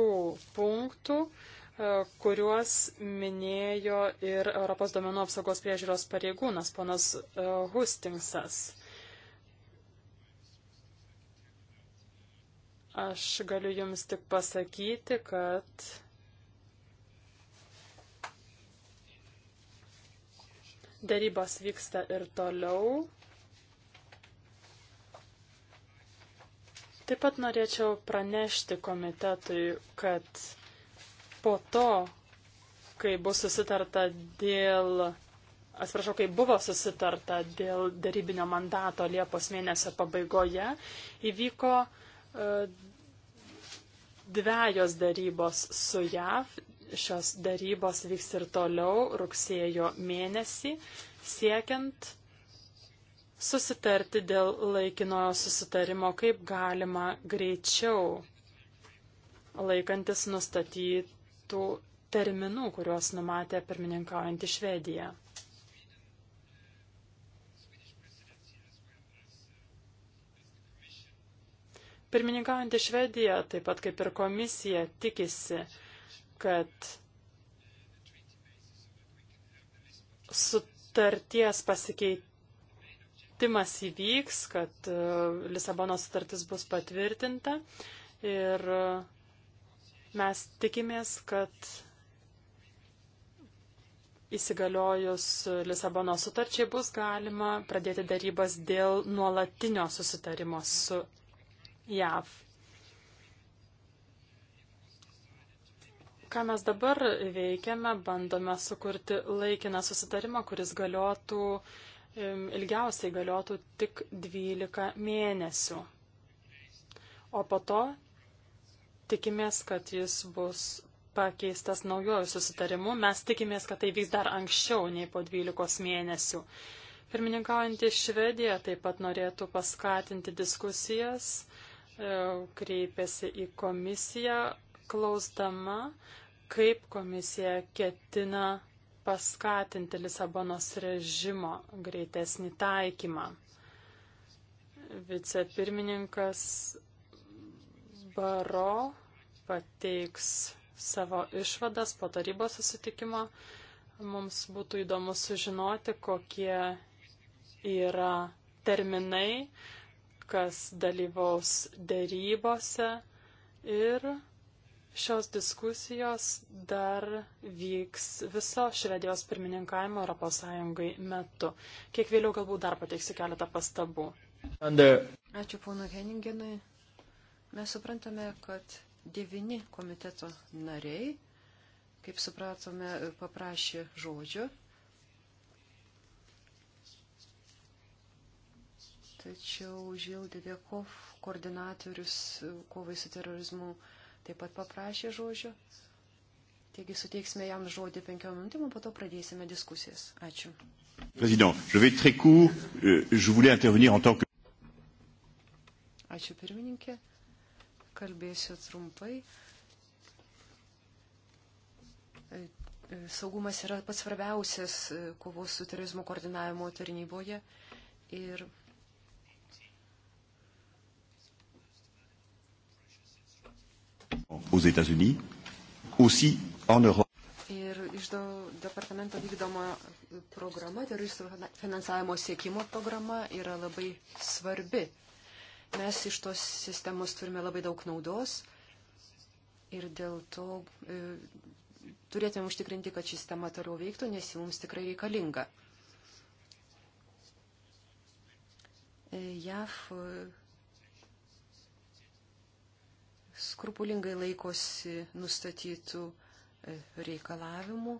punktų, e, kuriuos minėjo ir Europos domenų apsaugos priežiūros pareigūnas, ponas e, Hustingsas. Aš galiu Jums tik pasakyti, kad dėrybos vyksta ir toliau. Taip pat norėčiau pranešti komitetui, kad po to, kai bus susitarta dėl, atsiprašau, kai buvo susitarta dėl darybinio mandato Liepos mėnesio pabaigoje, įvyko uh, E, dviejos darybos su JAV. Šios darybos vyks ir toliau rugsėjo mėnesį, siekiant susitarti dėl laikinojo susitarimo kaip galima greičiau, laikantis nustatytų terminų, kuriuos numatė pirmininkaujantį Švediją. Pirmininkaujantį Švediją, taip pat kaip ir komisija, tikisi, kad sutarties pasikeitimas įvyks, kad e, Lisabono sutartis bus patvirtinta ir e, mes tikimės, kad įsigaliojus Lisabono sutarčiai bus galima pradėti darybas dėl nuolatinio susitarimo su JAV. Ką mes dabar veikiame, bandome sukurti laikiną susitarimą, kuris galiotų, ilgiausiai galiotų tik 12 mėnesių. O po to tikimės, kad jis bus pakeistas naujojų susitarimu. Mes tikimės, kad tai vyks dar anksčiau nei po 12 mėnesių. Pirmininkaujantį Švediją taip pat norėtų paskatinti diskusijas E, kreipėsi į komisiją, klausdama, kaip komisija ketina paskatinti Lisabonos režimo greitesnį taikymą. Vicepirmininkas Baro pateiks savo išvadas po tarybos susitikimo. Mums būtų įdomu sužinoti, kokie yra terminai, kas dalyvaus dėrybose ir šios diskusijos dar vyks viso Švedijos pirmininkavimo ES metu. Kiek vėliau galbūt dar pateiksiu keletą pastabų. Under. Ačiū pono Heningenui. Mes suprantame, kad devini komiteto nariai, kaip supratome, paprašė žodžio Tačiau Žildė Dėkov, koordinatorius kovai su terorizmu, taip pat paprašė žodžio. Taigi suteiksime jam žodį penkiom minutėm, o po to pradėsime diskusijas. Ačiū. Court, euh, Ačiū pirmininkė. Kalbėsiu trumpai. E, e, saugumas yra pats svarbiausias e, kovos su terorizmu koordinavimo tarnyboje. Ir Ir išdo departamento vykdoma e, programa, teroristų finansavimo siekimo programa yra labai svarbi. Mes iš tos sistemos turime labai daug naudos ir dėl to e, turėtume užtikrinti, kad ši sistema toliau veiktų, nes ji mums tikrai reikalinga. E, JAF e, skrupulingai laikosi nustatytų e, reikalavimų,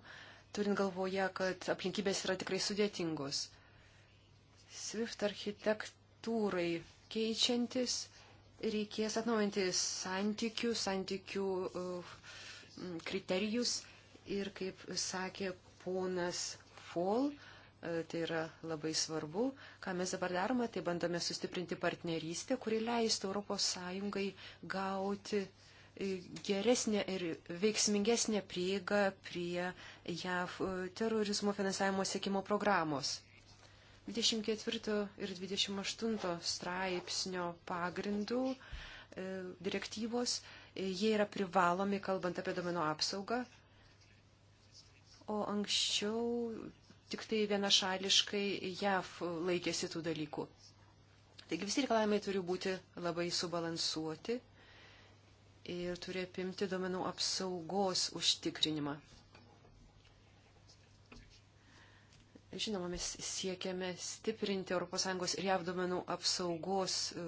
turint galvoje, kad aplinkybės yra tikrai sudėtingos. SWIFT architektūrai keičiantis reikės atnaujinti santykių, santykių e, kriterijus ir, kaip sakė ponas Fall, E, tai yra labai svarbu. Ką mes dabar darome, tai bandome sustiprinti partnerystę, kuri leistų ES gauti e, geresnė ir veiksmingesnė prieiga prie JAV e, terorizmo finansavimo sėkimo programos. 24 ir 28 straipsnio pagrindų direktyvos, jie yra privalomi, kalbant apie domino apsaugą, o anksčiau tik tai vienašališkai JAV laikėsi tų dalykų. Taigi visi reikalavimai turi būti labai subalansuoti ir turi apimti domenų apsaugos užtikrinimą. Žinoma, mes siekiame stiprinti ES ir JAV domenų apsaugos e,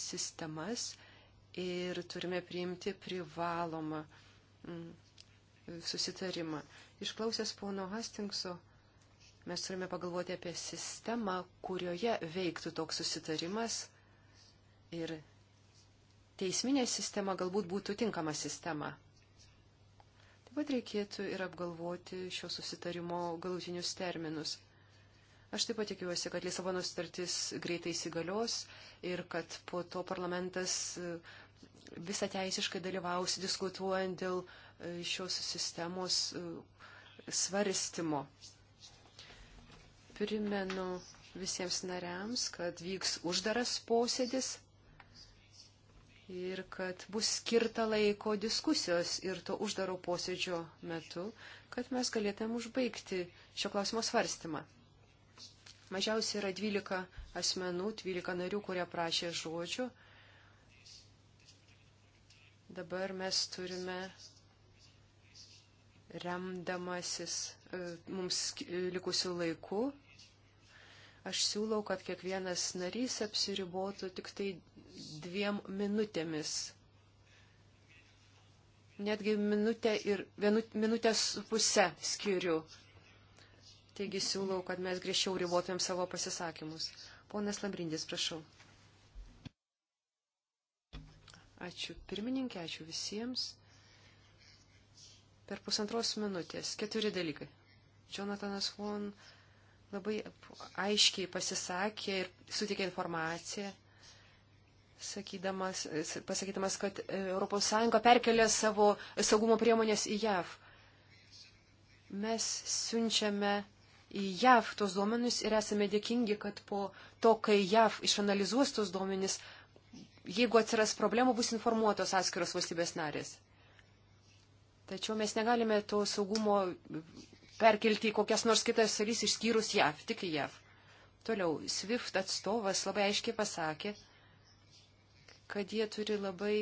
sistemas ir turime priimti privalomą mm, susitarimą. Išklausęs pono Hastingso, mes turime pagalvoti apie sistemą, kurioje veiktų toks susitarimas ir teisminė sistema galbūt būtų tinkama sistema. Taip pat reikėtų ir apgalvoti šio susitarimo galutinius terminus. Aš taip pat tikiuosi, kad Lisabono sutartis greitai įsigalios ir kad po to parlamentas e, visą teisiškai dalyvaus diskutuojant dėl e, šios sistemos e, svarstymo. Primenu visiems nariams, kad vyks uždaras posėdis ir kad bus skirta laiko diskusijos ir to uždaro posėdžio metu, kad mes galėtume užbaigti šio klausimo svarstymą. Mažiausiai yra 12 asmenų, 12 narių, kurie prašė žodžių. Dabar mes turime remdamasis e, mums e, likusių laikų, aš siūlau, kad kiekvienas narys apsiribotų tik tai dviem minutėmis. Netgi minutę ir vienu, minutę su pusę skiriu. Taigi siūlau, kad mes griežčiau ribotumėm savo pasisakymus. Ponas Lambrindis, prašau. Ačiū pirmininkė, ačiū visiems per pusantros minutės. Keturi dalykai. Jonathanas Von labai aiškiai pasisakė ir sutikė informaciją, sakydamas, pasakydamas, kad ES perkelė savo saugumo priemonės į JAV. Mes siunčiame į JAV tos duomenys ir esame dėkingi, kad po to, kai JAV išanalizuos tos duomenys, jeigu atsiras problemų, bus informuotos atskiros valstybės narės. Tačiau mes negalime to saugumo perkelti į kokias nors kitas šalis išskyrus JAV, tik JAV. Toliau, SWIFT atstovas labai aiškiai pasakė, kad jie turi labai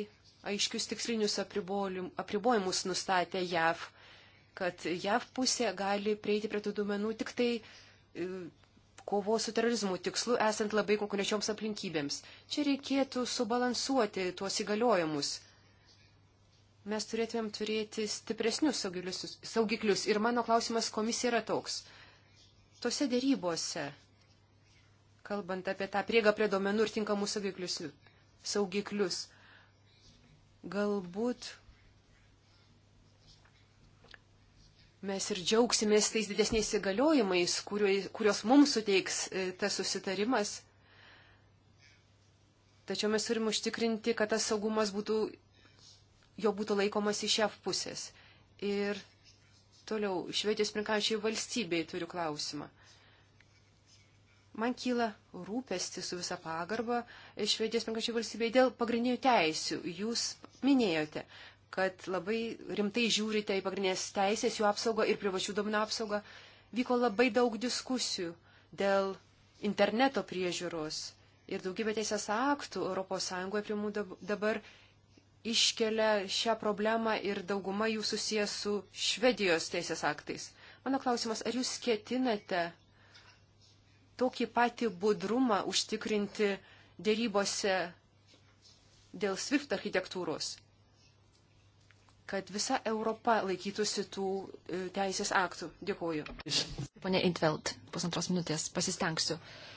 aiškius tikslinius apribojimus nustatę JAV, kad JAV pusė gali prieiti prie tų duomenų tik tai e, kovos su terorizmu tikslu esant labai konkrečioms aplinkybėms. Čia reikėtų subalansuoti tuos įgaliojimus mes turėtumėm turėti stipresnius saugiklius. Ir mano klausimas komisija yra toks. Tose dėrybose, kalbant apie tą priegą prie domenų ir tinkamus saugiklius, saugiklius galbūt mes ir džiaugsimės tais didesniais įgaliojimais, kuriuos mums suteiks e, tas susitarimas. Tačiau mes turim užtikrinti, kad tas saugumas būtų jo būtų laikomas iš jav pusės. Ir toliau, švedijos pirmkaučiai valstybei turiu klausimą. Man kyla rūpesti su visa pagarba švedijos pirmkaučiai valstybei dėl pagrindinių teisių. Jūs minėjote, kad labai rimtai žiūrite į pagrindinės teisės, jų apsaugą ir privačių domino apsaugą. Vyko labai daug diskusijų dėl interneto priežiūros ir daugybė teisės aktų ES primų dabar iškelia šią problemą ir dauguma jų susijęs su Švedijos teisės aktais. Mano klausimas, ar jūs ketinate tokį patį budrumą užtikrinti dėrybose dėl SWIFT architektūros, kad visa Europa laikytųsi tų e, teisės aktų. Dėkuoju. Pone Intveld, pusantros minutės, pasistengsiu. Uh,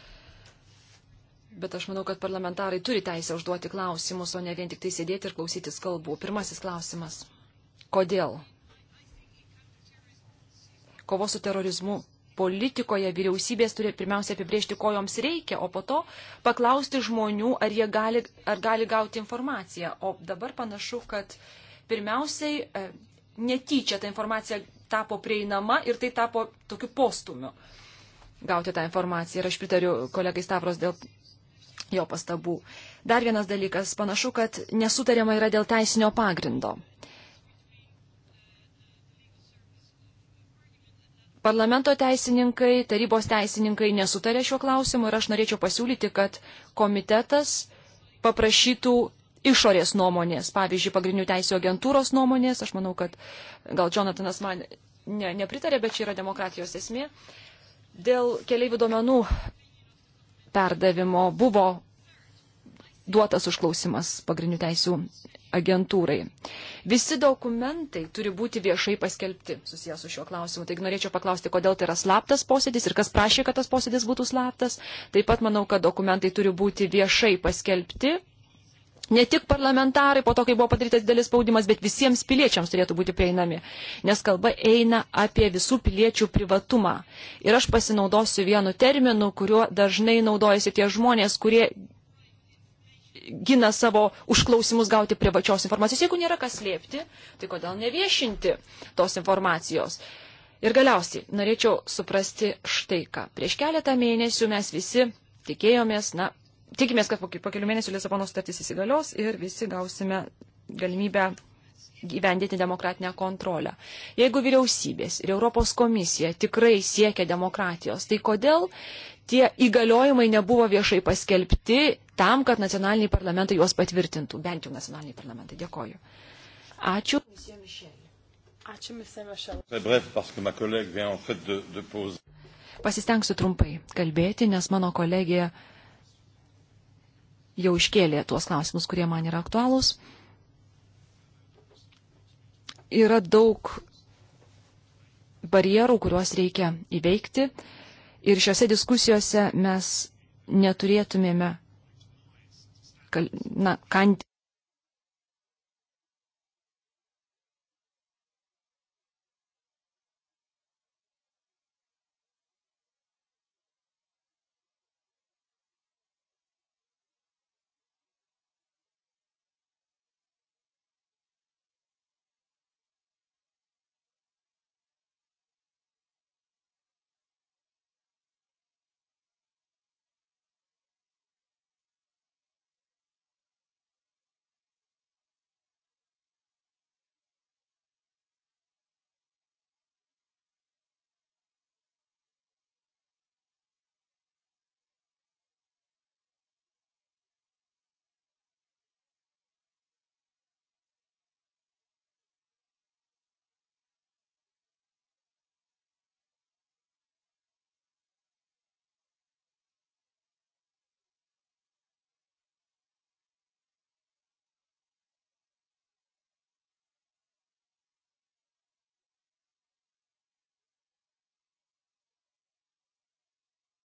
Bet aš manau, kad parlamentarai turi teisę užduoti klausimus, o ne vien tik tai sėdėti ir klausytis kalbų. Pirmasis klausimas. Kodėl? Kovos su terorizmu politikoje vyriausybės turi pirmiausia apibriežti, ko joms reikia, o po to paklausti žmonių, ar jie gali, ar gali gauti informaciją. O dabar panašu, kad pirmiausiai e, netyčia ta informacija tapo prieinama ir tai tapo tokiu postumiu gauti tą informaciją. Ir aš pritariu kolegai Stavros dėl jo pastabų. Dar vienas dalykas, panašu, kad nesutariama yra dėl teisinio pagrindo. Parlamento teisininkai, tarybos teisininkai nesutarė šiuo klausimu ir aš norėčiau pasiūlyti, kad komitetas paprašytų išorės nuomonės, pavyzdžiui, pagrindinių teisų agentūros nuomonės. Aš manau, kad gal Jonathanas man ne, nepritarė, bet čia yra demokratijos esmė. Dėl keliaivių duomenų perdavimo buvo duotas užklausimas pagrindinių teisų agentūrai. Visi dokumentai turi būti viešai paskelbti susijęs su šiuo klausimu. Taigi norėčiau paklausti, kodėl tai yra slaptas posėdis ir kas prašė, kad tas posėdis būtų slaptas. Taip pat manau, kad dokumentai turi būti viešai paskelbti ne tik parlamentarai, po to, kai buvo padarytas dėlis spaudimas, bet visiems piliečiams turėtų būti prieinami, nes kalba eina apie visų piliečių privatumą. Ir aš pasinaudosiu vienu terminu, kuriuo dažnai naudojasi tie žmonės, kurie gina savo užklausimus gauti privačios informacijos. Jeigu nėra kas slėpti, tai kodėl neviešinti tos informacijos? Ir galiausiai norėčiau suprasti štai ką. Prieš keletą mėnesių mes visi tikėjomės, na, tikimės, kad po kelių mėnesių Lisabono sutartis įsigalios ir visi gausime galimybę gyvendyti demokratinę kontrolę. Jeigu vyriausybės ir Europos komisija tikrai siekia demokratijos, tai kodėl tie įgaliojimai nebuvo viešai paskelbti tam, kad nacionaliniai parlamentai juos patvirtintų, bent jau nacionaliniai parlamentai. Dėkoju. Ačiū. Ačiū, Pasistengsiu trumpai kalbėti, nes mano kolegė jau iškėlė tuos klausimus, kurie man yra aktualūs. Yra daug barjerų, kuriuos reikia įveikti ir šiuose diskusijose mes neturėtumėme na, kant,